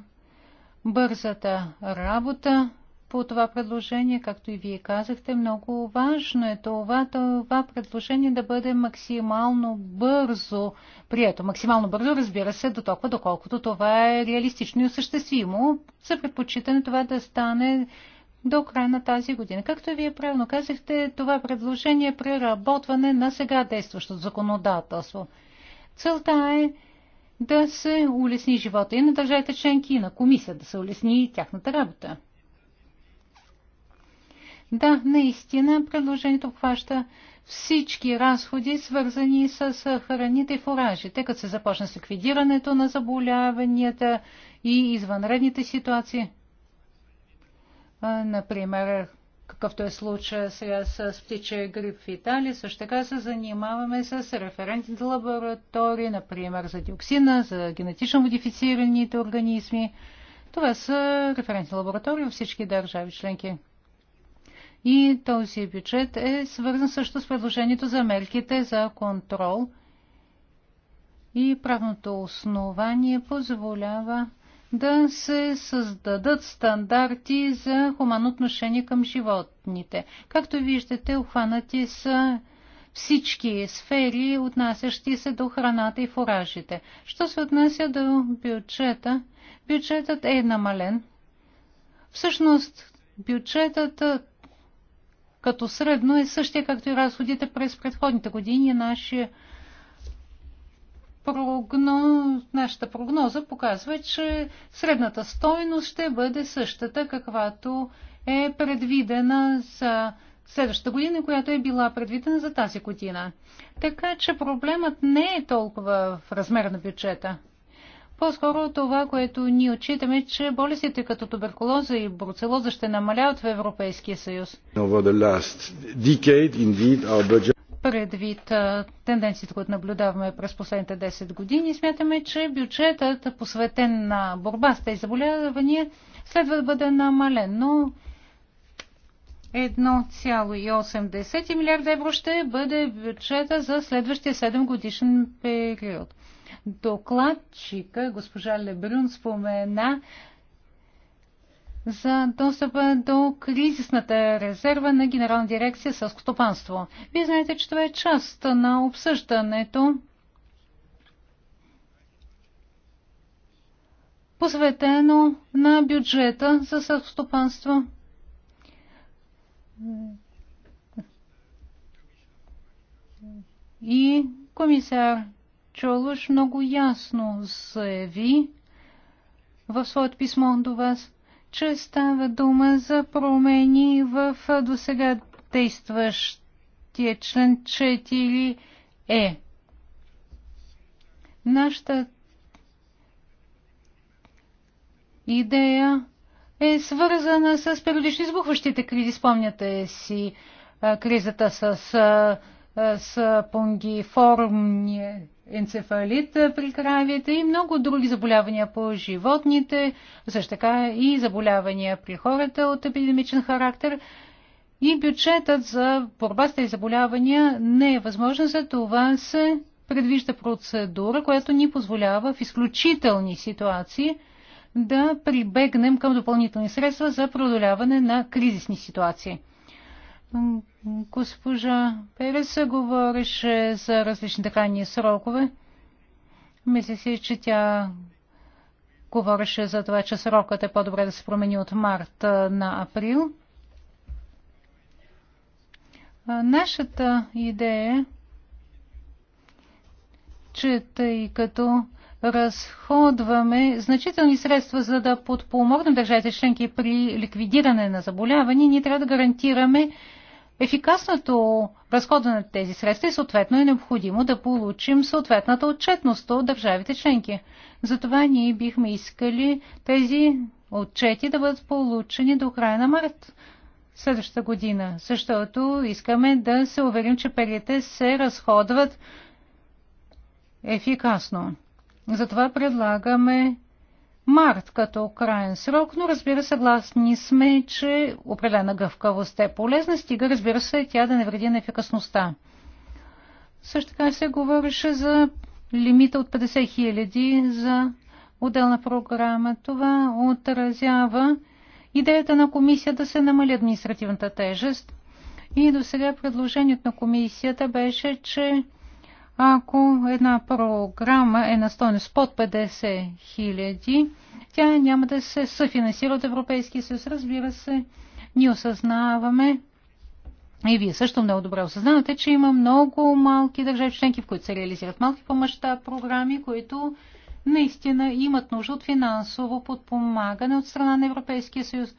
бързата работа, по това предложение, както и вие казахте. Много важно е това, това предложение да бъде максимално бързо прието. Максимално бързо, разбира се, до толкова, доколкото това е реалистично и осъществимо. За предпочитане това да стане до края на тази година. Както и вие правилно казахте, това предложение е преработване на сега действащото законодателство. Целта е да се улесни живота и на държавите членки, и на комисията да се улесни тяхната работа. Да, наистина предложението обхваща всички разходи, свързани с храните и фуражи, тъй като се започна с ликвидирането на заболяванията и извънредните ситуации. Например, какъвто е случая сега с птичия грип в Италия, също така се занимаваме с референтните лаборатории, например за диоксина, за генетично модифицираните организми. Това са референтни лаборатории във всички държави членки. И този бюджет е свързан също с предложението за мерките за контрол. И правното основание позволява да се създадат стандарти за хуманно отношение към животните. Както виждате, обхванати са всички сфери, отнасящи се до храната и фуражите. Що се отнася до бюджета? Бюджетът е намален. Всъщност, бюджетът като средно е същия, както и разходите през предходните години. Нашия прогноз, нашата прогноза показва, че средната стойност ще бъде същата, каквато е предвидена за следващата година, която е била предвидена за тази година. Така че проблемът не е толкова в размер на бюджета. По-скоро това, което ние отчитаме, е, че болестите като туберкулоза и бруцелоза ще намаляват в Европейския съюз. Предвид тенденциите, които наблюдаваме през последните 10 години, смятаме, че бюджетът, посветен на борба с тези заболявания, следва да бъде намален. Но 1,8 милиарда евро ще бъде бюджета за следващия 7 годишен период. Докладчика госпожа Лебрюн спомена за достъпа до кризисната резерва на Генерална дирекция Сълско стопанство. Вие знаете, че това е част на обсъждането посветено на бюджета за съвстопанство. И комисар Чолуш много ясно заяви в своят писмо до вас, че става дума за промени в досега действащия член 4е. Нашата идея е свързана с периодични избухващите кризи. Спомняте си кризата с, с, с форумния енцефалит при кравите и много други заболявания по животните, също така и заболявания при хората от епидемичен характер. И бюджетът за борба с тези заболявания не е възможен, за това се предвижда процедура, която ни позволява в изключителни ситуации да прибегнем към допълнителни средства за преодоляване на кризисни ситуации. Госпожа Перес говореше за различни крайни срокове. Мисля си, че тя говореше за това, че срокът е по-добре да се промени от март на април. Нашата идея е, че тъй като разходваме значителни средства, за да подпомогнем държавите членки при ликвидиране на заболяване, ние трябва да гарантираме, ефикасното разходване на тези средства и съответно е необходимо да получим съответната отчетност от държавите членки. Затова ние бихме искали тези отчети да бъдат получени до края на март следващата година, защото искаме да се уверим, че парите се разходват ефикасно. Затова предлагаме март като крайен срок, но разбира се, съгласни сме, че определена гъвкавост е полезна, стига разбира се тя да не вреди на ефикасността. Също така се говореше за лимита от 50 хиляди за отделна програма. Това отразява идеята на комисията да се намали административната тежест. И до сега предложението на комисията беше, че ако една програма е на стойност под 50 хиляди, тя няма да се съфинансира от Европейския съюз. Разбира се, ние осъзнаваме и вие също много добре осъзнавате, че има много малки държави членки, в които се реализират малки по мащаб програми, които наистина имат нужда от финансово подпомагане от страна на Европейския съюз.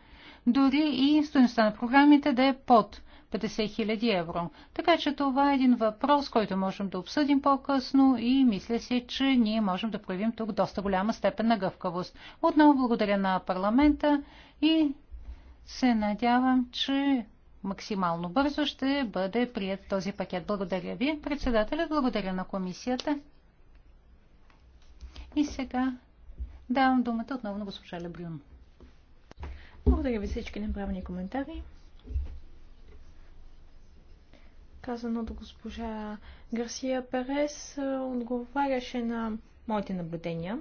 Дори и стоеността на програмите да е под 50 000 евро. Така че това е един въпрос, който можем да обсъдим по-късно и мисля си, че ние можем да проявим тук доста голяма степен на гъвкавост. Отново благодаря на парламента и се надявам, че максимално бързо ще бъде прият този пакет. Благодаря ви, председателя, благодаря на комисията. И сега давам думата отново на госпожа Лебрюн. Благодаря ви всички направени коментари. казано от госпожа Гарсия Перес, отговаряше на моите наблюдения.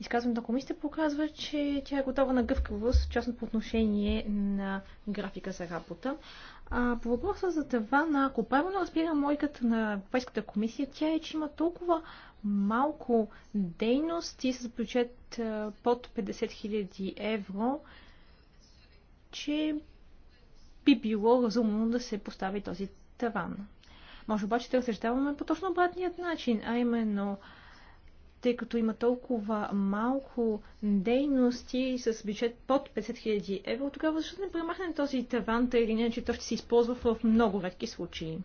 Изказването на комисията показва, че тя е готова на гъвкавост, частно по отношение на графика за работа. А, по въпроса за на, ако правилно разбирам логиката на Европейската комисия, тя е, че има толкова малко дейности с бюджет под 50 000 евро, че би било разумно да се постави този таван. Може обаче да разсъждаваме по точно обратният начин, а именно тъй като има толкова малко дейности с бюджет под 50 000 евро, тогава защо не премахнем този таван, тъй или иначе той ще се използва в много редки случаи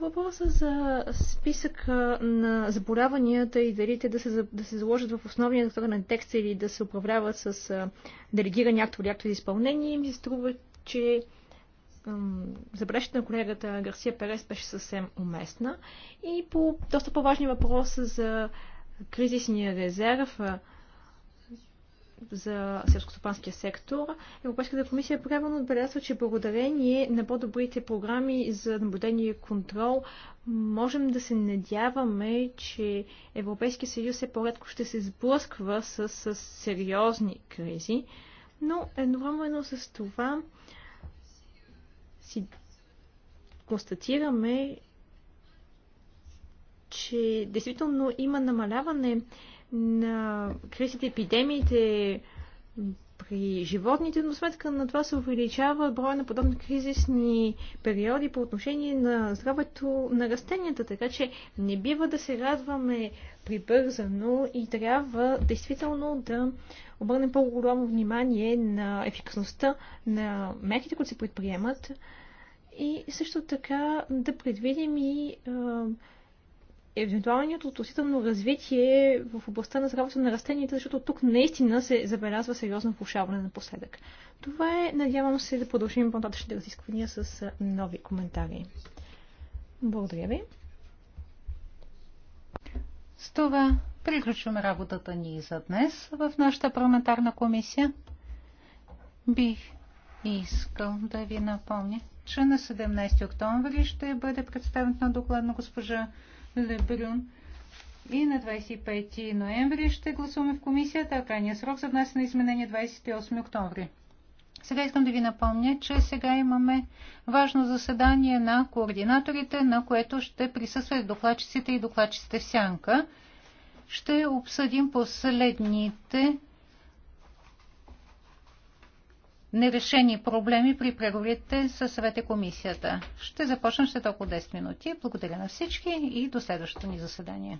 въпроса за списък на заболяванията и дали те да се, да се заложат в основния докторен текст или да се управляват с делегирани актове или актове за изпълнение, ми се струва, че забележката на колегата Гарсия Перес беше съвсем уместна. И по доста по-важни въпроса за кризисния резерв, за селскостопанския сектор, Европейската комисия правилно отбелязва, че благодарение на по-добрите програми за наблюдение и контрол можем да се надяваме, че Европейския съюз все по-редко ще се сблъсква с, с сериозни кризи, но едновременно с това си констатираме, че действително има намаляване на кризите, епидемиите при животните, но сметка на това се увеличава броя на подобни кризисни периоди по отношение на здравето на растенията, така че не бива да се радваме прибързано и трябва действително да обърнем по-голямо внимание на ефикасността на мерките, които се предприемат и също така да предвидим и евентуалният относително развитие в областта на здравето на растенията, защото тук наистина се забелязва сериозно влушаване напоследък. Това е, надявам се, да продължим по-нататъчните разисквания с нови коментари. Благодаря ви. С това приключваме работата ни за днес в нашата парламентарна комисия. Бих искал да ви напомня, че на 17 октомври ще бъде представен на доклад на госпожа Лебрюн. И на 25 ноември ще гласуваме в комисията, а крайният срок за внасяне на изменение 28 октомври. Сега искам да ви напомня, че сега имаме важно заседание на координаторите, на което ще присъстват докладчиците и докладчиците в сянка. Ще обсъдим последните нерешени проблеми при преговорите с Съвете комисията. Ще започна след около 10 минути. Благодаря на всички и до следващото ни заседание.